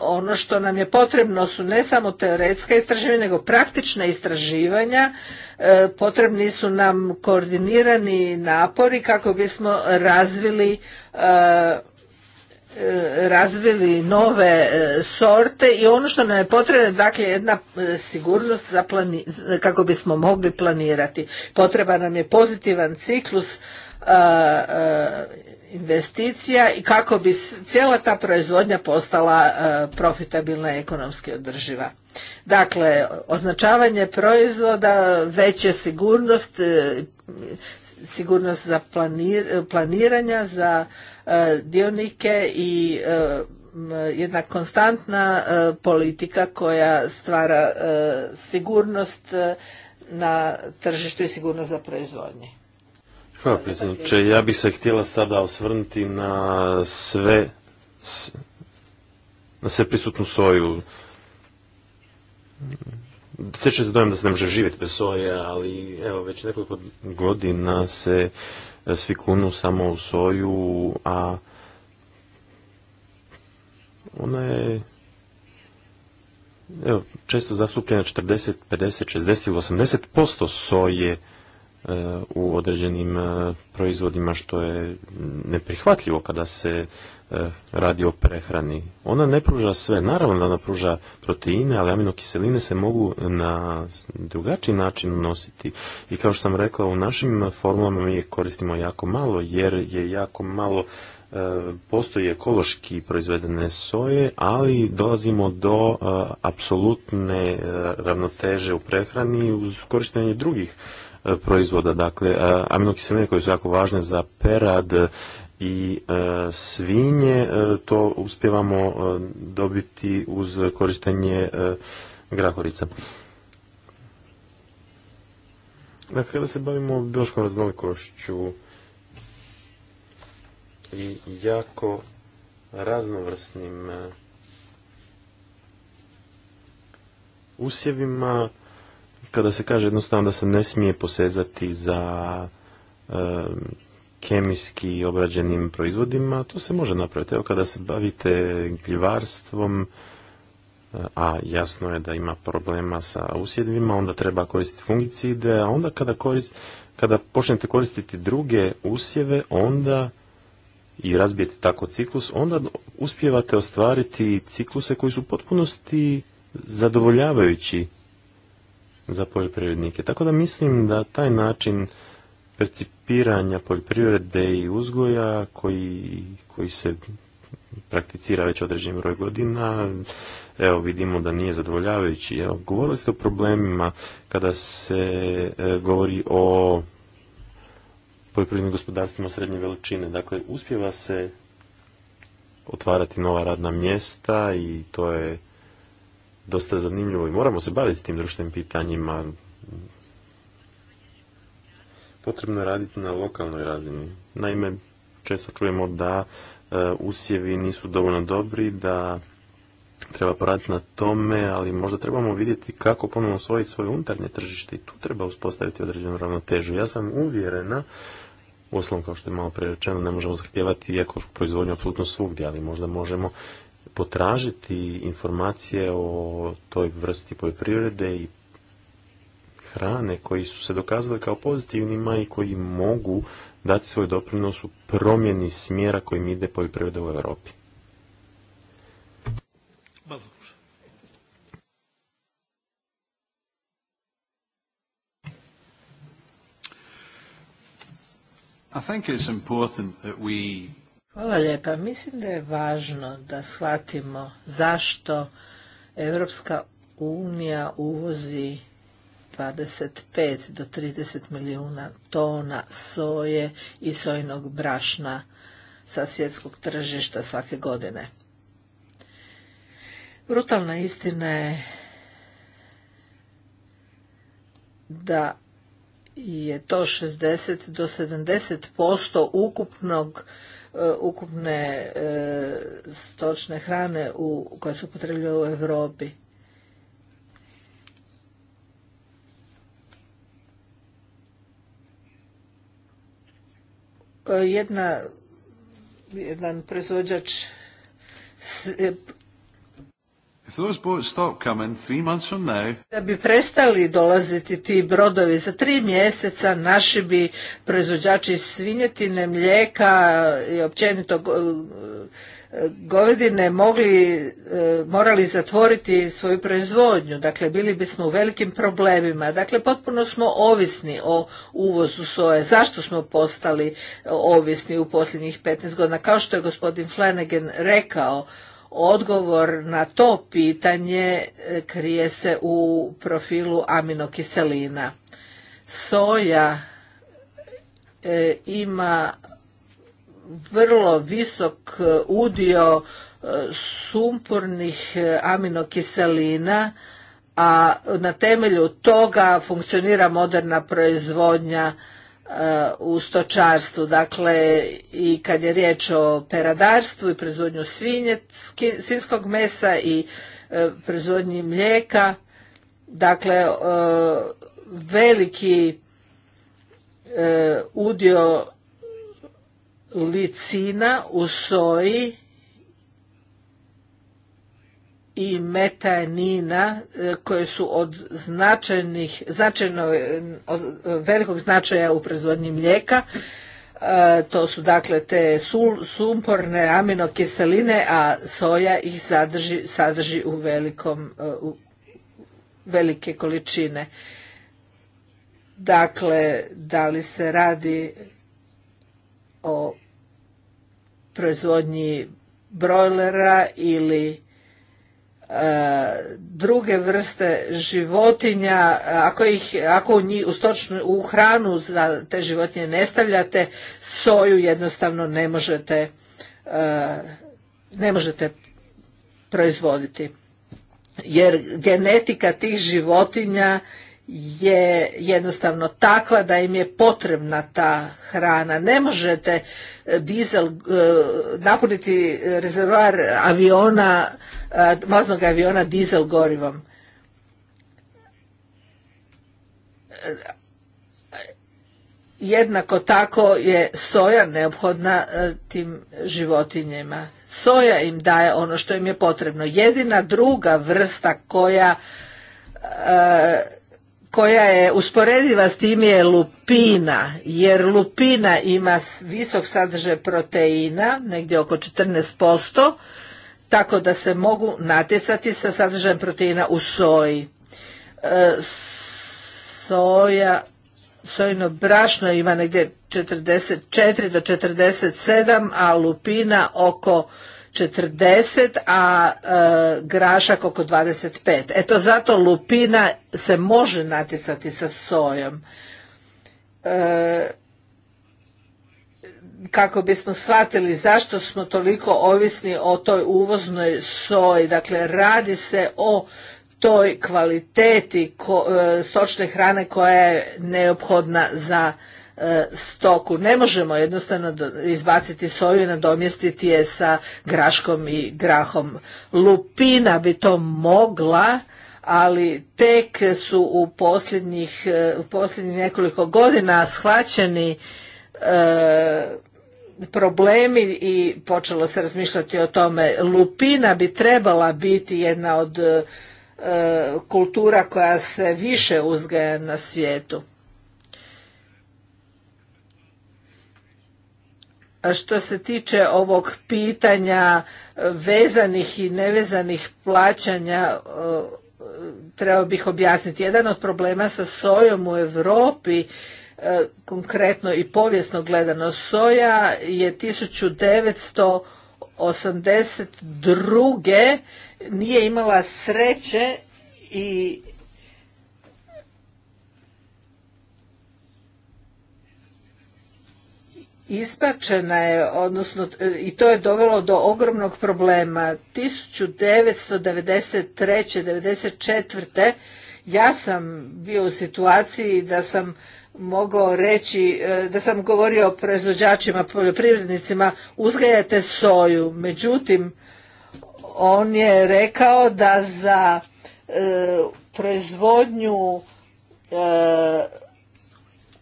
ono što nam je potrebno su ne samo teoretska istraživanja, nego praktična istraživanja. E, potrebni su nam koordinirani napori kako bismo razvili E, razvili nove e, sorte i ono što nam je potrebno je dakle jedna e, sigurnost za kako bismo mogli planirati. Potreba nam je pozitivan ciklus investicija i kako bi cijela ta proizvodnja postala profitabilna i ekonomski održiva. Dakle, označavanje proizvoda, veća sigurnost, sigurnost za planiranja, za E, dionike i e, jedna konstantna e, politika koja stvara sigurnost na tržištu i sigurnost za proizvodnje. Hvala predsjedniče. Ja bih se htjela sada osvrnuti na sve na sve prisutnu soju. Sjećam se dojem da se ne može živjeti bez soje, ali evo već nekoliko godina se svi kunu samo u soju, a ona je evo, često zastupljena 40, 50, 60 ili 80% soje e, u određenim e, proizvodima što je neprihvatljivo kada se E, radi o prehrani. Ona ne pruža sve, naravno da ona pruža proteine, ali aminokiseline se mogu na drugačiji način unositi. I kao što sam rekla, u našim formulama mi je koristimo jako malo, jer je jako malo e, postoji ekološki proizvedene soje, ali dolazimo do e, apsolutne ravnoteže u prehrani uz korištenje drugih proizvoda, dakle aminokiseline koje su jako važne za perad i e, svinje, e, to uspjevamo e, dobiti uz korištenje grahorica. Dakle, da se bavimo biološkom raznolikošću i jako raznovrsnim usjevima, kada se kaže jednostavno da se ne smije posezati za kemijski obrađenim proizvodima, to se može napraviti. Evo kada se bavite gljivarstvom, a jasno je da ima problema sa usjedvima, onda treba koristiti fungicide, a onda kada, korist, kada počnete koristiti druge usjeve, onda i razbijete tako ciklus, onda uspijevate ostvariti cikluse koji su u potpunosti zadovoljavajući za poljoprivrednike. Tako da mislim da taj način percipiranja poljoprivrede i uzgoja koji, koji se prakticira već određen broj godina, evo vidimo da nije zadovoljavajući. Evo, govorili ste o problemima kada se e, govori o poljoprivrednim gospodarstvima srednje veličine. Dakle, uspjeva se otvarati nova radna mjesta i to je dosta zanimljivo i moramo se baviti tim društvenim pitanjima potrebno je raditi na lokalnoj razini. Naime, često čujemo da e, usjevi nisu dovoljno dobri, da treba poraditi na tome, ali možda trebamo vidjeti kako ponovno osvojiti svoje unutarnje tržište i tu treba uspostaviti određenu ravnotežu. Ja sam uvjerena, oslovom kao što je malo prerečeno, ne možemo zahtijevati iako proizvodnju apsolutno svugdje, ali možda možemo potražiti informacije o toj vrsti poljoprivrede i hrane koji su se dokazali kao pozitivnima i koji mogu dati svoj doprinos u promjeni smjera kojim ide poljoprivreda u Europi. Hvala lijepa. Mislim da je važno da shvatimo zašto Europska unija uvozi 25 do 30 milijuna tona soje i sojnog brašna sa svjetskog tržišta svake godine. Brutalna istina je da je to 60 do 70% ukupnog e, ukupne e, stočne hrane u, koja se u Europi. jedna, jedan proizvođač da bi prestali dolaziti ti brodovi za tri mjeseca, naši bi proizvođači svinjetine, mlijeka i općenito govedine mogli, e, morali zatvoriti svoju proizvodnju, dakle bili bismo u velikim problemima, dakle potpuno smo ovisni o uvozu soje. Zašto smo postali ovisni u posljednjih 15 godina? Kao što je gospodin Flanagan rekao, odgovor na to pitanje e, krije se u profilu aminokiselina. Soja e, ima vrlo visok e, udio e, sumpornih e, aminokiselina, a na temelju toga funkcionira moderna proizvodnja u stočarstvu. Dakle, i kad je riječ o peradarstvu i proizvodnju svinje, svinskog mesa i proizvodnji mlijeka, dakle, veliki udio licina u soji i metanina e, koje su od značajnih, značajno, e, od velikog značaja u proizvodnji mlijeka. E, to su dakle te sumporne aminokiseline, a soja ih sadrži, u velikom, u velike količine. Dakle, da li se radi o proizvodnji brojlera ili e, druge vrste životinja, ako, ih, ako u, stočnu, hranu za te životinje ne stavljate, soju jednostavno ne možete, e, ne možete proizvoditi. Jer genetika tih životinja je jednostavno takva da im je potrebna ta hrana. Ne možete e, dizel e, napuniti rezervoar aviona, maznog e, aviona dizel gorivom. Jednako tako je soja neophodna tim životinjama. Soja im daje ono što im je potrebno. Jedina druga vrsta koja koja je usporediva s tim je lupina, jer lupina ima visok sadržaj proteina, negdje oko 14%, tako da se mogu natjecati sa sadržajem proteina u soji. E, soja, sojno brašno ima negdje 44 do 47, a lupina oko 40, a e, grašak oko 25. Eto zato lupina se može natjecati sa sojom. E, kako bismo shvatili zašto smo toliko ovisni o toj uvoznoj soji. Dakle, radi se o toj kvaliteti ko, e, stočne hrane koja je neophodna za E, stoku. Ne možemo jednostavno izbaciti soju i nadomjestiti je sa graškom i grahom. Lupina bi to mogla, ali tek su u posljednjih, e, u posljednjih nekoliko godina shvaćeni e, problemi i počelo se razmišljati o tome. Lupina bi trebala biti jedna od kultura koja se više uzgaja na svijetu. što se tiče ovog pitanja vezanih i nevezanih plaćanja e, trebao bih objasniti jedan od problema sa sojom u Europi e, konkretno i povijesno gledano soja je 1982. nije imala sreće i ispačena je, odnosno i to je dovelo do ogromnog problema. 1993. 1994. ja sam bio u situaciji da sam mogao reći, e, da sam govorio o proizvođačima, poljoprivrednicima, uzgajate soju. Međutim, on je rekao da za e, proizvodnju e,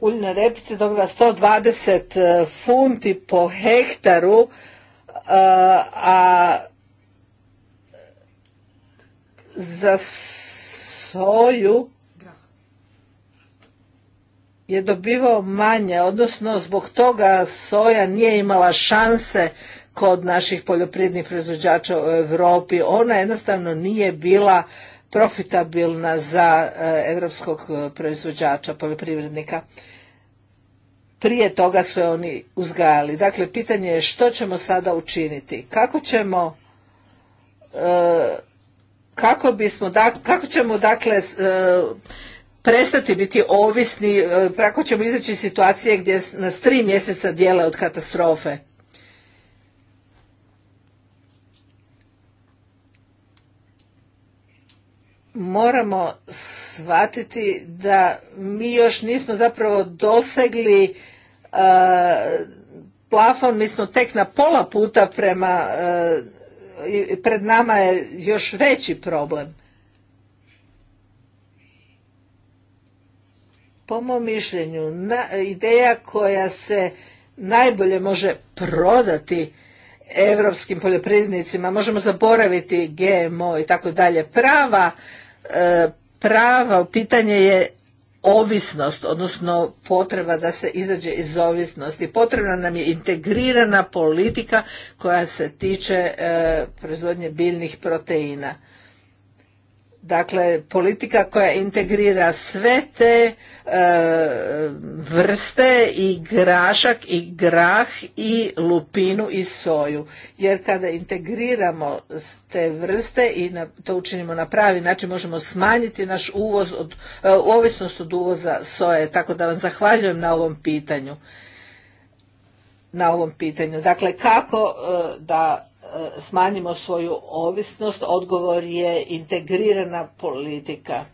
Uljne repice dobiva 120 e, funti po hektaru, e, a za soju je dobivao manje, odnosno zbog toga soja nije imala šanse kod naših poljoprivrednih proizvođača u Europi. Ona jednostavno nije bila profitabilna za europskog e, proizvođača, poljoprivrednika. Prije toga su je oni uzgajali. Dakle, pitanje je što ćemo sada učiniti? Kako ćemo e, kako bismo kako ćemo dakle e, prestati biti ovisni, kako ćemo izaći iz situacije gdje nas tri mjeseca dijele od katastrofe? moramo shvatiti da mi još nismo zapravo dosegli e, plafon, mi smo tek na pola puta prema, e, pred nama je još veći problem. Po mom mišljenju, ideja koja se najbolje može prodati europskim poljoprivrednicima možemo zaboraviti GMO i tako dalje. Prava e, prava pitanje je ovisnost, odnosno potreba da se izađe iz ovisnosti. Potrebna nam je integrirana politika koja se tiče e, proizvodnje biljnih proteina. Dakle, politika koja integrira sve te e, vrste i grašak i grah i lupinu i soju. Jer kada integriramo te vrste i to učinimo na pravi način, možemo smanjiti naš uvoz od, e, ovisnost od uvoza soje. Tako da vam zahvaljujem na ovom pitanju. Na ovom pitanju. Dakle, kako e, da E, smanjimo svoju ovisnost, odgovor je integrirana politika.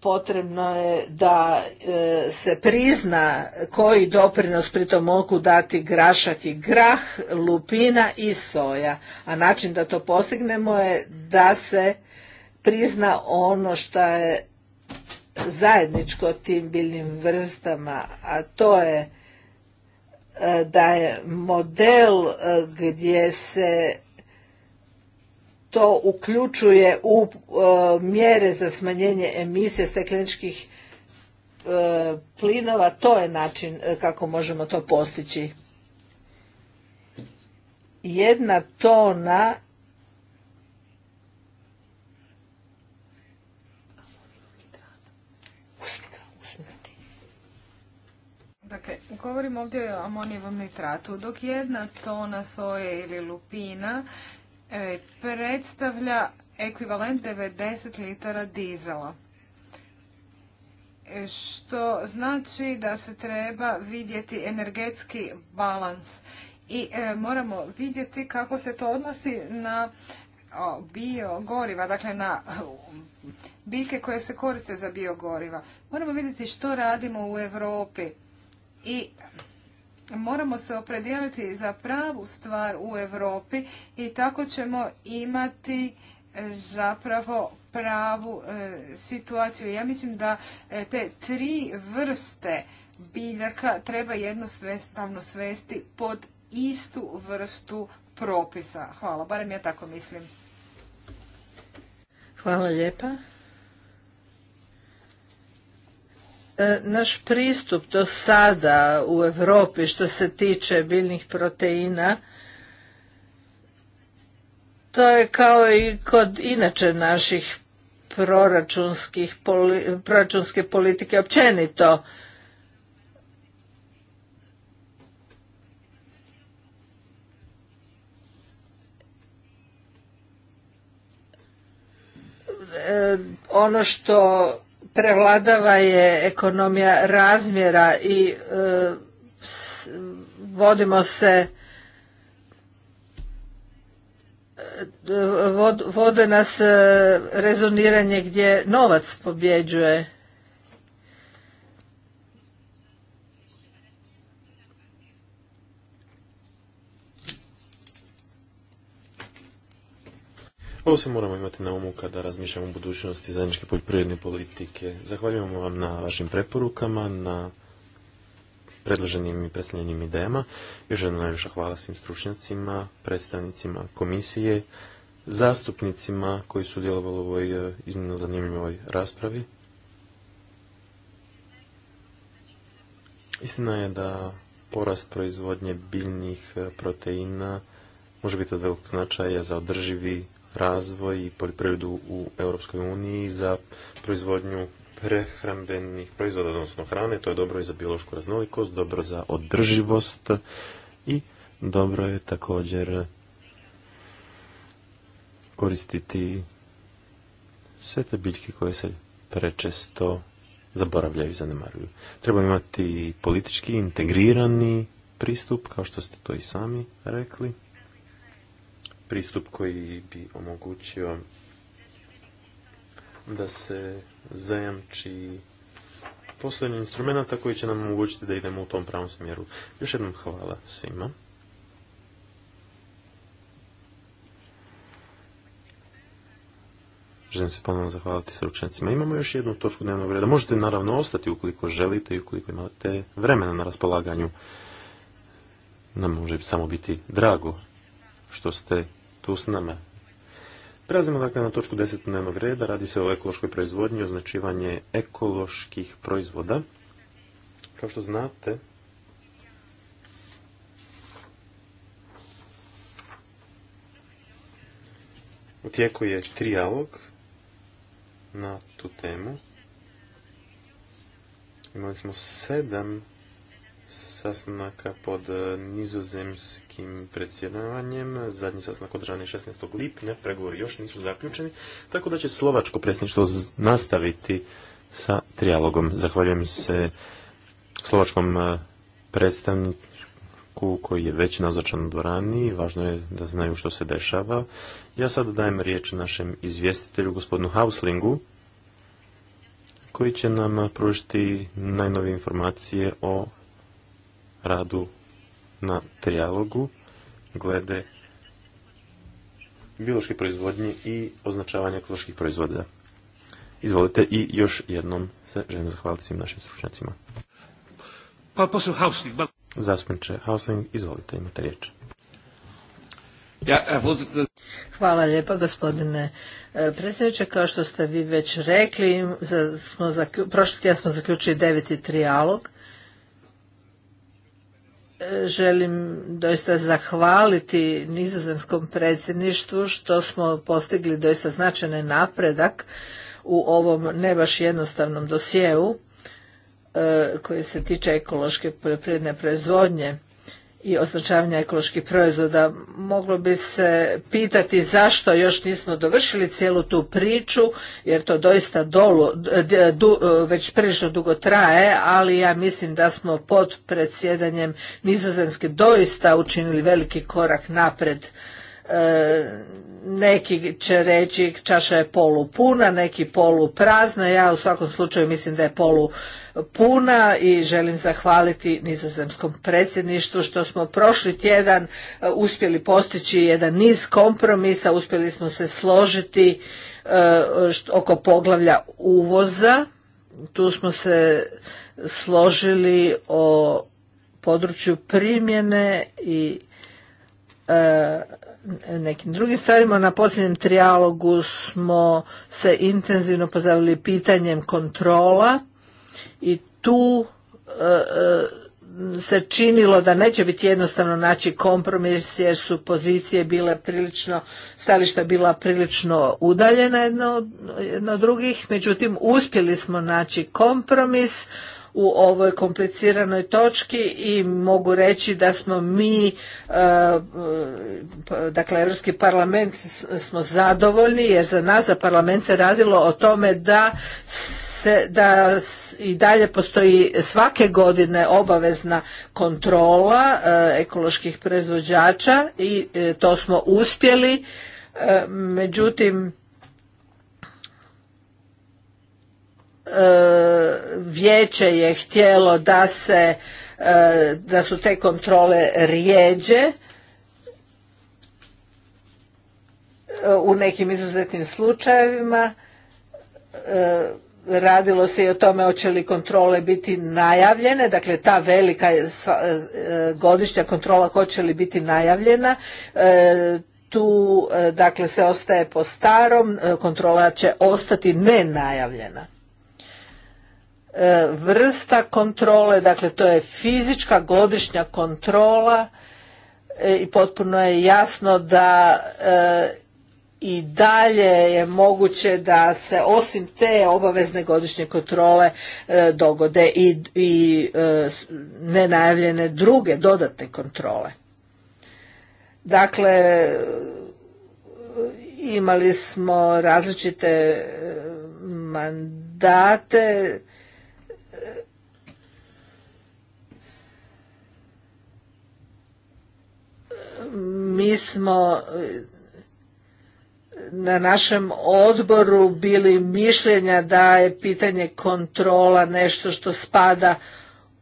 Potrebno je da e, se prizna koji doprinos pritom mogu dati grašak i grah, lupina i soja. A način da to postignemo je da se prizna ono što je zajedničko tim biljnim vrstama, a to je E, da je model e, gdje se to uključuje u e, mjere za smanjenje emisije stekleničkih plinova, to je način kako možemo to postići. Jedna tona Dakle, Govorimo ovdje o amonijevom nitratu. Dok jedna tona soje ili lupina e, predstavlja ekvivalent 90 litara dizela. E, što znači da se treba vidjeti energetski balans i e, moramo vidjeti kako se to odnosi na biogoriva, dakle na biljke koje se koriste za biogoriva. Moramo vidjeti što radimo u Europi i moramo se opredijeliti za pravu stvar u Europi i tako ćemo imati e, zapravo pravu e, situaciju. Ja mislim da e, te tri vrste biljaka treba jednostavno svesti pod istu vrstu propisa. Hvala, barem ja tako mislim. Hvala lijepa. E, naš pristup do sada u Europi što se tiče biljnih proteina to je kao i kod inače naših proračunskih proračunske politike općenito e, ono što prevladava je ekonomija razmjera i e, vodimo se e, vode nas e, rezoniranje gdje novac pobjeđuje Ovo se moramo imati na umu kada razmišljamo o budućnosti zajedničke poljoprivredne politike. Zahvaljujemo vam na vašim preporukama, na predloženim i predstavljenim idejama. Još jednom najviše hvala svim stručnjacima, predstavnicima komisije, zastupnicima koji su djelovali u ovoj e, iznimno zanimljivoj raspravi. Istina je da porast proizvodnje biljnih e, proteina može biti od velikog značaja za održivi razvoj i poljoprivredu u Europskoj uniji za proizvodnju prehrambenih proizvoda, odnosno hrane. To je dobro i za biološku raznolikost, dobro za održivost i dobro je također koristiti sve te biljke koje se prečesto zaboravljaju i zanemaruju. Treba imati politički integrirani pristup, kao što ste to i sami rekli pristup koji bi omogućio da se zajamči postojanje instrumenta koji će nam omogućiti da idemo u tom pravom smjeru. Još jednom hvala svima. Želim se ponovno zahvaliti sručnicima. Imamo još jednu točku dnevnog reda. Možete naravno ostati ukoliko želite i ukoliko imate vremena na raspolaganju. Nam može samo biti drago što ste tu s nama. Prelazimo dakle na točku 10. dnevnog reda. Radi se o ekološkoj proizvodnji, označivanje ekoloških proizvoda. Kao što znate, u tijeku je trijalog na tu temu. Imali smo sedam sastanaka pod e, nizozemskim predsjedavanjem. Zadnji sastanak održan je 16. lipnja, pregovori još nisu zaključeni, tako da će slovačko predsjedništvo nastaviti sa trijalogom. Zahvaljujem se slovačkom e, predstavniku koji je već nazočan u dvorani. Važno je da znaju što se dešava. Ja sad dajem riječ našem izvjestitelju, gospodinu Hauslingu, koji će nam pružiti najnovije informacije o radu na trijalogu glede biološke proizvodnje i označavanja ekoloških proizvoda. Izvolite i još jednom se želim zahvaliti svim našim stručnjacima. Pa Hausling. Hausling, izvolite, imate riječ. E, Hvala lijepa gospodine e, predsjedniče. Kao što ste vi već rekli, za, prošli tjedan smo zaključili deveti trijalog želim doista zahvaliti nizozemskom predsjedništvu što smo postigli doista značajan napredak u ovom ne baš jednostavnom dosjeu e, koji se tiče ekološke poljoprivredne proizvodnje i označavanja ekoloških proizvoda. Moglo bi se pitati zašto još nismo dovršili cijelu tu priču, jer to doista dolu, već prilično dugo traje, ali ja mislim da smo pod predsjedanjem Nizozemske doista učinili veliki korak napred. E, neki će reći čaša je polupuna, neki poluprazna, ja u svakom slučaju mislim da je polu puna i želim zahvaliti nizozemskom predsjedništvu što smo prošli tjedan e, uspjeli postići jedan niz kompromisa, uspjeli smo se složiti e, oko poglavlja uvoza. Tu smo se složili o području primjene i e, nekim drugim stvarima. Na posljednjem trijalogu smo se intenzivno pozavili pitanjem kontrola i tu e, e, se činilo da neće biti jednostavno naći kompromis jer su pozicije bile prilično, stališta bila prilično udaljena jedno od drugih, međutim uspjeli smo naći kompromis u ovoj kompliciranoj točki i mogu reći da smo mi, e, dakle Europski parlament smo zadovoljni jer za nas, za parlament se radilo o tome da se, da i dalje postoji svake godine obavezna kontrola e, ekoloških proizvođača i e, to smo uspjeli. E, međutim, vijeće je htjelo da se da su te kontrole rijeđe u nekim izuzetnim slučajevima radilo se i o tome hoće li kontrole biti najavljene, dakle ta velika e, e, godišnja kontrola hoće li biti najavljena, e, tu dakle se ostaje po starom, kontrola će ostati nenajavljena. Vrsta kontrole, dakle to je fizička godišnja kontrola i potpuno je jasno da i dalje je moguće da se osim te obavezne godišnje kontrole e, dogode i, i e, nenajavljene druge dodatne kontrole. Dakle, imali smo različite e, mandate, mi smo na našem odboru bili mišljenja da je pitanje kontrola nešto što spada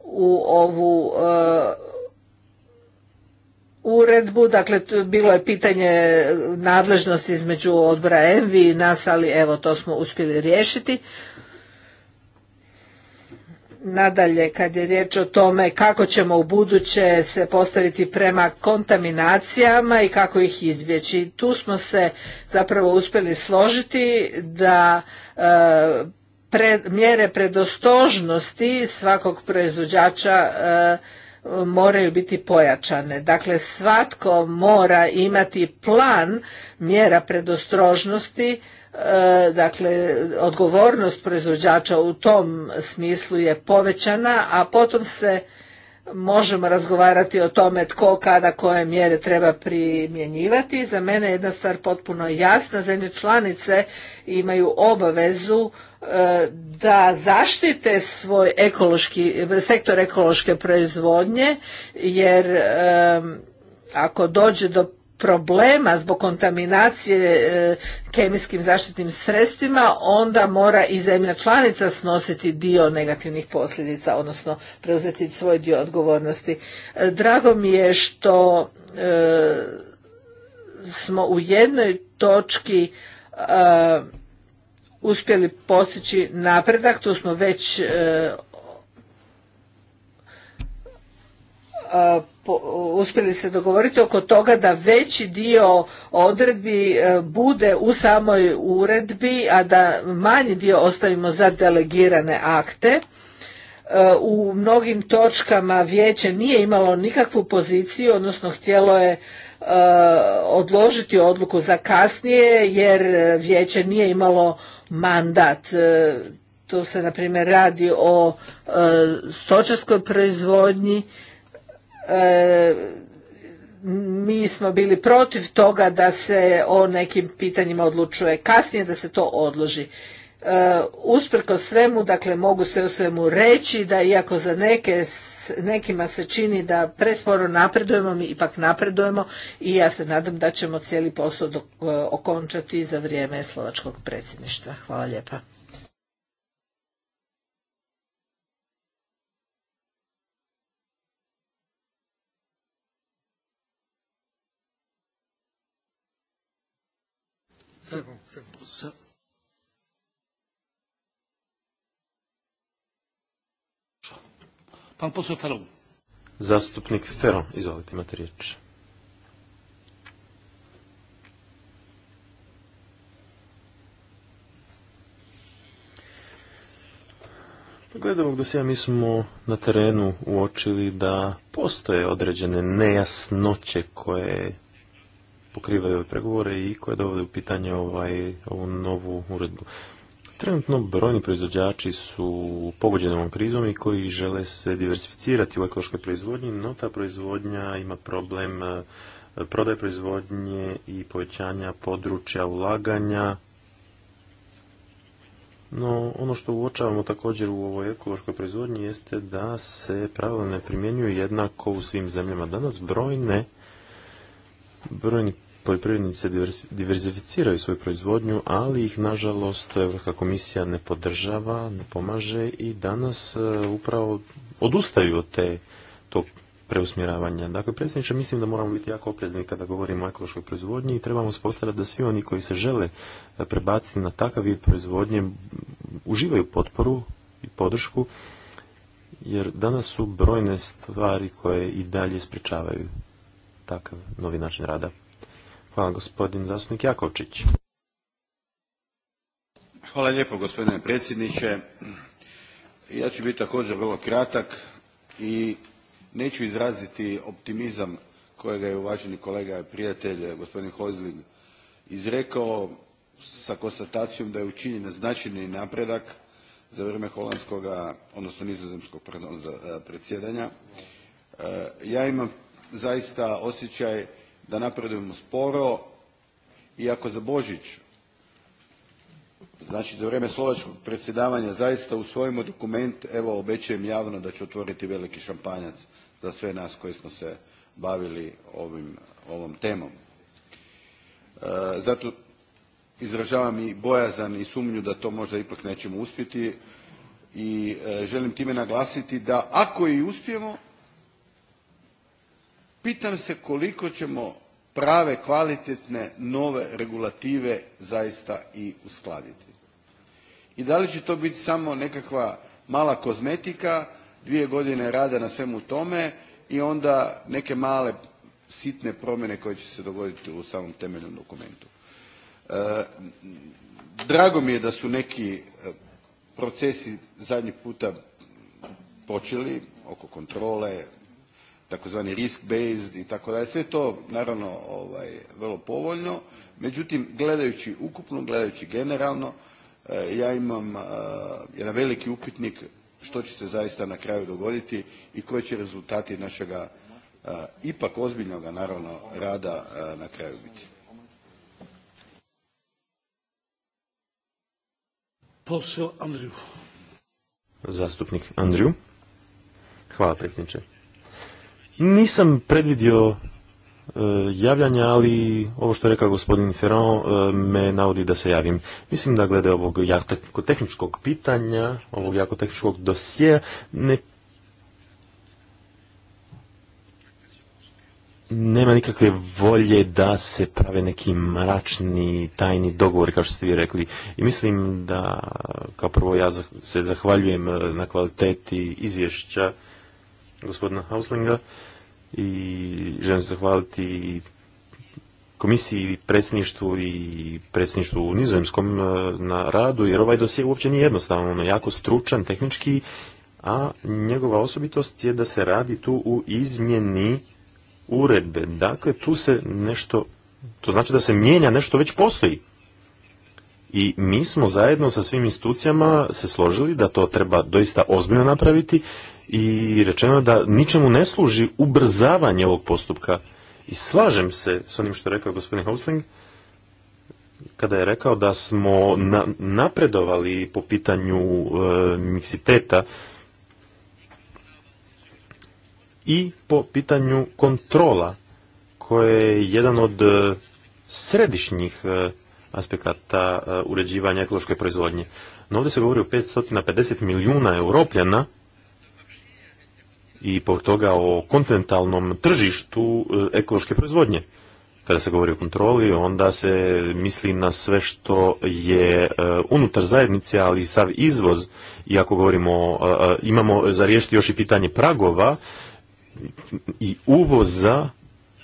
u ovu e, uredbu. Dakle, bilo je pitanje nadležnosti između odbora ENVI i nas, ali evo to smo uspjeli riješiti. Nadalje, kad je riječ o tome kako ćemo u buduće se postaviti prema kontaminacijama i kako ih izbjeći, tu smo se zapravo uspjeli složiti da e, mjere predostožnosti svakog proizvođača e, moraju biti pojačane. Dakle, svatko mora imati plan mjera predostrožnosti E, dakle odgovornost proizvođača u tom smislu je povećana, a potom se možemo razgovarati o tome tko, kada, koje mjere treba primjenjivati. Za mene je jedna stvar potpuno jasna. Zemlje članice imaju obavezu e, da zaštite svoj ekološki, sektor ekološke proizvodnje, jer e, ako dođe do problema zbog kontaminacije e, kemijskim zaštitnim sredstvima, onda mora i zemlja članica snositi dio negativnih posljedica, odnosno preuzeti svoj dio odgovornosti. E, drago mi je što e, smo u jednoj točki uspjeli postići napredak, tu smo već uspjeli se dogovoriti oko toga da veći dio odredbi e, bude u samoj uredbi, a da manji dio ostavimo za delegirane akte. E, u mnogim točkama vijeće nije imalo nikakvu poziciju, odnosno htjelo je e, odložiti odluku za kasnije jer vijeće nije imalo mandat. To se na primjer radi o stočarskoj proizvodnji E, mi smo bili protiv toga da se o nekim pitanjima odlučuje kasnije, da se to odloži. E, usprko svemu, dakle mogu se u svemu reći da iako za neke, nekima se čini da presporo napredujemo, mi ipak napredujemo i ja se nadam da ćemo cijeli posao dok, e, okončati za vrijeme slovačkog predsjedništva. Hvala lijepa. Zastupnik Ferom, izvolite, imate riječ. Glede ovog dosija mi smo na terenu uočili da postoje određene nejasnoće koje pokrivaju ove pregovore i koje dovode u pitanje ovaj, ovu novu uredbu. Trenutno brojni proizvođači su pogođeni ovom krizom i koji žele se diversificirati u ekološkoj proizvodnji, no ta proizvodnja ima problem e, prodaje proizvodnje i povećanja područja ulaganja. No, ono što uočavamo također u ovoj ekološkoj proizvodnji jeste da se pravila ne primjenjuju jednako u svim zemljama. Danas brojne brojni se diverzificiraju svoju proizvodnju, ali ih nažalost Europska komisija ne podržava, ne pomaže i danas e, upravo odustaju od te tog preusmjeravanja. Dakle, predsjedniče, mislim da moramo biti jako oprezni kada govorimo o ekološkoj proizvodnji i trebamo spostaviti da svi oni koji se žele e, prebaciti na takav vid proizvodnje uživaju potporu i podršku, jer danas su brojne stvari koje i dalje sprečavaju takav novi način rada. Hvala gospodin Jakovčić. Hvala lijepo gospodine predsjedniče. Ja ću biti također vrlo kratak i neću izraziti optimizam kojega je uvaženi kolega i prijatelj eh, gospodin Hozling izrekao sa konstatacijom da je učinjen značajni napredak za vrijeme Holandskog, odnosno nizozemskog eh, predsjedanja. Eh, ja imam zaista osjećaj da napredujemo sporo i ako za božić znači za vrijeme slovačkog predsjedavanja zaista usvojimo dokument evo obećajem javno da ću otvoriti veliki šampanjac za sve nas koji smo se bavili ovim, ovom temom. E, zato izražavam i bojazan i sumnju da to možda ipak nećemo uspjeti i e, želim time naglasiti da ako i uspijemo pitam se koliko ćemo prave kvalitetne nove regulative zaista i uskladiti i da li će to biti samo nekakva mala kozmetika dvije godine rada na svemu tome i onda neke male sitne promjene koje će se dogoditi u samom temeljnom dokumentu. E, drago mi je da su neki e, procesi zadnji puta počeli oko kontrole takozvani risk based i tako dalje. Sve to naravno ovaj, vrlo povoljno, međutim gledajući ukupno, gledajući generalno, eh, ja imam eh, jedan veliki upitnik što će se zaista na kraju dogoditi i koji će rezultati našega eh, ipak ozbiljnog naravno rada na kraju biti. Andriju. Zastupnik Andriju. Hvala predsjedniče. Nisam predvidio e, javljanja, ali ovo što je rekao gospodin Ferron e, me navodi da se javim. Mislim da glede ovog jako tehničkog pitanja, ovog jako tehničkog dosije, nema nikakve volje da se prave neki mračni tajni dogovori kao što ste vi rekli i mislim da kao prvo ja se zahvaljujem e, na kvaliteti izvješća gospodina Hauslinga i želim se zahvaliti komisiji, predsjedništvu i predsjedništvu u nizozemskom e, na radu, jer ovaj dosje uopće nije jednostavan, ono, jako stručan, tehnički, a njegova osobitost je da se radi tu u izmjeni uredbe. Dakle, tu se nešto, to znači da se mijenja nešto već postoji. I mi smo zajedno sa svim institucijama se složili da to treba doista ozbiljno napraviti i rečeno da ničemu ne služi ubrzavanje ovog postupka. I slažem se s onim što je rekao gospodin Hosling, kada je rekao da smo napredovali po pitanju e, miksiteta i po pitanju kontrola, koje je jedan od e, središnjih e, aspekata e, uređivanja ekološke proizvodnje. No ovdje se govori o 550 milijuna europljana i po toga o kontinentalnom tržištu e, ekološke proizvodnje. Kada se govori o kontroli, onda se misli na sve što je e, unutar zajednice, ali i sav izvoz. I ako govorimo, e, imamo za riješiti još i pitanje pragova i uvoza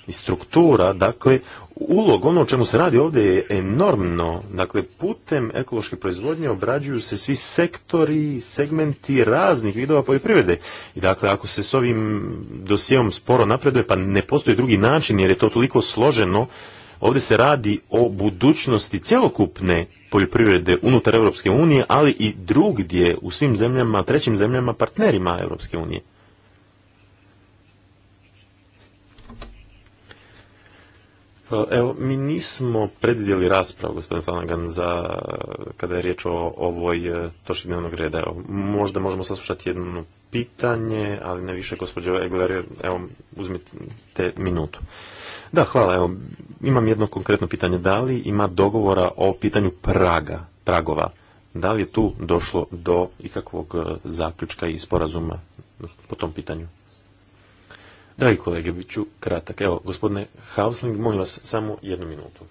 i struktura, dakle, ulog, ono o čemu se radi ovdje je enormno. Dakle, putem ekološke proizvodnje obrađuju se svi sektori, segmenti raznih vidova poljoprivrede. I dakle, ako se s ovim dosijevom sporo napreduje, pa ne postoji drugi način jer je to toliko složeno, Ovdje se radi o budućnosti cjelokupne poljoprivrede unutar Europske unije, ali i drugdje u svim zemljama, trećim zemljama, partnerima Europske unije. E, evo, mi nismo predvidjeli raspravu, gospodin Flanagan, za, kada je riječ o ovoj e, točki dnevnog reda. Evo, možda možemo saslušati jedno pitanje, ali ne više, gospođo Egler, evo, uzmite minutu. Da, hvala, evo, imam jedno konkretno pitanje. Da li ima dogovora o pitanju Praga, Pragova? Da li je tu došlo do ikakvog e, zaključka i sporazuma po tom pitanju? Dragi kolege, bit ću kratak. Evo, gospodine Hausling, molim vas samo jednu minutu.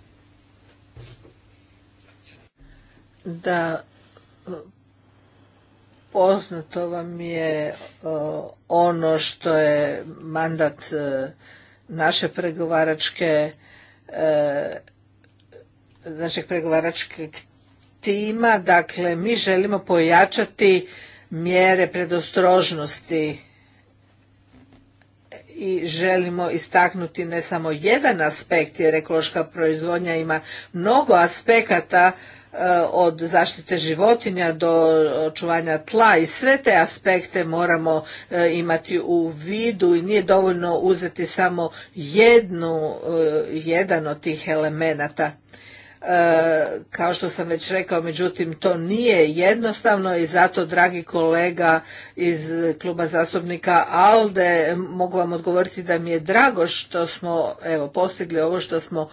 Da, poznato vam je e, ono što je mandat e, naše pregovaračke e, našeg pregovaračkog tima, dakle mi želimo pojačati mjere predostrožnosti i želimo istaknuti ne samo jedan aspekt jer ekološka proizvodnja ima mnogo aspekata e, od zaštite životinja do očuvanja tla i sve te aspekte moramo e, imati u vidu i nije dovoljno uzeti samo jednu, e, jedan od tih elemenata kao što sam već rekao, međutim to nije jednostavno i zato dragi kolega iz kluba zastupnika ALDE mogu vam odgovoriti da mi je drago što smo evo, postigli ovo što smo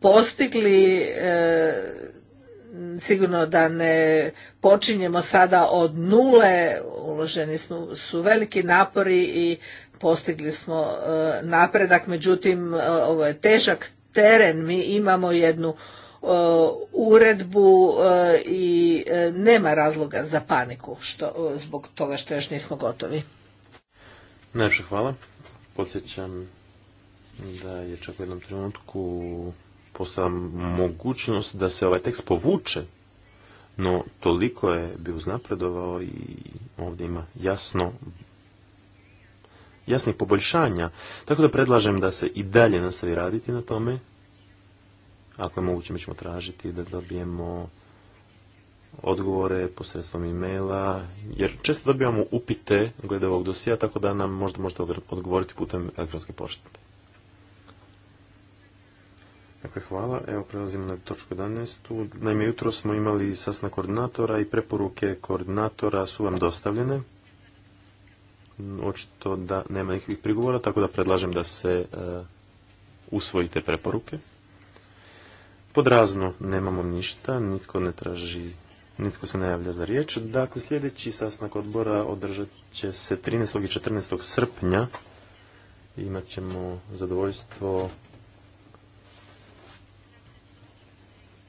postigli e, sigurno da ne počinjemo sada od nule, uloženi smo, su veliki napori i postigli smo e, napredak, međutim e, ovo je težak teren, mi imamo jednu uredbu e, i e, nema razloga za paniku što, zbog toga što još nismo gotovi. Najviše hvala. Podsjećam da je čak u jednom trenutku postala mogućnost da se ovaj tekst povuče, no toliko je bi uznapredovao i ovdje ima jasno jasnih poboljšanja. Tako da predlažem da se i dalje nastavi raditi na tome ako je moguće, mi ćemo tražiti da dobijemo odgovore posredstvom e-maila, jer često dobijamo upite glede ovog dosija, tako da nam možda možete odgovoriti putem elektronske pošte. Dakle, hvala. Evo, prelazimo na točku 11. Naime, jutro smo imali sasna koordinatora i preporuke koordinatora su vam dostavljene. Očito da nema nikakvih prigovora, tako da predlažem da se e, usvojite preporuke. Pod razno nemamo ništa, nitko ne traži, nitko se ne javlja za riječ. Dakle, sljedeći sastanak odbora održat će se 13. i 14. srpnja. Imat ćemo zadovoljstvo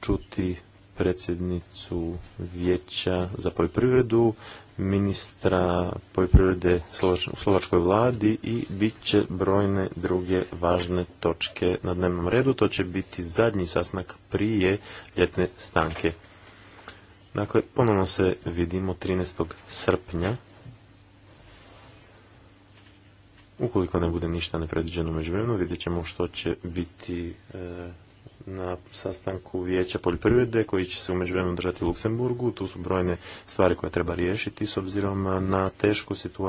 čuti predsjednicu vijeća za poljoprivredu ministra poljoprivrede u slovačkoj vladi i bit će brojne druge važne točke na dnevnom redu. To će biti zadnji sasnak prije ljetne stanke. Dakle, ponovno se vidimo 13. srpnja. Ukoliko ne bude ništa nepredviđeno međuvremenu, vidjet ćemo što će biti e, na sastanku Vijeća poljoprivrede koji će se vremenu držati u Luksemburgu. Tu su brojne stvari koje treba riješiti s obzirom na tešku situaciju